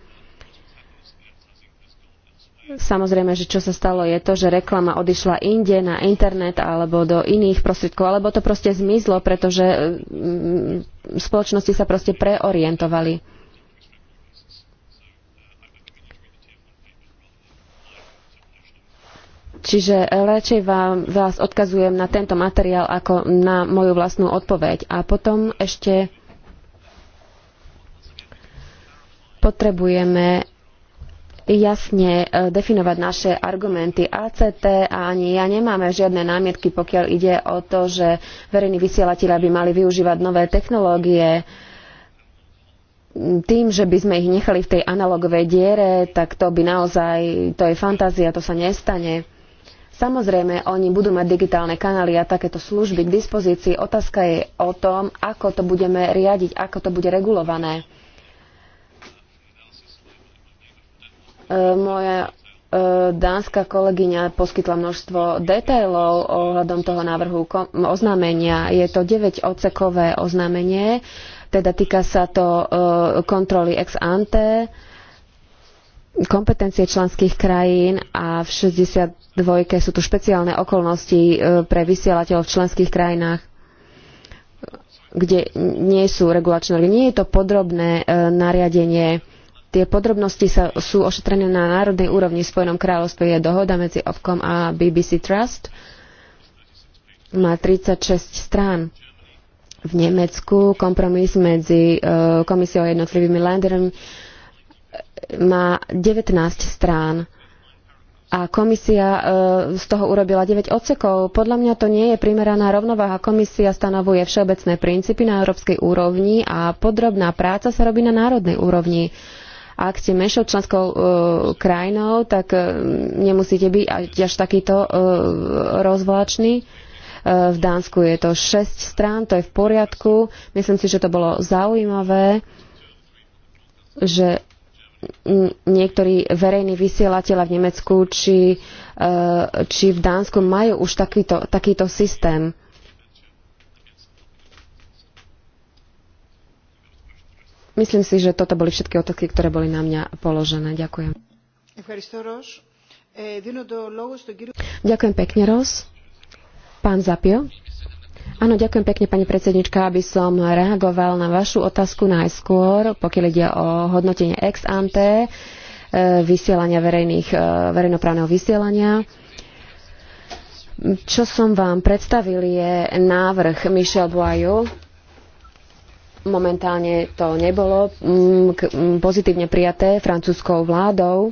B: Samozrejme, že čo sa stalo je to, že reklama odišla inde na internet alebo do iných prostriedkov, alebo to proste zmizlo, pretože mm, spoločnosti sa proste preorientovali. Čiže e, radšej vám, vás odkazujem na tento materiál ako na moju vlastnú odpoveď. A potom ešte potrebujeme jasne e, definovať naše argumenty. ACT a ani ja nemáme žiadne námietky, pokiaľ ide o to, že verejní vysielatelia by mali využívať nové technológie. Tým, že by sme ich nechali v tej analogovej diere, tak to by naozaj, to je fantázia, to sa nestane. Samozrejme, oni budú mať digitálne kanály a takéto služby k dispozícii. Otázka je o tom, ako to budeme riadiť, ako to bude regulované. E, moja e, dánska kolegyňa poskytla množstvo detailov ohľadom toho návrhu oznámenia. Je to 9 odsekové oznámenie, teda týka sa to e, kontroly ex ante, kompetencie členských krajín a v 62. sú tu špeciálne okolnosti e, pre vysielateľov v členských krajinách kde nie sú regulačné Nie je to podrobné e, nariadenie. Tie podrobnosti sa, sú ošetrené na národnej úrovni. V Spojenom kráľovstve je dohoda medzi Ofcom a BBC Trust. Má 36 strán. V Nemecku kompromis medzi e, komisiou a jednotlivými lendermi má 19 strán a komisia e, z toho urobila 9 odsekov. Podľa mňa to nie je primeraná rovnováha. Komisia stanovuje všeobecné princípy na európskej úrovni a podrobná práca sa robí na národnej úrovni. Ak ste menšou členskou uh, krajinou, tak uh, nemusíte byť až takýto uh, rozvláčný. Uh, v Dánsku je to 6 strán, to je v poriadku. Myslím si, že to bolo zaujímavé, že niektorí verejní vysielateľa v Nemecku či, e, či v Dánsku majú už takýto, takýto systém. Myslím si, že toto boli všetky otázky, ktoré boli na mňa položené. Ďakujem. Ďakujem pekne, Ros. Pán Zapio. Áno, ďakujem pekne, pani predsednička, aby som reagoval na vašu otázku najskôr, pokiaľ ide o hodnotenie ex ante e, vysielania verejných, e, verejnoprávneho vysielania. Čo som vám predstavil je návrh Michel Boyu. Momentálne to nebolo mm, mm, pozitívne prijaté francúzskou vládou,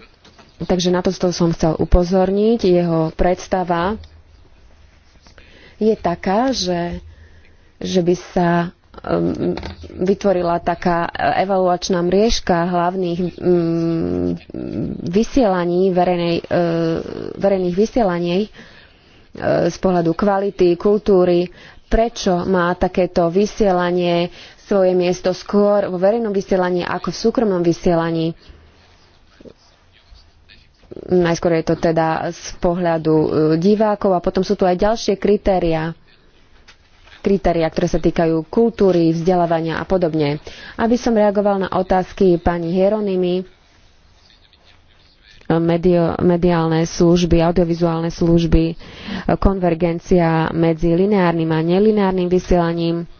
B: takže na to, to som chcel upozorniť. Jeho predstava je taká, že, že by sa um, vytvorila taká e, evaluačná mriežka hlavných mm, vysielaní, verejnej, e, verejných vysielaní e, z pohľadu kvality, kultúry, prečo má takéto vysielanie svoje miesto skôr vo verejnom vysielaní ako v súkromnom vysielaní Najskôr je to teda z pohľadu e, divákov a potom sú tu aj ďalšie kritéria, kritéria, ktoré sa týkajú kultúry, vzdelávania a podobne. Aby som reagoval na otázky pani Hieronymy, e, medio, mediálne služby, audiovizuálne služby, e, konvergencia medzi lineárnym a nelineárnym vysielaním,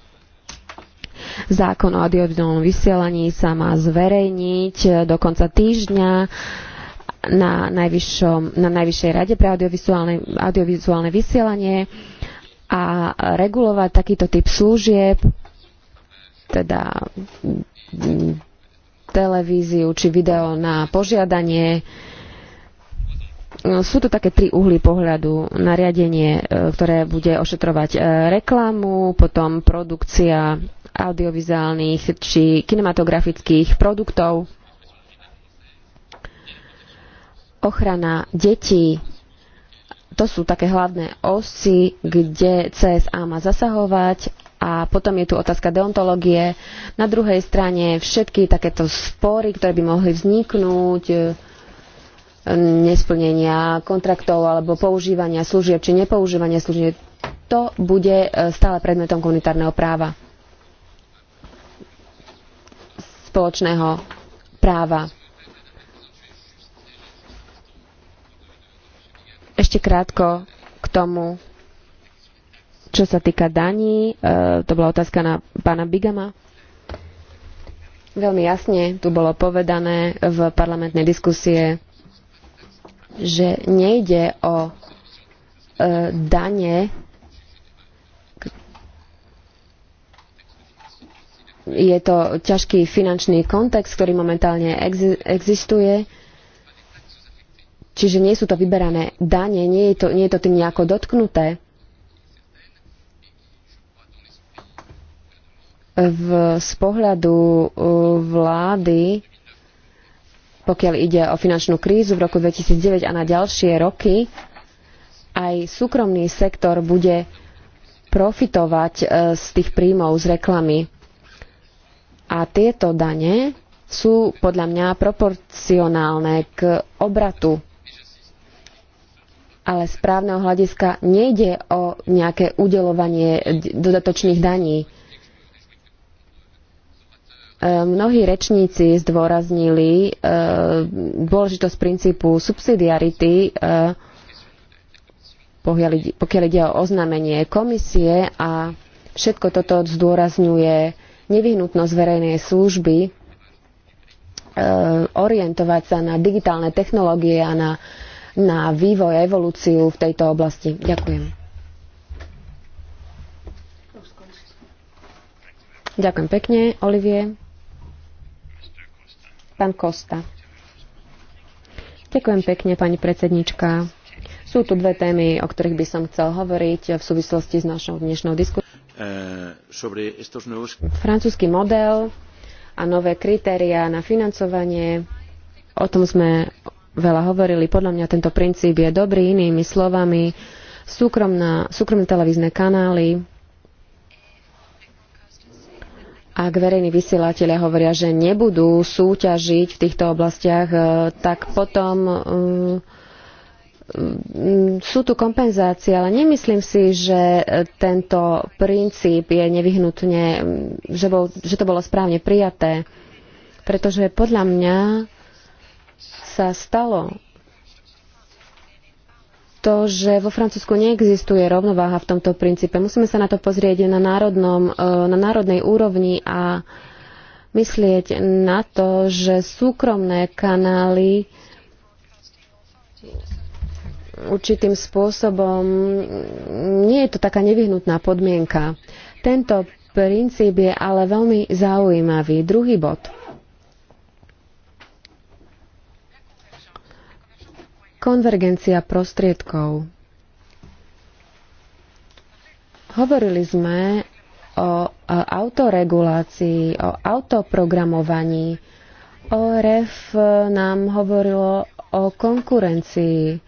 B: Zákon o audiovizuálnom vysielaní sa má zverejniť do konca týždňa na, najvyššom, na Najvyššej rade pre audiovizuálne, audiovizuálne vysielanie a regulovať takýto typ služieb, teda televíziu či video na požiadanie. No, sú to také tri uhly pohľadu. na riadenie, e, ktoré bude ošetrovať e, reklamu, potom produkcia audiovizuálnych či kinematografických produktov ochrana detí, to sú také hlavné osy, kde CSA má zasahovať a potom je tu otázka deontológie. Na druhej strane všetky takéto spory, ktoré by mohli vzniknúť, e, nesplnenia kontraktov alebo používania služieb či nepoužívania služieb, to bude e, stále predmetom komunitárneho práva, spoločného práva. Ešte krátko k tomu, čo sa týka daní. E, to bola otázka na pána Bigama. Veľmi jasne tu bolo povedané v parlamentnej diskusie, že nejde o e, dane je to ťažký finančný kontext, ktorý momentálne existuje. Čiže nie sú to vyberané dane, nie je to, nie je to tým nejako dotknuté. V, z pohľadu vlády, pokiaľ ide o finančnú krízu v roku 2009 a na ďalšie roky, aj súkromný sektor bude profitovať e, z tých príjmov z reklamy. A tieto dane sú podľa mňa proporcionálne k obratu ale z právneho hľadiska nejde o nejaké udelovanie dodatočných daní. E, mnohí rečníci zdôraznili e, dôležitosť princípu subsidiarity, e, pokiaľ ide o oznámenie komisie a všetko toto zdôrazňuje nevyhnutnosť verejnej služby orientovať sa na digitálne technológie a na na vývoj a evolúciu v tejto oblasti. Ďakujem. Ďakujem pekne, Olivie. Pán Kosta. Ďakujem pekne, pani predsednička. Sú tu dve témy, o ktorých by som chcel hovoriť v súvislosti s našou dnešnou diskusiou.
A: Eh,
B: Francúzsky model a nové kritéria na financovanie. O tom sme veľa hovorili. Podľa mňa tento princíp je dobrý, inými slovami, súkromná, súkromné televízne kanály ak verejní vysielatelia hovoria, že nebudú súťažiť v týchto oblastiach, e, tak potom e, e, sú tu kompenzácie, ale nemyslím si, že tento princíp je nevyhnutne, že, bol, že to bolo správne prijaté, pretože podľa mňa sa stalo to, že vo Francúzsku neexistuje rovnováha v tomto princípe. Musíme sa na to pozrieť na, národnom, e, na národnej úrovni a myslieť na to, že súkromné kanály určitým spôsobom nie je to taká nevyhnutná podmienka. Tento princíp je ale veľmi zaujímavý. Druhý bod. Konvergencia prostriedkov. Hovorili sme o autoregulácii, o autoprogramovaní. ORF nám hovorilo o konkurencii.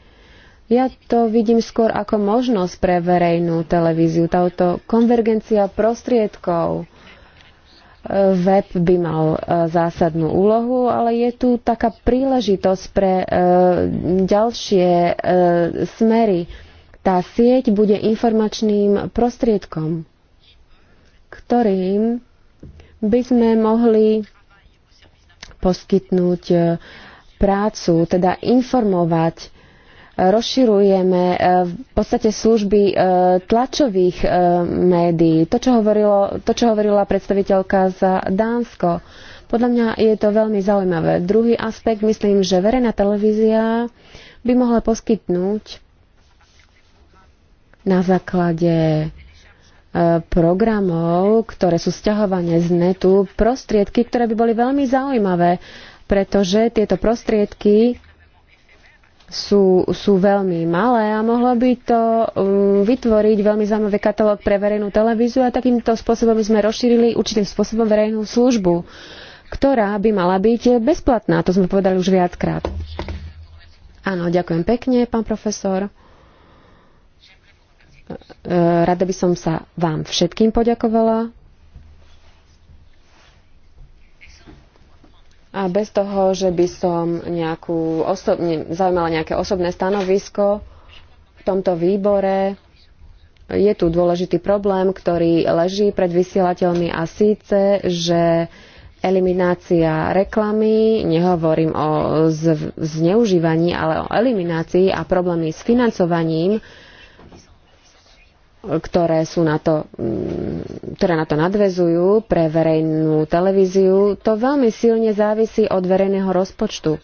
B: Ja to vidím skôr ako možnosť pre verejnú televíziu, táto konvergencia prostriedkov Web by mal e, zásadnú úlohu, ale je tu taká príležitosť pre e, ďalšie e, smery. Tá sieť bude informačným prostriedkom, ktorým by sme mohli poskytnúť prácu, teda informovať rozširujeme e, v podstate služby e, tlačových e, médií. To, čo, hovorilo, to, čo hovorila predstaviteľka za Dánsko, podľa mňa je to veľmi zaujímavé. Druhý aspekt, myslím, že verejná televízia by mohla poskytnúť na základe programov, ktoré sú sťahované z netu, prostriedky, ktoré by boli veľmi zaujímavé, pretože tieto prostriedky sú, sú veľmi malé a mohlo by to um, vytvoriť veľmi zaujímavý katalóg pre verejnú televíziu a takýmto spôsobom sme rozšírili určitým spôsobom verejnú službu, ktorá by mala byť bezplatná. To sme povedali už viackrát. Áno, ďakujem pekne, pán profesor. E, rada by som sa vám všetkým poďakovala A bez toho, že by som nejakú osobne, zaujímala nejaké osobné stanovisko v tomto výbore, je tu dôležitý problém, ktorý leží pred vysielateľmi a síce, že eliminácia reklamy, nehovorím o zneužívaní, ale o eliminácii a problémy s financovaním ktoré, sú na to, mm, ktoré na to nadvezujú pre verejnú televíziu, to veľmi silne závisí od verejného rozpočtu.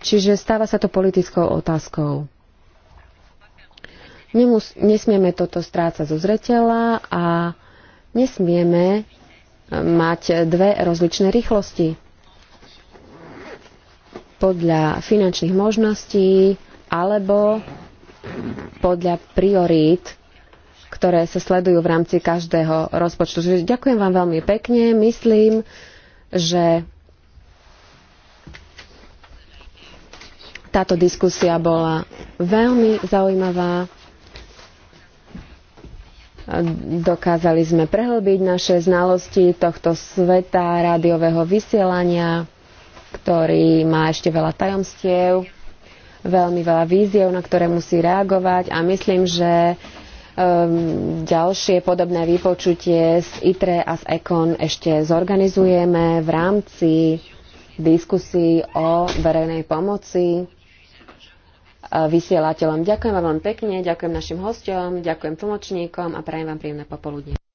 B: Čiže stáva sa to politickou otázkou. Nemus- nesmieme toto strácať zo zretela a nesmieme eh, mať dve rozličné rýchlosti. Podľa finančných možností alebo podľa priorít ktoré sa sledujú v rámci každého rozpočtu. Čiže ďakujem vám veľmi pekne. Myslím, že táto diskusia bola veľmi zaujímavá. Dokázali sme prehlbiť naše znalosti tohto sveta rádiového vysielania, ktorý má ešte veľa tajomstiev, veľmi veľa víziev, na ktoré musí reagovať a myslím, že Ehm, ďalšie podobné vypočutie z ITRE a z EKON ešte zorganizujeme v rámci diskusí o verejnej pomoci e, vysielateľom. Ďakujem vám veľmi pekne, ďakujem našim hostom, ďakujem tlmočníkom a prajem vám príjemné popoludne.